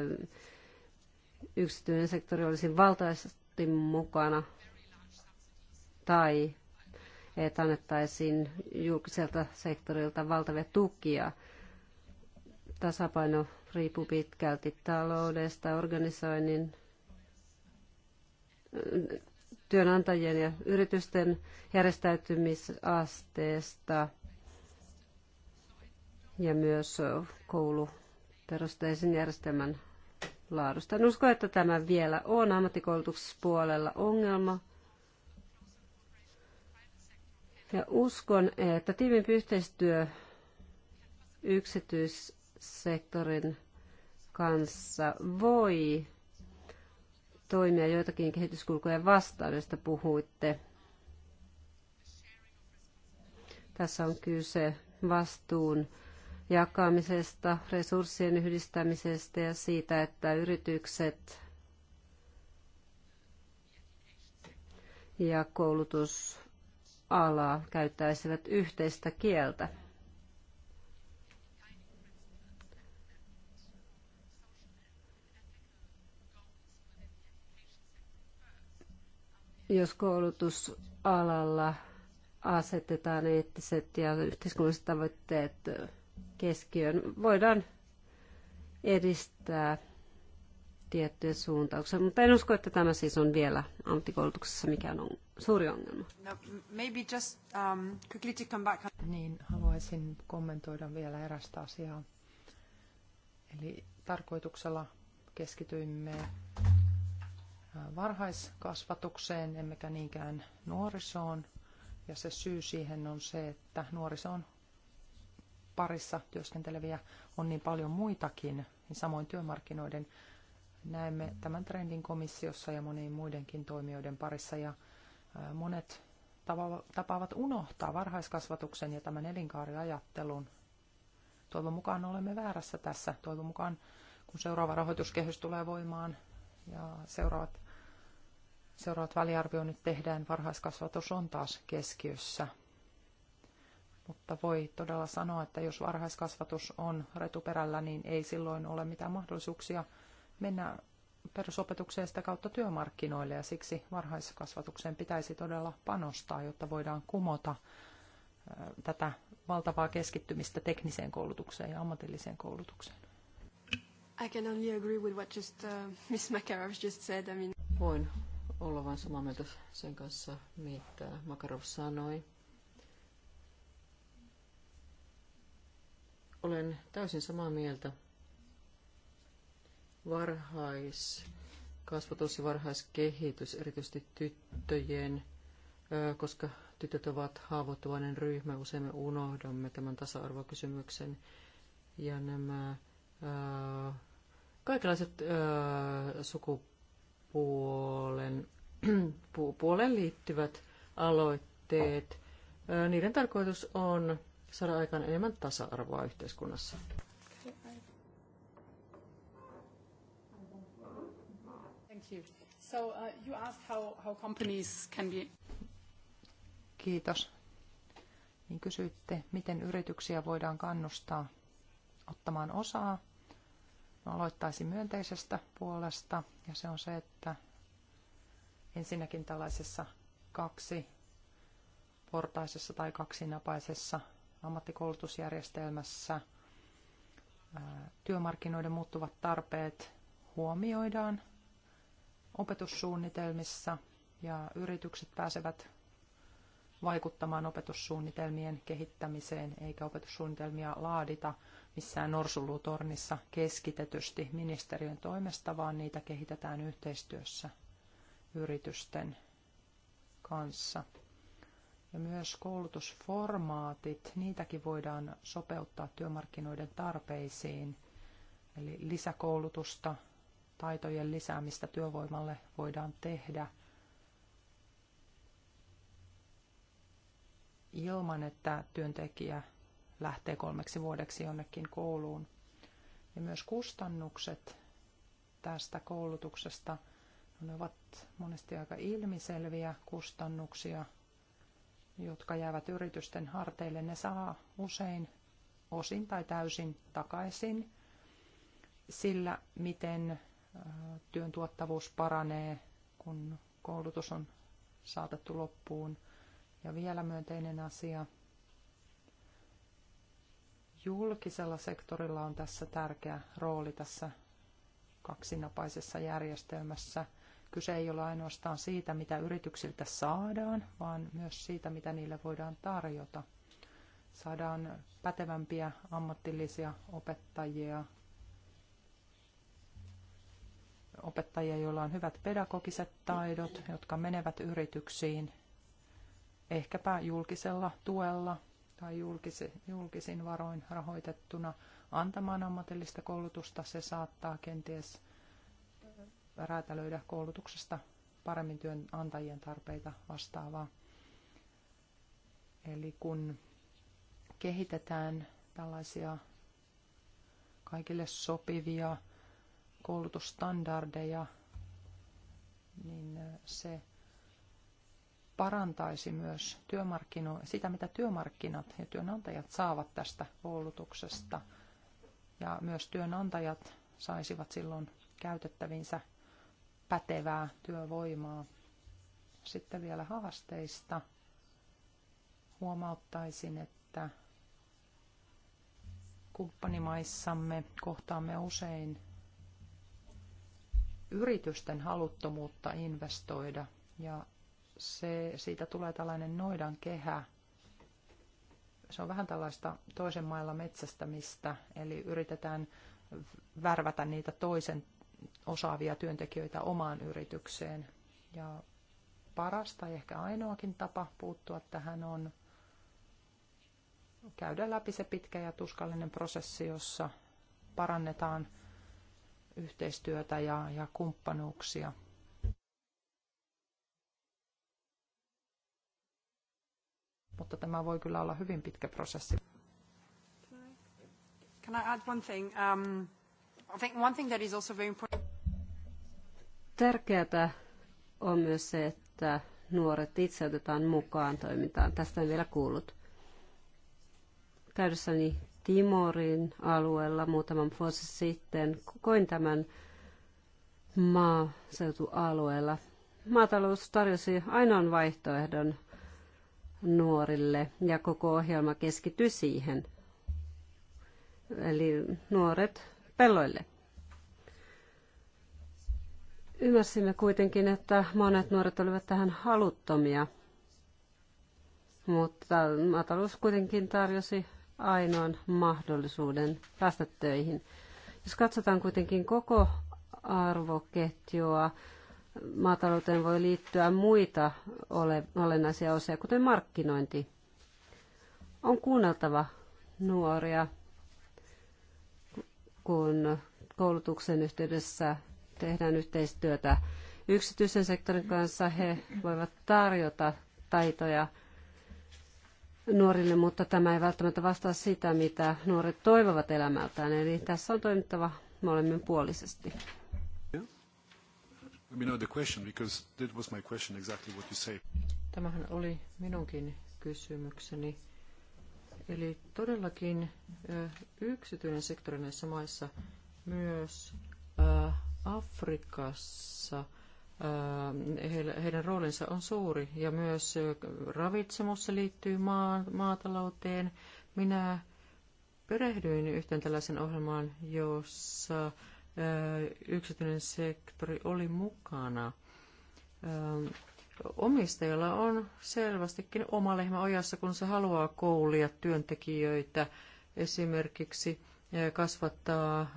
yksityinen sektori olisi valtaisesti mukana tai että annettaisiin julkiselta sektorilta valtavia tukia. Tasapaino riippuu pitkälti taloudesta, organisoinnin, työnantajien ja yritysten järjestäytymisasteesta ja myös kouluperusteisen järjestelmän laadusta. En usko, että tämä vielä on ammattikoulutuspuolella ongelma. Ja uskon, että tiivimpi yhteistyö yksityis- sektorin kanssa voi toimia joitakin kehityskulkujen vastaan, joista puhuitte. Tässä on kyse vastuun jakamisesta, resurssien yhdistämisestä ja siitä, että yritykset ja koulutusala käyttäisivät yhteistä kieltä. jos koulutusalalla asetetaan eettiset ja yhteiskunnalliset tavoitteet keskiöön, voidaan edistää tiettyjä suuntauksia, mutta en usko, että tämä siis on vielä ammattikoulutuksessa mikään on suuri ongelma. No, maybe just, um, quickly to come back. Niin, haluaisin kommentoida vielä erästä asiaa. Eli tarkoituksella keskityimme varhaiskasvatukseen, emmekä niinkään nuorisoon. Ja se syy siihen on se, että nuorisoon parissa työskenteleviä on niin paljon muitakin, niin samoin työmarkkinoiden näemme tämän trendin komissiossa ja moniin muidenkin toimijoiden parissa. Ja monet tapaavat unohtaa varhaiskasvatuksen ja tämän elinkaariajattelun. Toivon mukaan olemme väärässä tässä. Toivon mukaan, kun seuraava rahoituskehys tulee voimaan ja seuraavat Seuraavat väliarvioinnit tehdään, varhaiskasvatus on taas keskiössä. Mutta voi todella sanoa, että jos varhaiskasvatus on retuperällä, niin ei silloin ole mitään mahdollisuuksia mennä perusopetukseen sitä kautta työmarkkinoille ja siksi varhaiskasvatukseen pitäisi todella panostaa, jotta voidaan kumota tätä valtavaa keskittymistä tekniseen koulutukseen ja ammatilliseen koulutukseen. I can only agree with what just, uh, Makarov just said. I mean... Voin olla vain samaa mieltä sen kanssa, mitä Makarov sanoi. Olen täysin samaa mieltä. Varhaiskasvatus ja varhaiskehitys, erityisesti tyttöjen, koska tytöt ovat haavoittuvainen ryhmä, usein me unohdamme tämän tasa-arvokysymyksen ja nämä kaikenlaiset sukupuolet puolen, puolen liittyvät aloitteet. Niiden tarkoitus on saada aikaan enemmän tasa-arvoa yhteiskunnassa. So, uh, you asked how, how companies can be... Kiitos. Niin kysyitte, miten yrityksiä voidaan kannustaa ottamaan osaa aloittaisin myönteisestä puolesta, ja se on se, että ensinnäkin tällaisessa kaksi portaisessa tai kaksinapaisessa ammattikoulutusjärjestelmässä työmarkkinoiden muuttuvat tarpeet huomioidaan opetussuunnitelmissa ja yritykset pääsevät vaikuttamaan opetussuunnitelmien kehittämiseen, eikä opetussuunnitelmia laadita missään norsulutornissa keskitetysti ministeriön toimesta, vaan niitä kehitetään yhteistyössä yritysten kanssa. Ja myös koulutusformaatit, niitäkin voidaan sopeuttaa työmarkkinoiden tarpeisiin. Eli lisäkoulutusta, taitojen lisäämistä työvoimalle voidaan tehdä – ilman, että työntekijä lähtee kolmeksi vuodeksi jonnekin kouluun. Ja myös kustannukset tästä koulutuksesta, ne ovat monesti aika ilmiselviä kustannuksia, jotka jäävät yritysten harteille. Ne saa usein osin tai täysin takaisin sillä, miten työn tuottavuus paranee, kun koulutus on saatettu loppuun – ja vielä myönteinen asia. Julkisella sektorilla on tässä tärkeä rooli tässä kaksinapaisessa järjestelmässä. Kyse ei ole ainoastaan siitä, mitä yrityksiltä saadaan, vaan myös siitä, mitä niille voidaan tarjota. Saadaan pätevämpiä ammattillisia opettajia, opettajia, joilla on hyvät pedagogiset taidot, jotka menevät yrityksiin ehkäpä julkisella tuella tai julkisi, julkisin varoin rahoitettuna antamaan ammatillista koulutusta. Se saattaa kenties äh, räätälöidä koulutuksesta paremmin työnantajien tarpeita vastaavaa. Eli kun kehitetään tällaisia kaikille sopivia koulutusstandardeja, niin äh, se parantaisi myös työmarkkino- sitä, mitä työmarkkinat ja työnantajat saavat tästä koulutuksesta. Ja myös työnantajat saisivat silloin käytettävinsä pätevää työvoimaa. Sitten vielä haasteista huomauttaisin, että kumppanimaissamme kohtaamme usein yritysten haluttomuutta investoida ja se, siitä tulee tällainen noidan kehä. Se on vähän tällaista toisen mailla metsästämistä, eli yritetään värvätä niitä toisen osaavia työntekijöitä omaan yritykseen. Ja paras tai ehkä ainoakin tapa puuttua tähän on käydä läpi se pitkä ja tuskallinen prosessi, jossa parannetaan yhteistyötä ja, ja kumppanuuksia mutta tämä voi kyllä olla hyvin pitkä prosessi. Can I add one thing? Um, I think one thing that is also very important. Tärkeää on myös se, että nuoret itse otetaan mukaan toimintaan. Tästä en vielä kuullut. Käydessäni Timorin alueella muutaman vuosi sitten koin tämän maaseutualueella. Maatalous tarjosi ainoan vaihtoehdon nuorille ja koko ohjelma keskittyi siihen. Eli nuoret pelloille. Ymmärsimme kuitenkin, että monet nuoret olivat tähän haluttomia, mutta maatalous kuitenkin tarjosi ainoan mahdollisuuden päästä töihin. Jos katsotaan kuitenkin koko arvoketjua, maatalouteen voi liittyä muita ole, olennaisia osia, kuten markkinointi. On kuunneltava nuoria, kun koulutuksen yhteydessä tehdään yhteistyötä yksityisen sektorin kanssa. He voivat tarjota taitoja nuorille, mutta tämä ei välttämättä vastaa sitä, mitä nuoret toivovat elämältään. Eli tässä on toimittava molemmin puolisesti know the question because that was my question exactly what you say. Tämähän oli minunkin kysymykseni. Eli todellakin yksityinen sektori näissä maissa, myös Afrikassa, heidän roolinsa on suuri ja myös ravitsemus liittyy maatalouteen. Minä perehdyin yhteen tällaisen ohjelmaan, jossa yksityinen sektori oli mukana. Omistajalla on selvästikin oma lehmä ojassa, kun se haluaa koulia työntekijöitä, esimerkiksi kasvattaa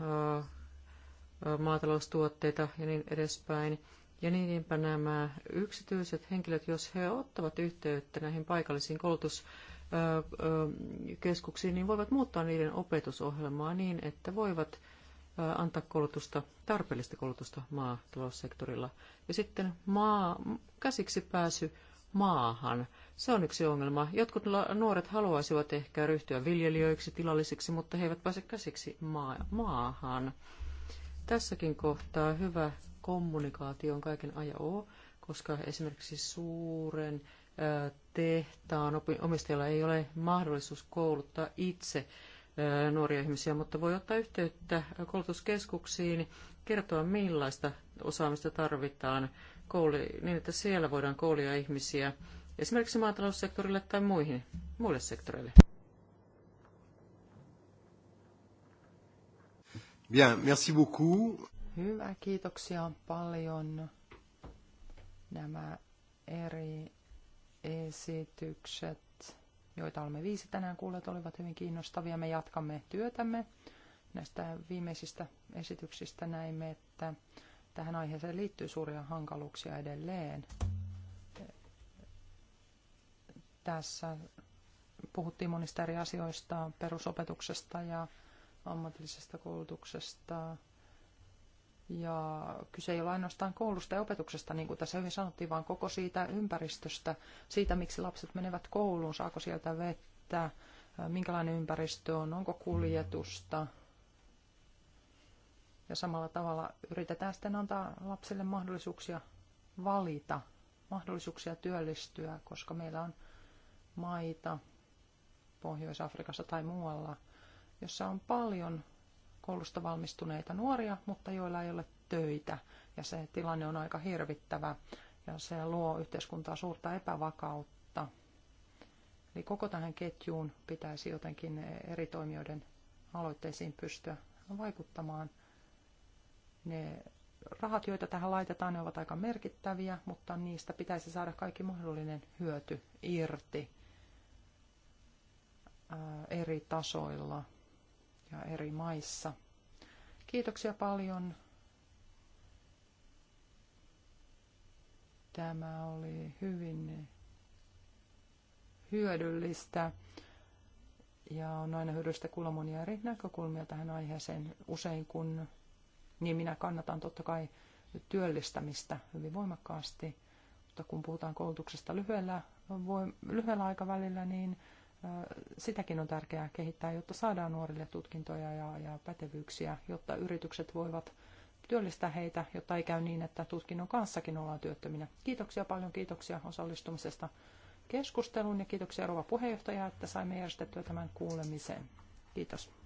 maataloustuotteita ja niin edespäin. Ja niinpä nämä yksityiset henkilöt, jos he ottavat yhteyttä näihin paikallisiin koulutuskeskuksiin, niin voivat muuttaa niiden opetusohjelmaa niin, että voivat antaa koulutusta, tarpeellista koulutusta maataloussektorilla. Ja sitten maa, käsiksi pääsy maahan. Se on yksi ongelma. Jotkut nuoret haluaisivat ehkä ryhtyä viljelijöiksi, tilallisiksi, mutta he eivät pääse käsiksi maa, maahan. Tässäkin kohtaa hyvä kommunikaatio on kaiken aja O, koska esimerkiksi suuren tehtaan omistajalla ei ole mahdollisuus kouluttaa itse nuoria ihmisiä, mutta voi ottaa yhteyttä koulutuskeskuksiin, kertoa millaista osaamista tarvitaan kouli, niin, että siellä voidaan koulia ihmisiä esimerkiksi maataloussektorille tai muihin, muille sektoreille. Bien, merci beaucoup. Hyvä, kiitoksia paljon. Nämä eri esitykset joita olemme viisi tänään kuulleet, olivat hyvin kiinnostavia. Me jatkamme työtämme. Näistä viimeisistä esityksistä näimme, että tähän aiheeseen liittyy suuria hankaluuksia edelleen. Tässä puhuttiin monista eri asioista, perusopetuksesta ja ammatillisesta koulutuksesta, ja kyse ei ole ainoastaan koulusta ja opetuksesta, niin kuin tässä hyvin sanottiin, vaan koko siitä ympäristöstä, siitä miksi lapset menevät kouluun, saako sieltä vettä, minkälainen ympäristö on, onko kuljetusta. Ja samalla tavalla yritetään sitten antaa lapsille mahdollisuuksia valita, mahdollisuuksia työllistyä, koska meillä on maita Pohjois-Afrikassa tai muualla, jossa on paljon koulusta valmistuneita nuoria, mutta joilla ei ole töitä. Ja se tilanne on aika hirvittävä ja se luo yhteiskuntaa suurta epävakautta. Eli koko tähän ketjuun pitäisi jotenkin eri toimijoiden aloitteisiin pystyä vaikuttamaan. Ne rahat, joita tähän laitetaan, ne ovat aika merkittäviä, mutta niistä pitäisi saada kaikki mahdollinen hyöty irti eri tasoilla – ja eri maissa. Kiitoksia paljon. Tämä oli hyvin hyödyllistä ja on aina hyödyllistä kuulla monia eri näkökulmia tähän aiheeseen. Usein kun, niin minä kannatan totta kai työllistämistä hyvin voimakkaasti, mutta kun puhutaan koulutuksesta lyhyellä, lyhyellä aikavälillä, niin sitäkin on tärkeää kehittää, jotta saadaan nuorille tutkintoja ja, ja pätevyyksiä, jotta yritykset voivat työllistää heitä, jotta ei käy niin, että tutkinnon kanssakin ollaan työttöminä. Kiitoksia paljon, kiitoksia osallistumisesta keskusteluun ja kiitoksia rouva puheenjohtaja, että saimme järjestettyä tämän kuulemisen. Kiitos.